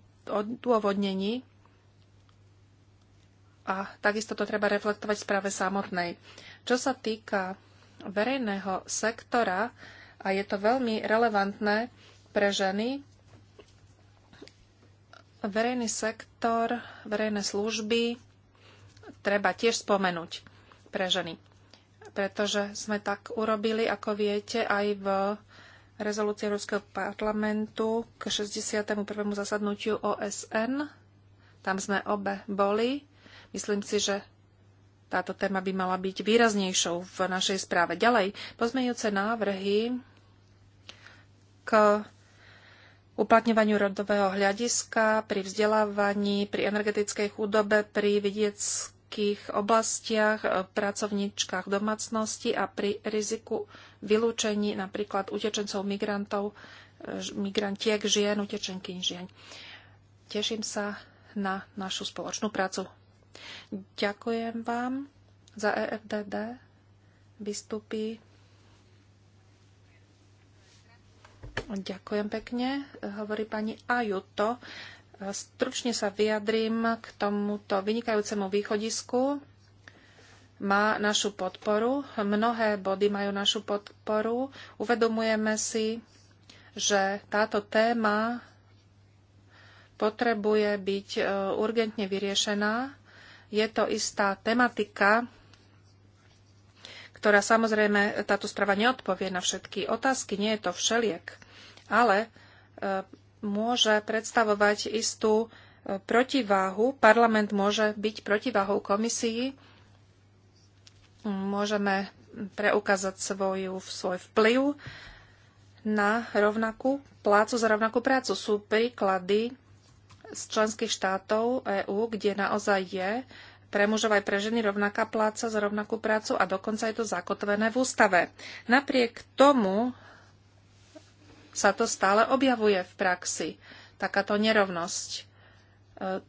dôvodnení. a takisto to treba reflektovať v správe samotnej. Čo sa týka verejného sektora, a je to veľmi relevantné pre ženy, verejný sektor, verejné služby treba tiež spomenúť pre ženy. Pretože sme tak urobili, ako viete, aj v rezolúcii Európskeho parlamentu k 61. zasadnutiu OSN. Tam sme obe boli. Myslím si, že táto téma by mala byť výraznejšou v našej správe. Ďalej, pozmejúce návrhy k uplatňovaniu rodového hľadiska pri vzdelávaní, pri energetickej chudobe, pri vidieckej všetkých oblastiach, e, pracovníčkach domácnosti a pri riziku vylúčení napríklad utečencov, migrantov, e, migrantiek, žien, utečenky, žien. Teším sa na našu spoločnú prácu. Ďakujem vám za EFDD. Vystupí. Ďakujem pekne, hovorí pani Ajuto. Stručne sa vyjadrím k tomuto vynikajúcemu východisku. Má našu podporu, mnohé body majú našu podporu. Uvedomujeme si, že táto téma potrebuje byť e, urgentne vyriešená. Je to istá tematika, ktorá samozrejme táto správa neodpovie na všetky otázky, nie je to všeliek, ale e, môže predstavovať istú e, protiváhu. Parlament môže byť protiváhou komisii. Môžeme preukázať svoju, svoj vplyv na rovnakú plácu za rovnakú prácu. Sú príklady z členských štátov EÚ, kde naozaj je pre mužov aj pre ženy rovnaká pláca za rovnakú prácu a dokonca je to zakotvené v ústave. Napriek tomu sa to stále objavuje v praxi, takáto nerovnosť. E,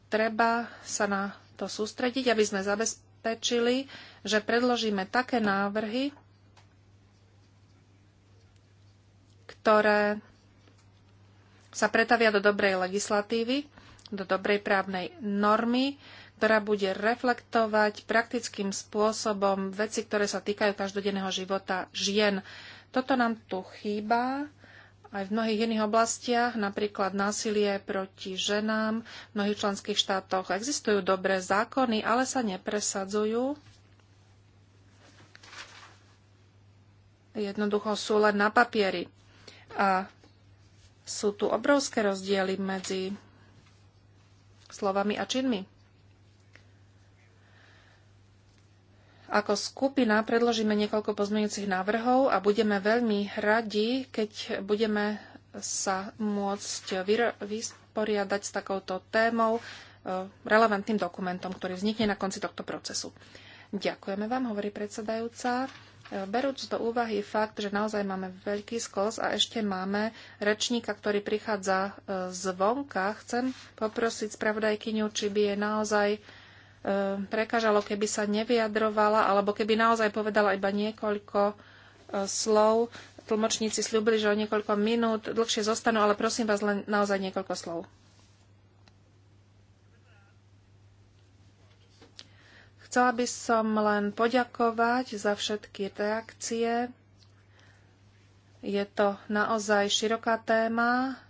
treba sa na to sústrediť, aby sme zabezpečili, že predložíme také návrhy, ktoré sa pretavia do dobrej legislatívy, do dobrej právnej normy, ktorá bude reflektovať praktickým spôsobom veci, ktoré sa týkajú každodenného života žien. Toto nám tu chýba aj v mnohých iných oblastiach, napríklad násilie proti ženám v mnohých členských štátoch. Existujú dobré zákony, ale sa nepresadzujú. Jednoducho sú len na papieri. A sú tu obrovské rozdiely medzi slovami a činmi. Ako skupina predložíme niekoľko pozmeňujúcich návrhov a budeme veľmi radi, keď budeme sa môcť vysporiadať s takouto témou e, relevantným dokumentom, ktorý vznikne na konci tohto procesu. Ďakujeme vám, hovorí predsedajúca. E, berúc do úvahy fakt, že naozaj máme veľký skos a ešte máme rečníka, ktorý prichádza e, zvonka, chcem poprosiť spravodajkyňu, či by je naozaj E, prekážalo, keby sa nevyjadrovala, alebo keby naozaj povedala iba niekoľko e, slov. Tlmočníci slúbili, že o niekoľko minút dlhšie zostanú, ale prosím vás len naozaj niekoľko slov. Chcela by som len poďakovať za všetky reakcie. Je to naozaj široká téma,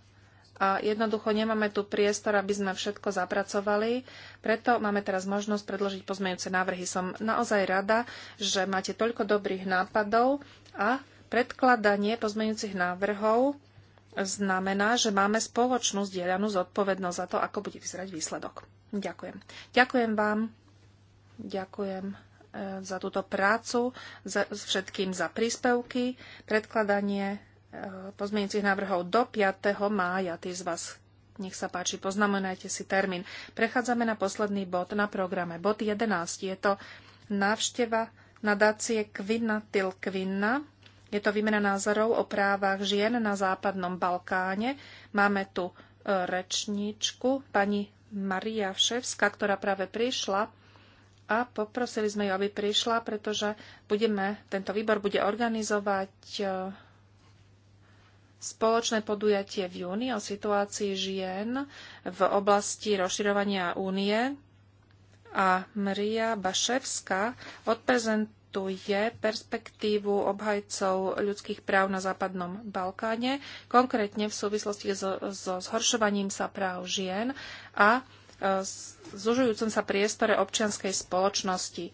a jednoducho nemáme tu priestor, aby sme všetko zapracovali. Preto máme teraz možnosť predložiť pozmeňujúce návrhy. Som naozaj rada, že máte toľko dobrých nápadov a predkladanie pozmeňujúcich návrhov znamená, že máme spoločnú zdieľanú zodpovednosť za to, ako bude vyzerať výsledok. Ďakujem. Ďakujem vám. Ďakujem eh, za túto prácu, za, všetkým za príspevky, predkladanie pozmeňujúcich návrhov do 5. mája. Tí z vás, nech sa páči, poznamenajte si termín. Prechádzame na posledný bod na programe. Bod 11 je to návšteva nadácie Kvinna Til Kvinna. Je to výmena názorov o právach žien na Západnom Balkáne. Máme tu e, rečníčku, pani Maria Vševska, ktorá práve prišla a poprosili sme ju, aby prišla, pretože budeme, tento výbor bude organizovať e, spoločné podujatie v júni o situácii žien v oblasti rozširovania únie a Maria Baševska odprezentuje perspektívu obhajcov ľudských práv na Západnom Balkáne, konkrétne v súvislosti so, so zhoršovaním sa práv žien a e, zužujúcom sa priestore občianskej spoločnosti. E,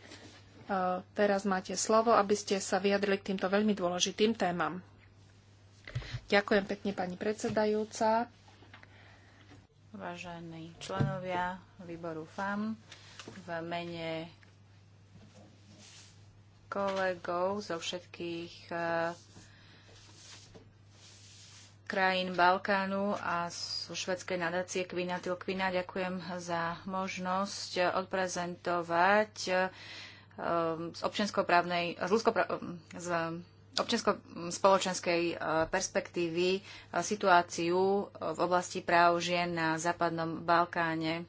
teraz máte slovo, aby ste sa vyjadrili k týmto veľmi dôležitým témam. Ďakujem pekne, pani predsedajúca. Vážení členovia výboru FAM, v mene kolegov zo všetkých eh, krajín Balkánu a zo švedskej nadácie Kvina Tilkvina ďakujem za možnosť odprezentovať eh, z občianskoprávnej, z, ľudskopra- z občiansko-spoločenskej e, perspektívy e, situáciu e, v oblasti práv žien na západnom Balkáne.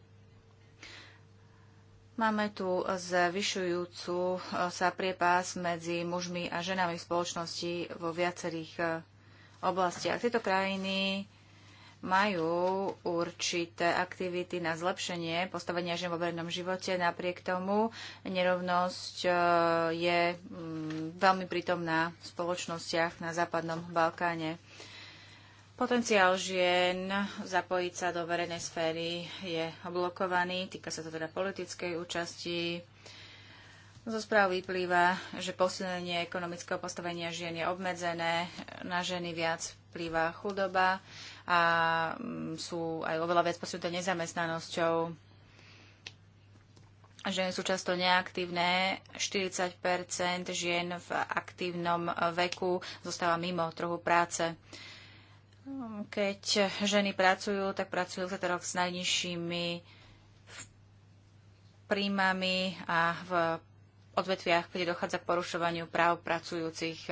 Máme tu zvyšujúcu sa priepas medzi mužmi a ženami v spoločnosti vo viacerých oblastiach. Tieto krajiny majú určité aktivity na zlepšenie postavenia žien v verejnom živote. Napriek tomu nerovnosť e, je mm, veľmi prítomná v spoločnostiach na západnom Balkáne. Potenciál žien zapojiť sa do verejnej sféry je blokovaný, týka sa to teda politickej účasti. Zo správ vyplýva, že posilnenie ekonomického postavenia žien je obmedzené, na ženy viac vplýva chudoba a mm, sú aj oveľa viac postihnuté nezamestnanosťou. Ženy sú často neaktívne, 40 žien v aktívnom veku zostáva mimo trhu práce. Keď ženy pracujú, tak pracujú v rok s najnižšími príjmami a v odvetviach, kde dochádza k porušovaniu práv pracujúcich.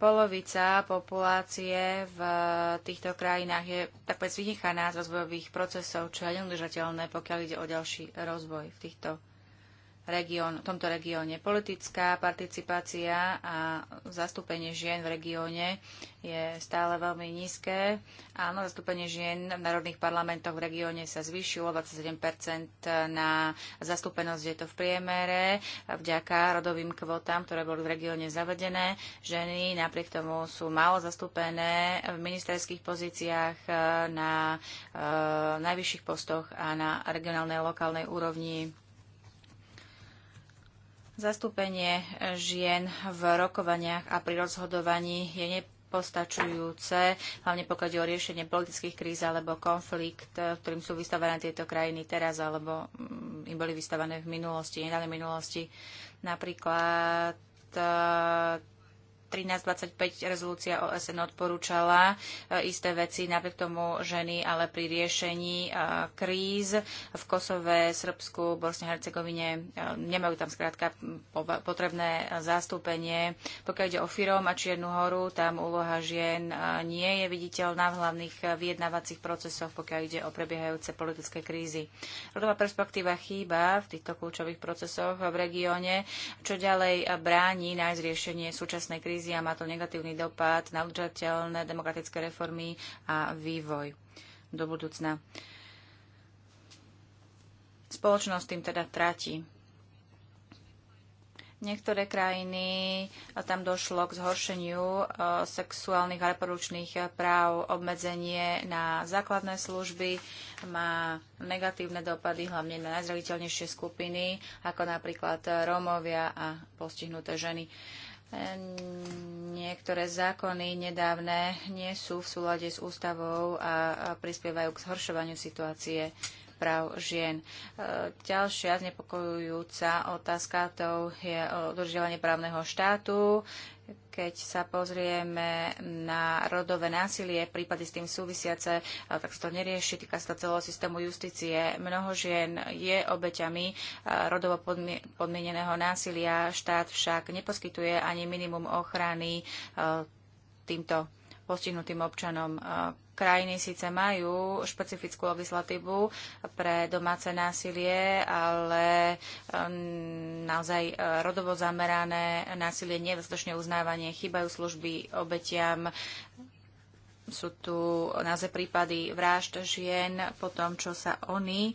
Polovica populácie v eh, týchto krajinách je tak povedz vynechaná z rozvojových procesov, čo je neudržateľné, pokiaľ ide o ďalší rozvoj v týchto region, v tomto regióne. Politická participácia a zastúpenie žien v regióne je stále veľmi nízke. Áno, zastúpenie žien v národných parlamentoch v regióne sa zvýšilo 27% na zastúpenosť, je to v priemere, vďaka rodovým kvotám, ktoré boli v regióne zavedené. Ženy napriek tomu sú málo zastúpené v ministerských pozíciách eh, na e, najvyšších postoch a na regionálnej a lokálnej úrovni Zastúpenie eh, žien v rokovaniach a pri rozhodovaní je nepostačujúce, hlavne pokiaľ o riešenie politických kríz alebo konflikt, eh, ktorým sú vystavené tieto krajiny teraz alebo mm, im boli vystavené v minulosti, nedalej minulosti. Napríklad eh, 1325 rezolúcia OSN odporúčala e, isté veci, napriek tomu ženy, ale pri riešení e, kríz v Kosove, Srbsku, Bosne Hercegovine e, nemajú tam skrátka potrebné zastúpenie. Pokiaľ ide o Firom a Čiernu horu, tam úloha žien nie je viditeľná v hlavných vyjednávacích procesoch, pokiaľ ide o prebiehajúce politické krízy. Rodová perspektíva chýba v týchto kľúčových procesoch v regióne, čo ďalej bráni nájsť riešenie súčasnej krízy krízy a má to negatívny dopad na udržateľné demokratické reformy a vývoj do budúcna. Spoločnosť tým teda tráti. Niektoré krajiny, a tam došlo k zhoršeniu e, sexuálnych a reprodukčných práv, obmedzenie na základné služby má negatívne dopady hlavne na najzraviteľnejšie skupiny, ako napríklad Rómovia a postihnuté ženy niektoré zákony nedávne nie sú v súlade s ústavou a prispievajú k zhoršovaniu situácie práv žien. E, ďalšia znepokojujúca otázka to je e, dodržiavanie právneho štátu. Keď sa pozrieme na rodové násilie, prípady s tým súvisiace, e, tak sa to nerieši, týka sa celého systému justície. Mnoho žien je obeťami rodovo podmieneného násilia, štát však neposkytuje ani minimum ochrany týmto postihnutým občanom. Krajiny síce majú špecifickú legislatívu pre domáce násilie, ale naozaj e, rodovo zamerané násilie nedostatočné uznávanie, chýbajú služby obetiam, sú tu naozaj prípady vražd žien po tom, čo sa oni e,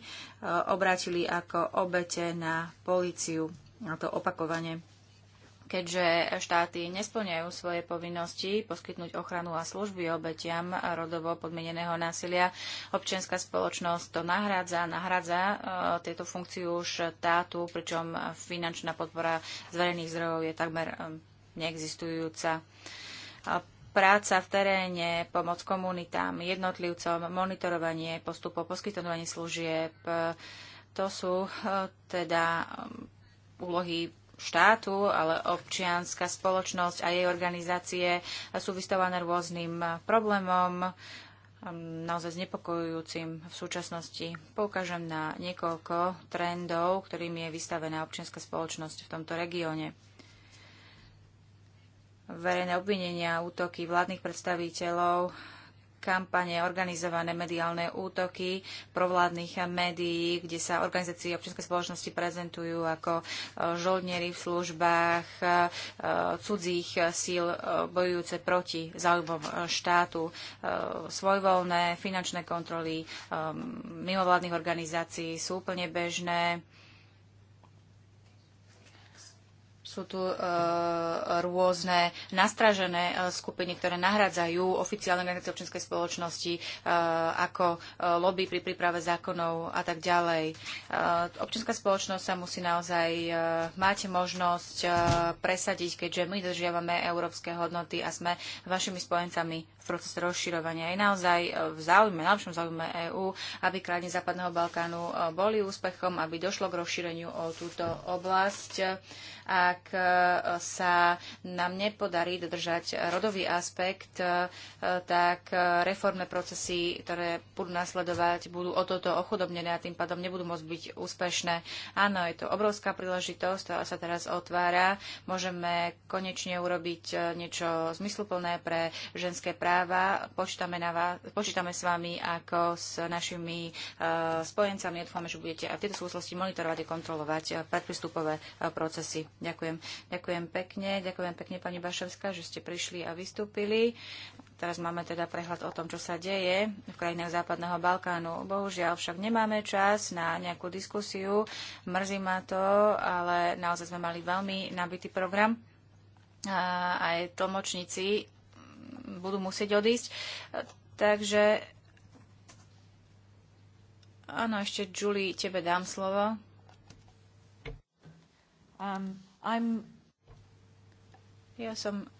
obrátili ako obete na políciu. Na to opakovane keďže štáty nesplňajú svoje povinnosti poskytnúť ochranu a služby obetiam rodovo podmieneného násilia. Občianská spoločnosť to nahrádza, nahrádza e, tieto funkciu štátu, pričom finančná podpora z verejných zdrojov je takmer e, neexistujúca. A práca v teréne, pomoc komunitám, jednotlivcom, monitorovanie postupov, poskytovanie služieb, e, to sú e, teda um, úlohy štátu, ale občianská spoločnosť a jej organizácie sú vystavané rôznym problémom, naozaj znepokojujúcim v súčasnosti. Poukážem na niekoľko trendov, ktorým je vystavená občianská spoločnosť v tomto regióne. Verejné obvinenia, útoky vládnych predstaviteľov kampane, organizované mediálne útoky provládnych médií, kde sa organizácie občianskej spoločnosti prezentujú ako e, žoldnieri v službách e, e, cudzích síl bojujúce proti záujmom štátu, svojvoľné finančné kontroly mimovládnych organizácií sú úplne bežné Sú tu e, rôzne nastražené e, skupiny, ktoré nahradzajú oficiálne organizácie občianskej spoločnosti e, ako e, lobby pri príprave zákonov a tak ďalej. E, občianská spoločnosť sa musí naozaj e, mať možnosť e, presadiť, keďže my držiavame európske hodnoty a sme vašimi spojencami v procese rozširovania. Je naozaj e, v záujme, najlepšom záujme EÚ, aby krajiny Západného Balkánu boli úspechom, aby došlo k rozšíreniu o túto oblasť ak e, sa nám nepodarí dodržať rodový aspekt, e, tak e, reformné procesy, ktoré budú nasledovať, budú o toto ochudobnené a tým pádom nebudú môcť byť úspešné. Áno, je to obrovská príležitosť, ktorá sa teraz otvára. Môžeme konečne urobiť niečo zmysluplné pre ženské práva. Počítame, na vás, počítame s vami ako s našimi spojencami. Dúfame, že budete v tejto súvislosti monitorovať a kontrolovať predpristupové procesy. Ďakujem. Ďakujem pekne. Ďakujem pekne, pani Baševská, že ste prišli a vystúpili. Teraz máme teda prehľad o tom, čo sa deje v krajinách Západného Balkánu. Bohužiaľ však nemáme čas na nejakú diskusiu. Mrzí ma to, ale naozaj sme mali veľmi nabitý program. A aj tlmočníci budú musieť odísť. Takže áno, ešte Julie, tebe dám slovo. Um, I'm... Ja som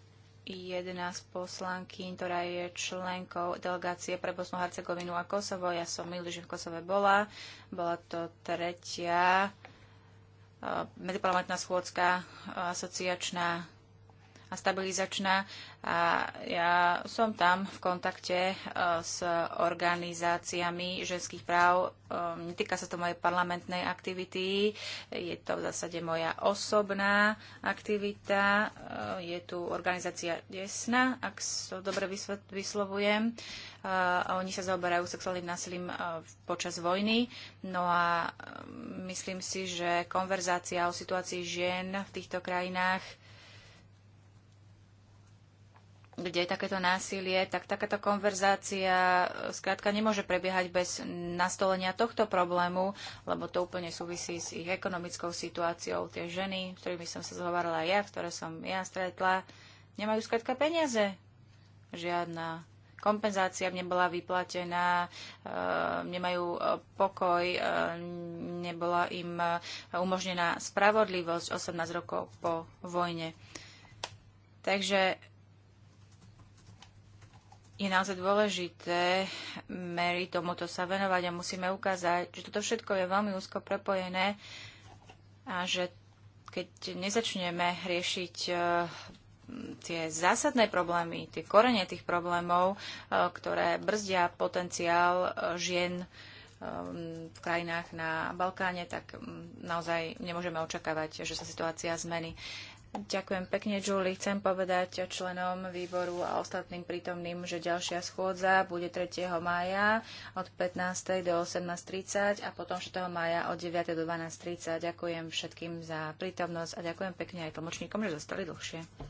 jedna z poslankyň, ktorá je členkou delegácie pre Bosnu, Hercegovinu a Kosovo. Ja som milý, že v Kosove bola. Bola to tretia eh, medziparlamentná schôdzka eh, asociačná a stabilizačná. A ja som tam v kontakte e, s organizáciami ženských práv. E, netýka sa to mojej parlamentnej aktivity, je to v zásade moja osobná aktivita. E, je tu organizácia Desna, ak to so dobre vyslovujem. Oni sa zaoberajú sexuálnym násilím počas vojny. No a myslím si, že konverzácia o situácii žien v týchto krajinách kde je takéto násilie, tak takáto konverzácia e, skrátka nemôže prebiehať bez nastolenia tohto problému, lebo to úplne súvisí s ich ekonomickou situáciou. Tie ženy, s ktorými som sa zhovarala ja, ktoré som ja stretla, nemajú skrátka peniaze. Žiadna kompenzácia im nebola vyplatená, e, nemajú e, pokoj, nebola im umožnená spravodlivosť 18 rokov po vojne. Takže je naozaj dôležité Mary tomuto sa venovať a musíme ukázať, že toto všetko je veľmi úzko prepojené a že keď nezačneme riešiť e, tie zásadné problémy, tie korene tých problémov, e, ktoré brzdia potenciál e, žien v krajinách na Balkáne, tak naozaj nemôžeme očakávať, že sa situácia zmení. Ďakujem pekne, Julie. Chcem povedať členom výboru a ostatným prítomným, že ďalšia schôdza bude 3. mája od 15. do 18.30 a potom 6. mája od 9. do 12.30. Ďakujem všetkým za prítomnosť a ďakujem pekne aj tlmočníkom, že zostali dlhšie.